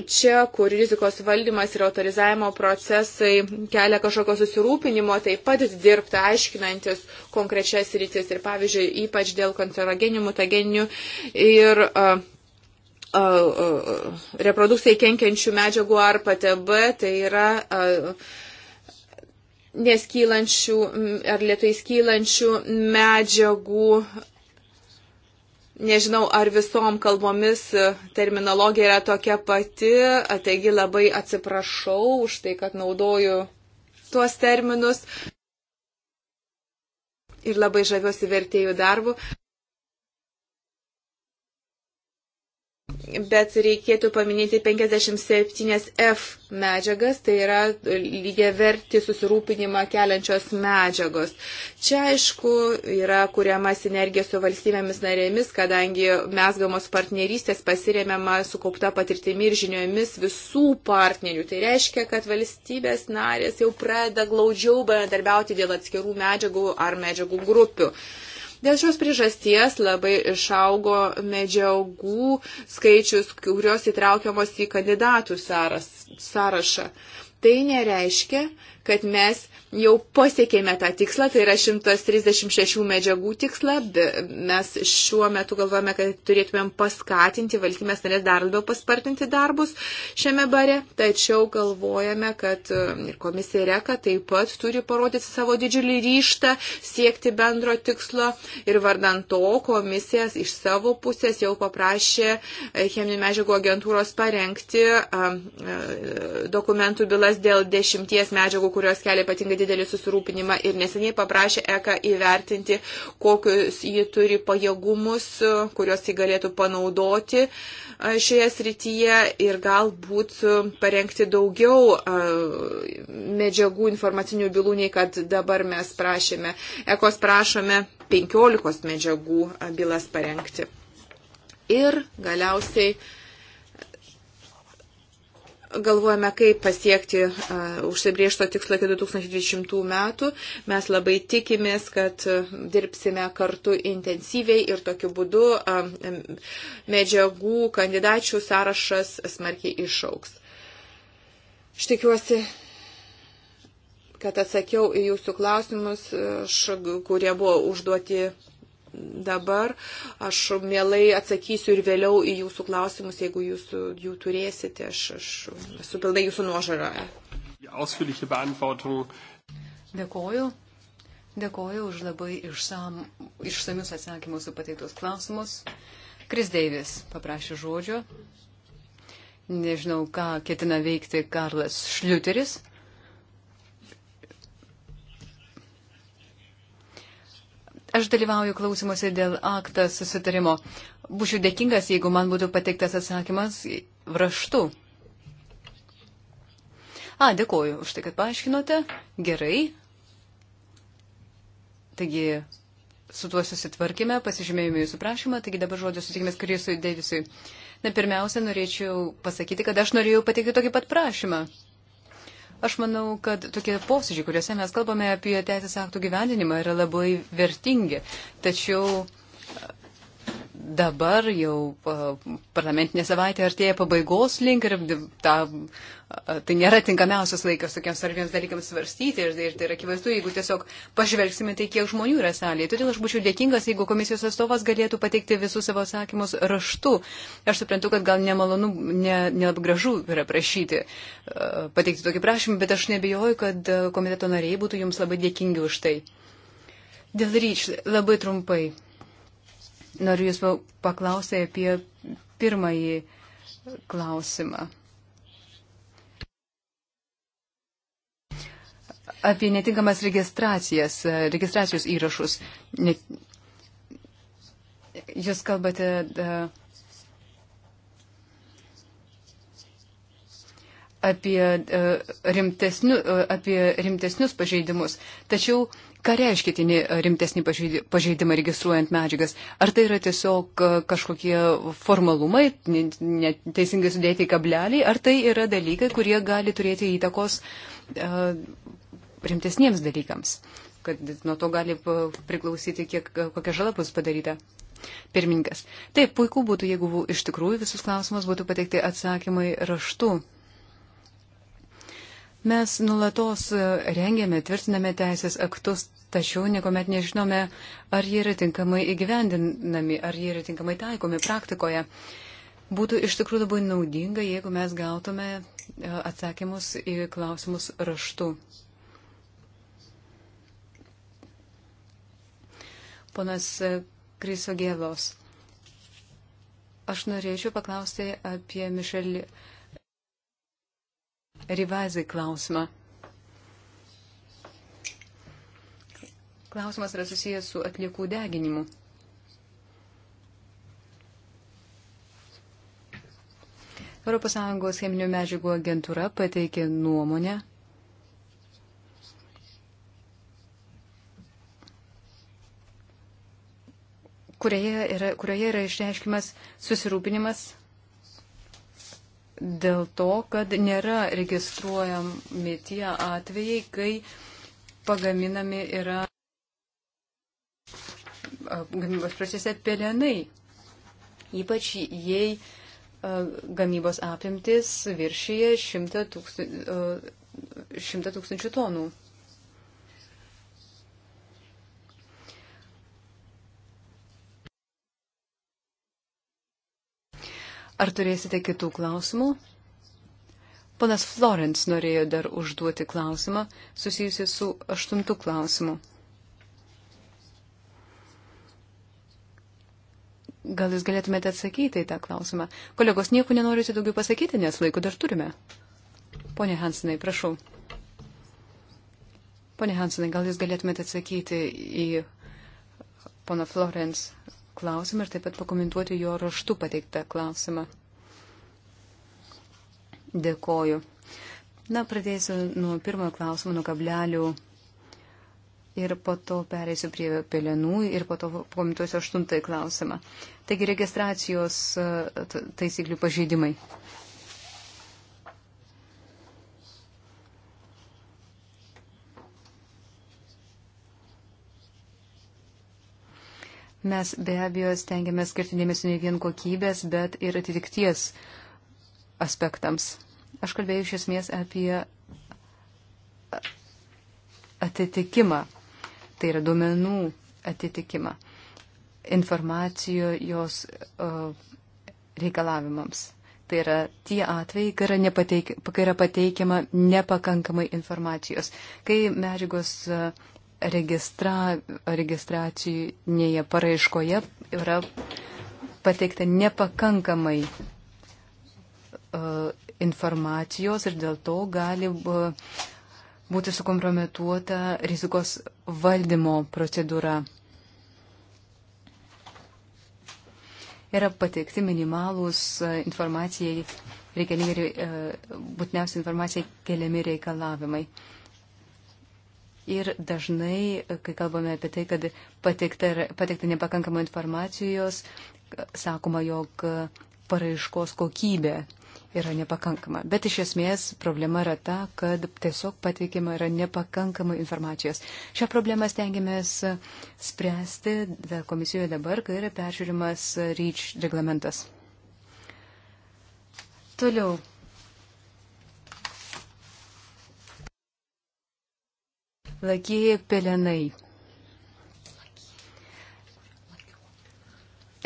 čia, kur rizikos valdymas ir autorizavimo procesai kelia kažkokio susirūpinimo, taip pat dirbti aiškinantis konkrečias rytis ir pavyzdžiui, ypač dėl kancerogeninių, mutageninių ir uh, uh, uh, reprodukcijai kenkiančių medžiagų ar PTB, tai yra uh, neskylančių ar lietai skylančių medžiagų Nežinau, ar visom kalbomis terminologija yra tokia pati, taigi labai atsiprašau už tai, kad naudoju tuos terminus. Ir labai žaviuosi vertėjų darbu. bet reikėtų paminėti 57F medžiagas, tai yra lygiai verti susirūpinimą keliančios medžiagos. Čia aišku yra kuriama sinergija su valstybėmis narėmis, kadangi mesgamos partnerystės pasiremiama sukaupta patirtimi ir žiniomis visų partnerių. Tai reiškia, kad valstybės narės jau pradeda glaudžiau bendarbiauti dėl atskirų medžiagų ar medžiagų grupių. Uh, Dėl šios priežasties labai išaugo medžiagų skaičius, kurios įtraukiamos į kandidatų sąrašą. Tai nereiškia, kad mes jau pasiekėme tą tikslą, tai yra 136 medžiagų tikslą, mes šiuo metu galvojame, kad turėtumėm paskatinti valstybės narės dar labiau paspartinti darbus šiame bare, tačiau galvojame, kad e, ir komisija Reka taip pat turi parodyti savo didžiulį ryštą siekti bendro tikslo ir vardant to komisijas iš savo pusės jau paprašė e, cheminių medžiagų agentūros parengti e, dokumentų bylas dėl dešimties medžiagų, kurios kelia ypatingai didelį susirūpinimą ir neseniai paprašė ECA įvertinti, kokius ji turi pajėgumus, kuriuos ji galėtų panaudoti šioje srityje ir galbūt parengti daugiau medžiagų informacinių bylų, nei kad dabar mes prašėme. ECOS prašome 15 medžiagų bylas parengti. Ir galiausiai galvojame, kaip pasiekti uh, užsibriešto tikslo iki 2020 metų. Mes labai tikimės, kad uh, dirbsime kartu intensyviai ir tokiu būdu uh, medžiagų kandidačių sąrašas smarkiai išauks. Aš tikiuosi, kad atsakiau į jūsų klausimus, š, kurie buvo užduoti dabar. Aš mielai atsakysiu ir vėliau į jūsų klausimus, jeigu jūs jų turėsite. Aš, aš esu pilnai jūsų nuožara. Dėkoju. Dėkoju už labai išsam, išsamius atsakymus į pateiktus klausimus. Kris Deivis paprašė žodžio. Nežinau, ką ketina veikti Karlas Šliuteris. Aš dalyvauju klausimuose dėl aktą susitarimo. Būčiau dėkingas, jeigu man būtų pateiktas atsakymas raštu. A, dėkoju už tai, kad paaiškinote. Gerai. Taigi, su tuo susitvarkime, pasižymėjome jūsų prašymą, taigi dabar žodžiu sutikimės Krisui Deivisui. Na, pirmiausia, norėčiau pasakyti, kad aš norėjau pateikti tokį pat prašymą. Aš manau, kad tokie posėdžiai, kuriuose mes kalbame apie teisės aktų gyvendinimą, yra labai vertingi. Tačiau dabar jau parlamentinė savaitė artėja pabaigos link ir ta, tai nėra tinkamiausias laikas tokiems svarbiems dalykams svarstyti ir, ir tai yra akivaizdu, jeigu tiesiog pažvelgsime tai, kiek žmonių yra salėje. Todėl aš būčiau dėkingas, jeigu komisijos atstovas galėtų pateikti visus savo sakymus raštu. Aš suprantu, kad gal nemalonu, neapgražu ne, ne yra prašyti pateikti tokį prašymą, bet aš nebijoju, kad komiteto nariai būtų jums labai dėkingi už tai. Dėl ryč, labai trumpai. Noriu Jūs paklausyti apie pirmąjį klausimą. Apie netinkamas registracijas, registracijos įrašus. Net... Jūs kalbate apie rimtesnius, apie rimtesnius pažeidimus. Tačiau Ką reiškia tie rimtesni pažeidimai registruojant medžiagas? Ar tai yra tiesiog e, kažkokie formalumai, neteisingai sudėti kableliai, ar tai yra dalykai, kurie gali turėti įtakos uh, rimtesniems dalykams? Kad nuo to gali e, priklausyti, kiek, kokia žala bus padaryta. Pirmininkas. Taip, puiku būtų, jeigu iš tikrųjų visus klausimus būtų pateikti atsakymai raštu. Mes nulatos e, rengiame, tvirtiname teisės aktus, tačiau niekuomet nežinome, ar jie yra tinkamai įgyvendinami, ar jie yra tinkamai taikomi praktikoje. Būtų iš tikrųjų labai naudinga, jeigu mes gautume e, atsakymus į klausimus raštu. Ponas e, Krisogėlos, aš norėčiau paklausti apie Mišelį Rivazai klausimą. Klausimas yra susijęs su atliekų deginimu. ES cheminių medžiagų agentūra pateikė nuomonę, kurioje yra, kurioje yra išreiškimas susirūpinimas dėl to, kad nėra registruojami tie atvejai, kai pagaminami yra gamybos procese pelenai. Ypač jei gamybos apimtis viršyje 100 tūkstančių, 100 tūkstančių tonų. Ar turėsite kitų klausimų? Ponas Florence norėjo dar užduoti klausimą susijusi su aštuntu klausimu. Gal jūs galėtumėte atsakyti į tą klausimą? Kolegos, nieko nenorite daugiau pasakyti, nes laiko dar turime. Pone Hansenai, prašau. Pone Hansenai, gal jūs galėtumėte atsakyti į pono Florence klausimą ir taip pat pakomentuoti jo raštu pateiktą klausimą. Dėkoju. Na, pradėsiu nuo pirmojo klausimo, nuo kablelių ir po to pereisiu prie pelenų ir po to komentuosiu aštuntąjį klausimą. Taigi registracijos e, taisyklių pažeidimai. Mes be abejo stengiamės skirti dėmesį ne vien kokybės, bet ir atitikties aspektams. Aš kalbėjau iš esmės apie atitikimą, tai yra duomenų atitikimą, informacijos reikalavimams. Tai yra tie atvejai, kai yra, nepateik, kai yra pateikiama nepakankamai informacijos, kai medžiagos registra, registracinėje paraiškoje yra pateikta nepakankamai uh, informacijos ir dėl to gali e, būti sukompromituota rizikos valdymo procedūra. Yra pateikti minimalūs e, informacijai reikalingi ir būtiniausi informacijai keliami reikalavimai. Uh, Ir dažnai, kai kalbame apie tai, kad pateikta, pateikta nepakankama informacijos, sakoma, jog paraiškos kokybė yra nepakankama. Bet iš esmės problema yra ta, kad tiesiog pateikima yra nepakankamai informacijos. Šią problemą stengiamės spręsti komisijoje dabar, kai yra peržiūrimas REACH reglamentas. Toliau, lakėjai pelenai.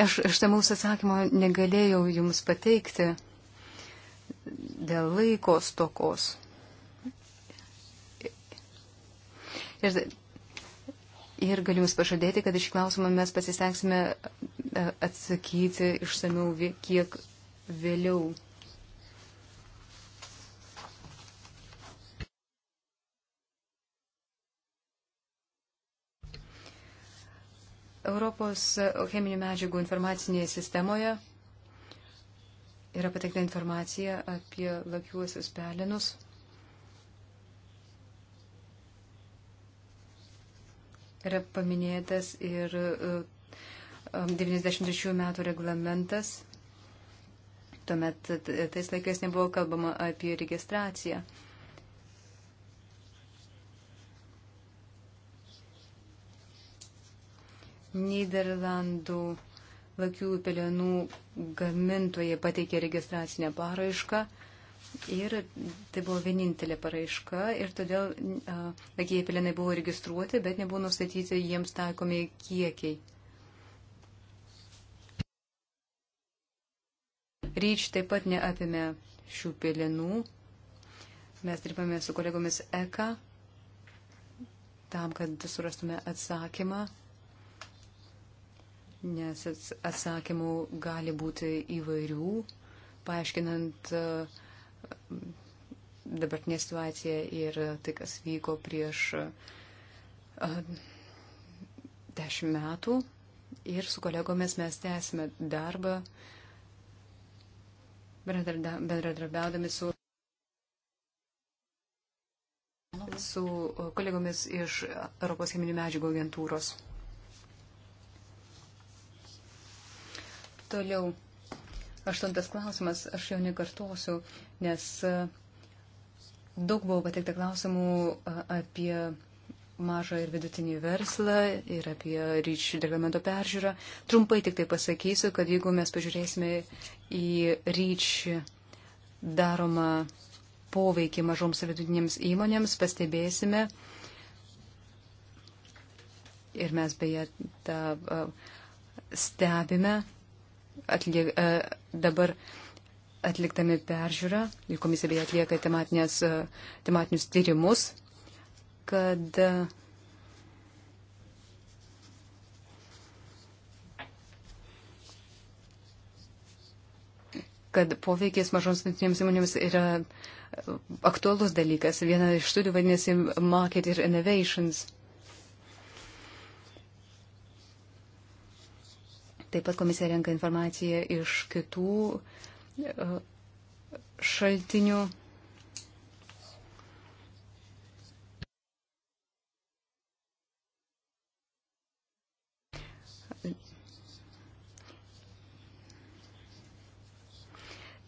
Aš ištamaus atsakymo negalėjau jums pateikti dėl laiko stokos. Ir, ir galiu jums pažadėti, kad iš klausimą mes pasistengsime e, atsakyti išsamiau kiek vėliau. Europos cheminių medžiagų informacinėje sistemoje yra patekta informacija apie lakiuosius pelenus. Yra paminėtas ir 93 e, e, metų reglamentas. Tuomet tais laikais nebuvo kalbama apie registraciją. Niderlandų lakių pelenų gamintojai pateikė registracinę paraišką ir tai buvo vienintelė paraiška ir todėl lakieji pelenai buvo registruoti, bet nebuvo nustatyti jiems taikomi kiekiai. Ryč taip pat neapėmė šių pelenų. Mes dirbame su kolegomis ECA tam, kad surastume atsakymą nes atsakymų gali būti įvairių, paaiškinant e, dabartinę situaciją ir tai, kas vyko prieš e, dešimt metų. Ir su kolegomis mes tęsime darbą, bendradarbiaudami su, su kolegomis iš Europos cheminių medžiagų agentūros. Toliau. Aštuntas klausimas, aš jau nekartosiu, nes e, daug buvo pateikta klausimų e, apie mažą ir vidutinį verslą ir apie ryšių reglamento peržiūrą. Trumpai tik tai pasakysiu, kad jeigu mes pažiūrėsime į ryčių daromą poveikį mažoms ir vidutinėms įmonėms, pastebėsime ir mes beje tą e, stebime, atliek, e, dabar atliktame peržiūrą, ir komisija beje atlieka e, tematinius tyrimus, kad e, kad poveikis mažoms vidutinėms įmonėms yra aktualus dalykas. Viena iš studijų vadinasi Market ir Innovations. Taip pat komisija renka informaciją iš kitų e, šaltinių.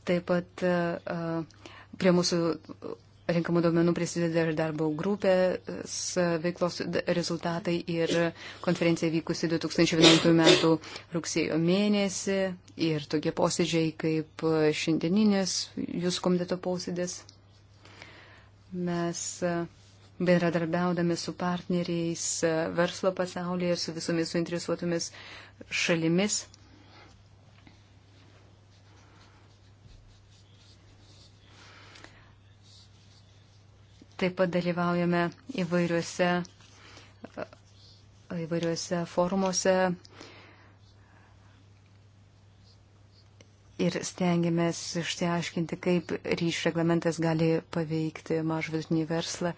Taip pat e, prie mūsų rinkamų duomenų prisideda ir darbo grupės veiklos rezultatai ir konferencija vykusi 2011 m. rugsėjo mėnesį ir tokie posėdžiai kaip šiandieninis jūsų komiteto posėdis. Mes bendradarbiaudami su partneriais verslo pasaulyje ir su visomis suinteresuotomis šalimis Taip pat dalyvaujame įvairiuose, įvairiuose forumuose ir stengiamės išsiaiškinti, kaip ryš reglamentas gali paveikti mažvidutinį verslą.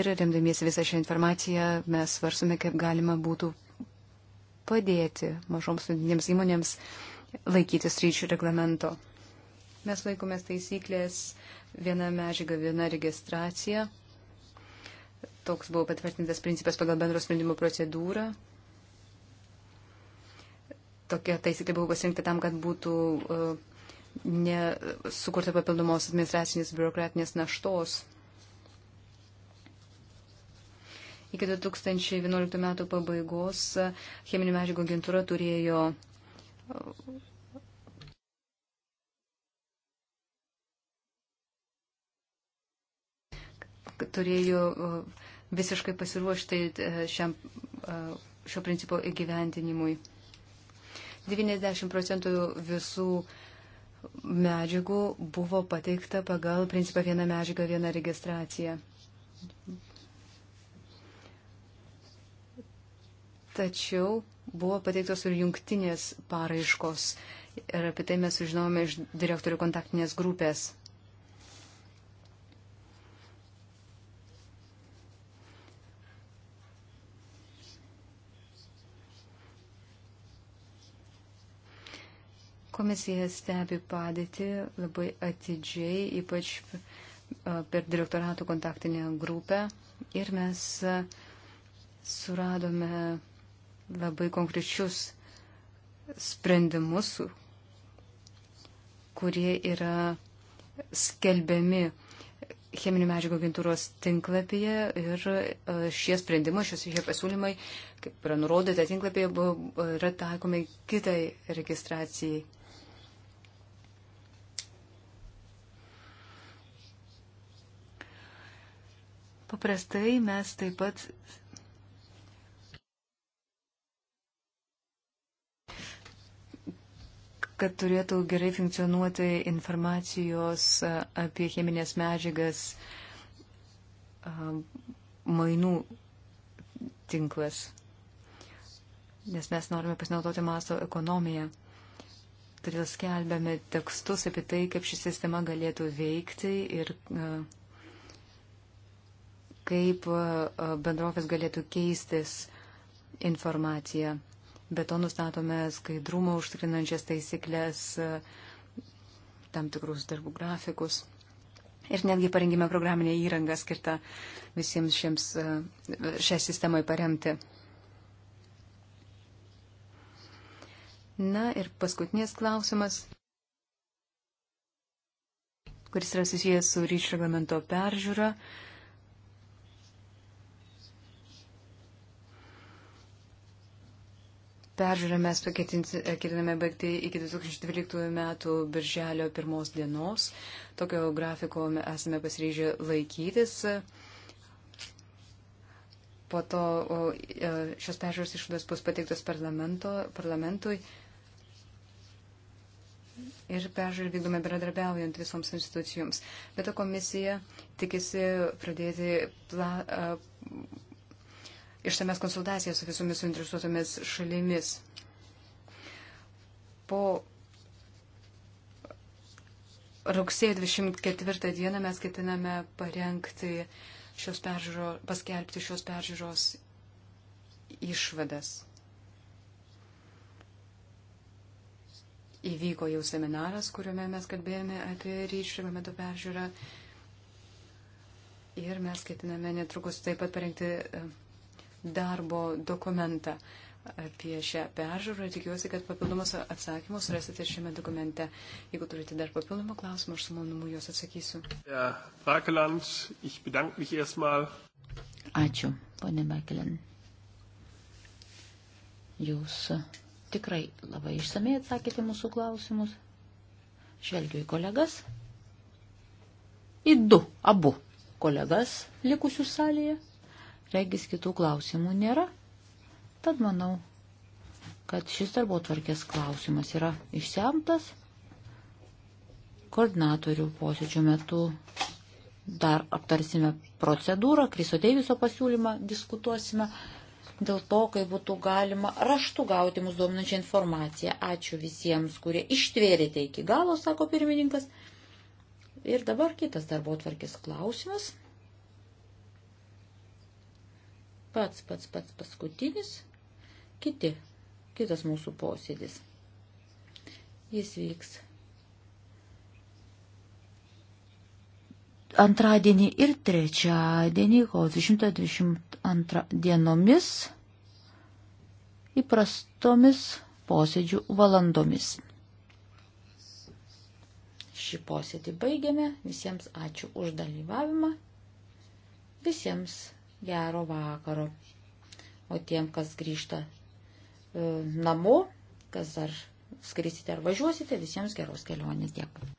Ir remdamiesi visą šią informaciją mes svarsome, kaip galima būtų padėti mažoms vidutinėms įmonėms laikytis ryšių reglamento. Mes laikomės taisyklės viena medžiaga, viena registracija. Toks buvo patvirtintas principas pagal bendro sprendimo procedūrą. Tokia taisyklė buvo pasirinkta tam, kad būtų e, nesukurta papildomos administracinės biurokratinės naštos. Iki 2011 metų pabaigos e, cheminių medžiagų agentūra turėjo turėjo visiškai pasiruošti e, šiam, e, šio principo įgyvendinimui. 90 procentų visų medžiagų buvo pateikta pagal principą viena medžiaga, viena registracija. Tačiau buvo pateiktos ir jungtinės paraiškos. Ir apie tai mes sužinome iš direktorių kontaktinės grupės. Komisija stebi padėtį labai atidžiai, ypač per direktorato kontaktinę grupę. Ir mes suradome labai konkrečius sprendimus, kurie yra skelbiami cheminių medžiagų agentūros tinklapyje ir šie sprendimai, šios šie pasiūlymai, kaip yra nurodyta tinklapyje, buvo, yra taikomi kitai registracijai. Paprastai mes taip pat kad turėtų gerai funkcionuoti informacijos apie cheminės medžiagas mainų tinklas. Nes mes norime pasinaudoti masto ekonomiją. Todėl skelbiame tekstus apie tai, kaip ši sistema galėtų veikti ir uh, kaip e, e, bendrovės galėtų keistis informaciją. Be to nustatome skaidrumą užtikrinančias taisyklės, e, tam tikrus darbų grafikus. Ir netgi parengėme programinę įrangą skirtą visiems šiems šią sistemai paremti. Na ir paskutinis klausimas, kuris yra susijęs su ryšio reglamento peržiūra. Uh, peržiūrą mes e, ketiname baigti iki 2012 metų birželio pirmos dienos. Tokio grafiko esame pasiryžę laikytis. Po to e, šios peržiūros išvados bus pateiktos parlamentui. Ir peržiūrį vykdome bendradarbiaujant visoms institucijoms. Bet ta komisija tikisi pradėti pla, e, išsames konsultacijas su visomis suinteresuotomis šalimis. Po rugsėjo 24 dieną mes ketiname parengti šios peržiūros, paskelbti šios peržiūros išvadas. Įvyko jau seminaras, kuriuo mes kalbėjome apie ryšių reglamento peržiūrą. Ir mes ketiname netrukus taip pat parengti darbo dokumentą apie šią peržiūrą ir tikiuosi, kad papildomus atsakymus rasite šiame dokumente. Jeigu turite dar papildomų klausimų, aš su malonumu juos atsakysiu. Ačiū, ponė Merkelin. Jūs tikrai labai išsamei atsakėte mūsų klausimus. Žvelgiu į kolegas. Į du, abu kolegas likusius salėje. Regis kitų klausimų nėra. Tad manau, kad šis darbo tvarkės klausimas yra išsemtas. Koordinatorių posėdžių metu dar aptarsime procedūrą, Kriso Deiviso pasiūlymą diskutuosime dėl to, kaip būtų galima raštu gauti mūsų dominančią informaciją. Ačiū visiems, kurie ištvėrėte iki galo, sako pirmininkas. Ir dabar kitas darbo tvarkės klausimas. pats pats pats paskutinis, kiti, kitas mūsų posėdis. Jis vyks antradienį ir trečiadienį, kovo 122 dienomis, įprastomis posėdžių valandomis. Šį posėdį baigiame. Visiems ačiū už dalyvavimą. Visiems gero vakaro. O tiem, kas grįžta e, namo, kas ar skrisite ar važiuosite, visiems geros kelionės. Dėkui.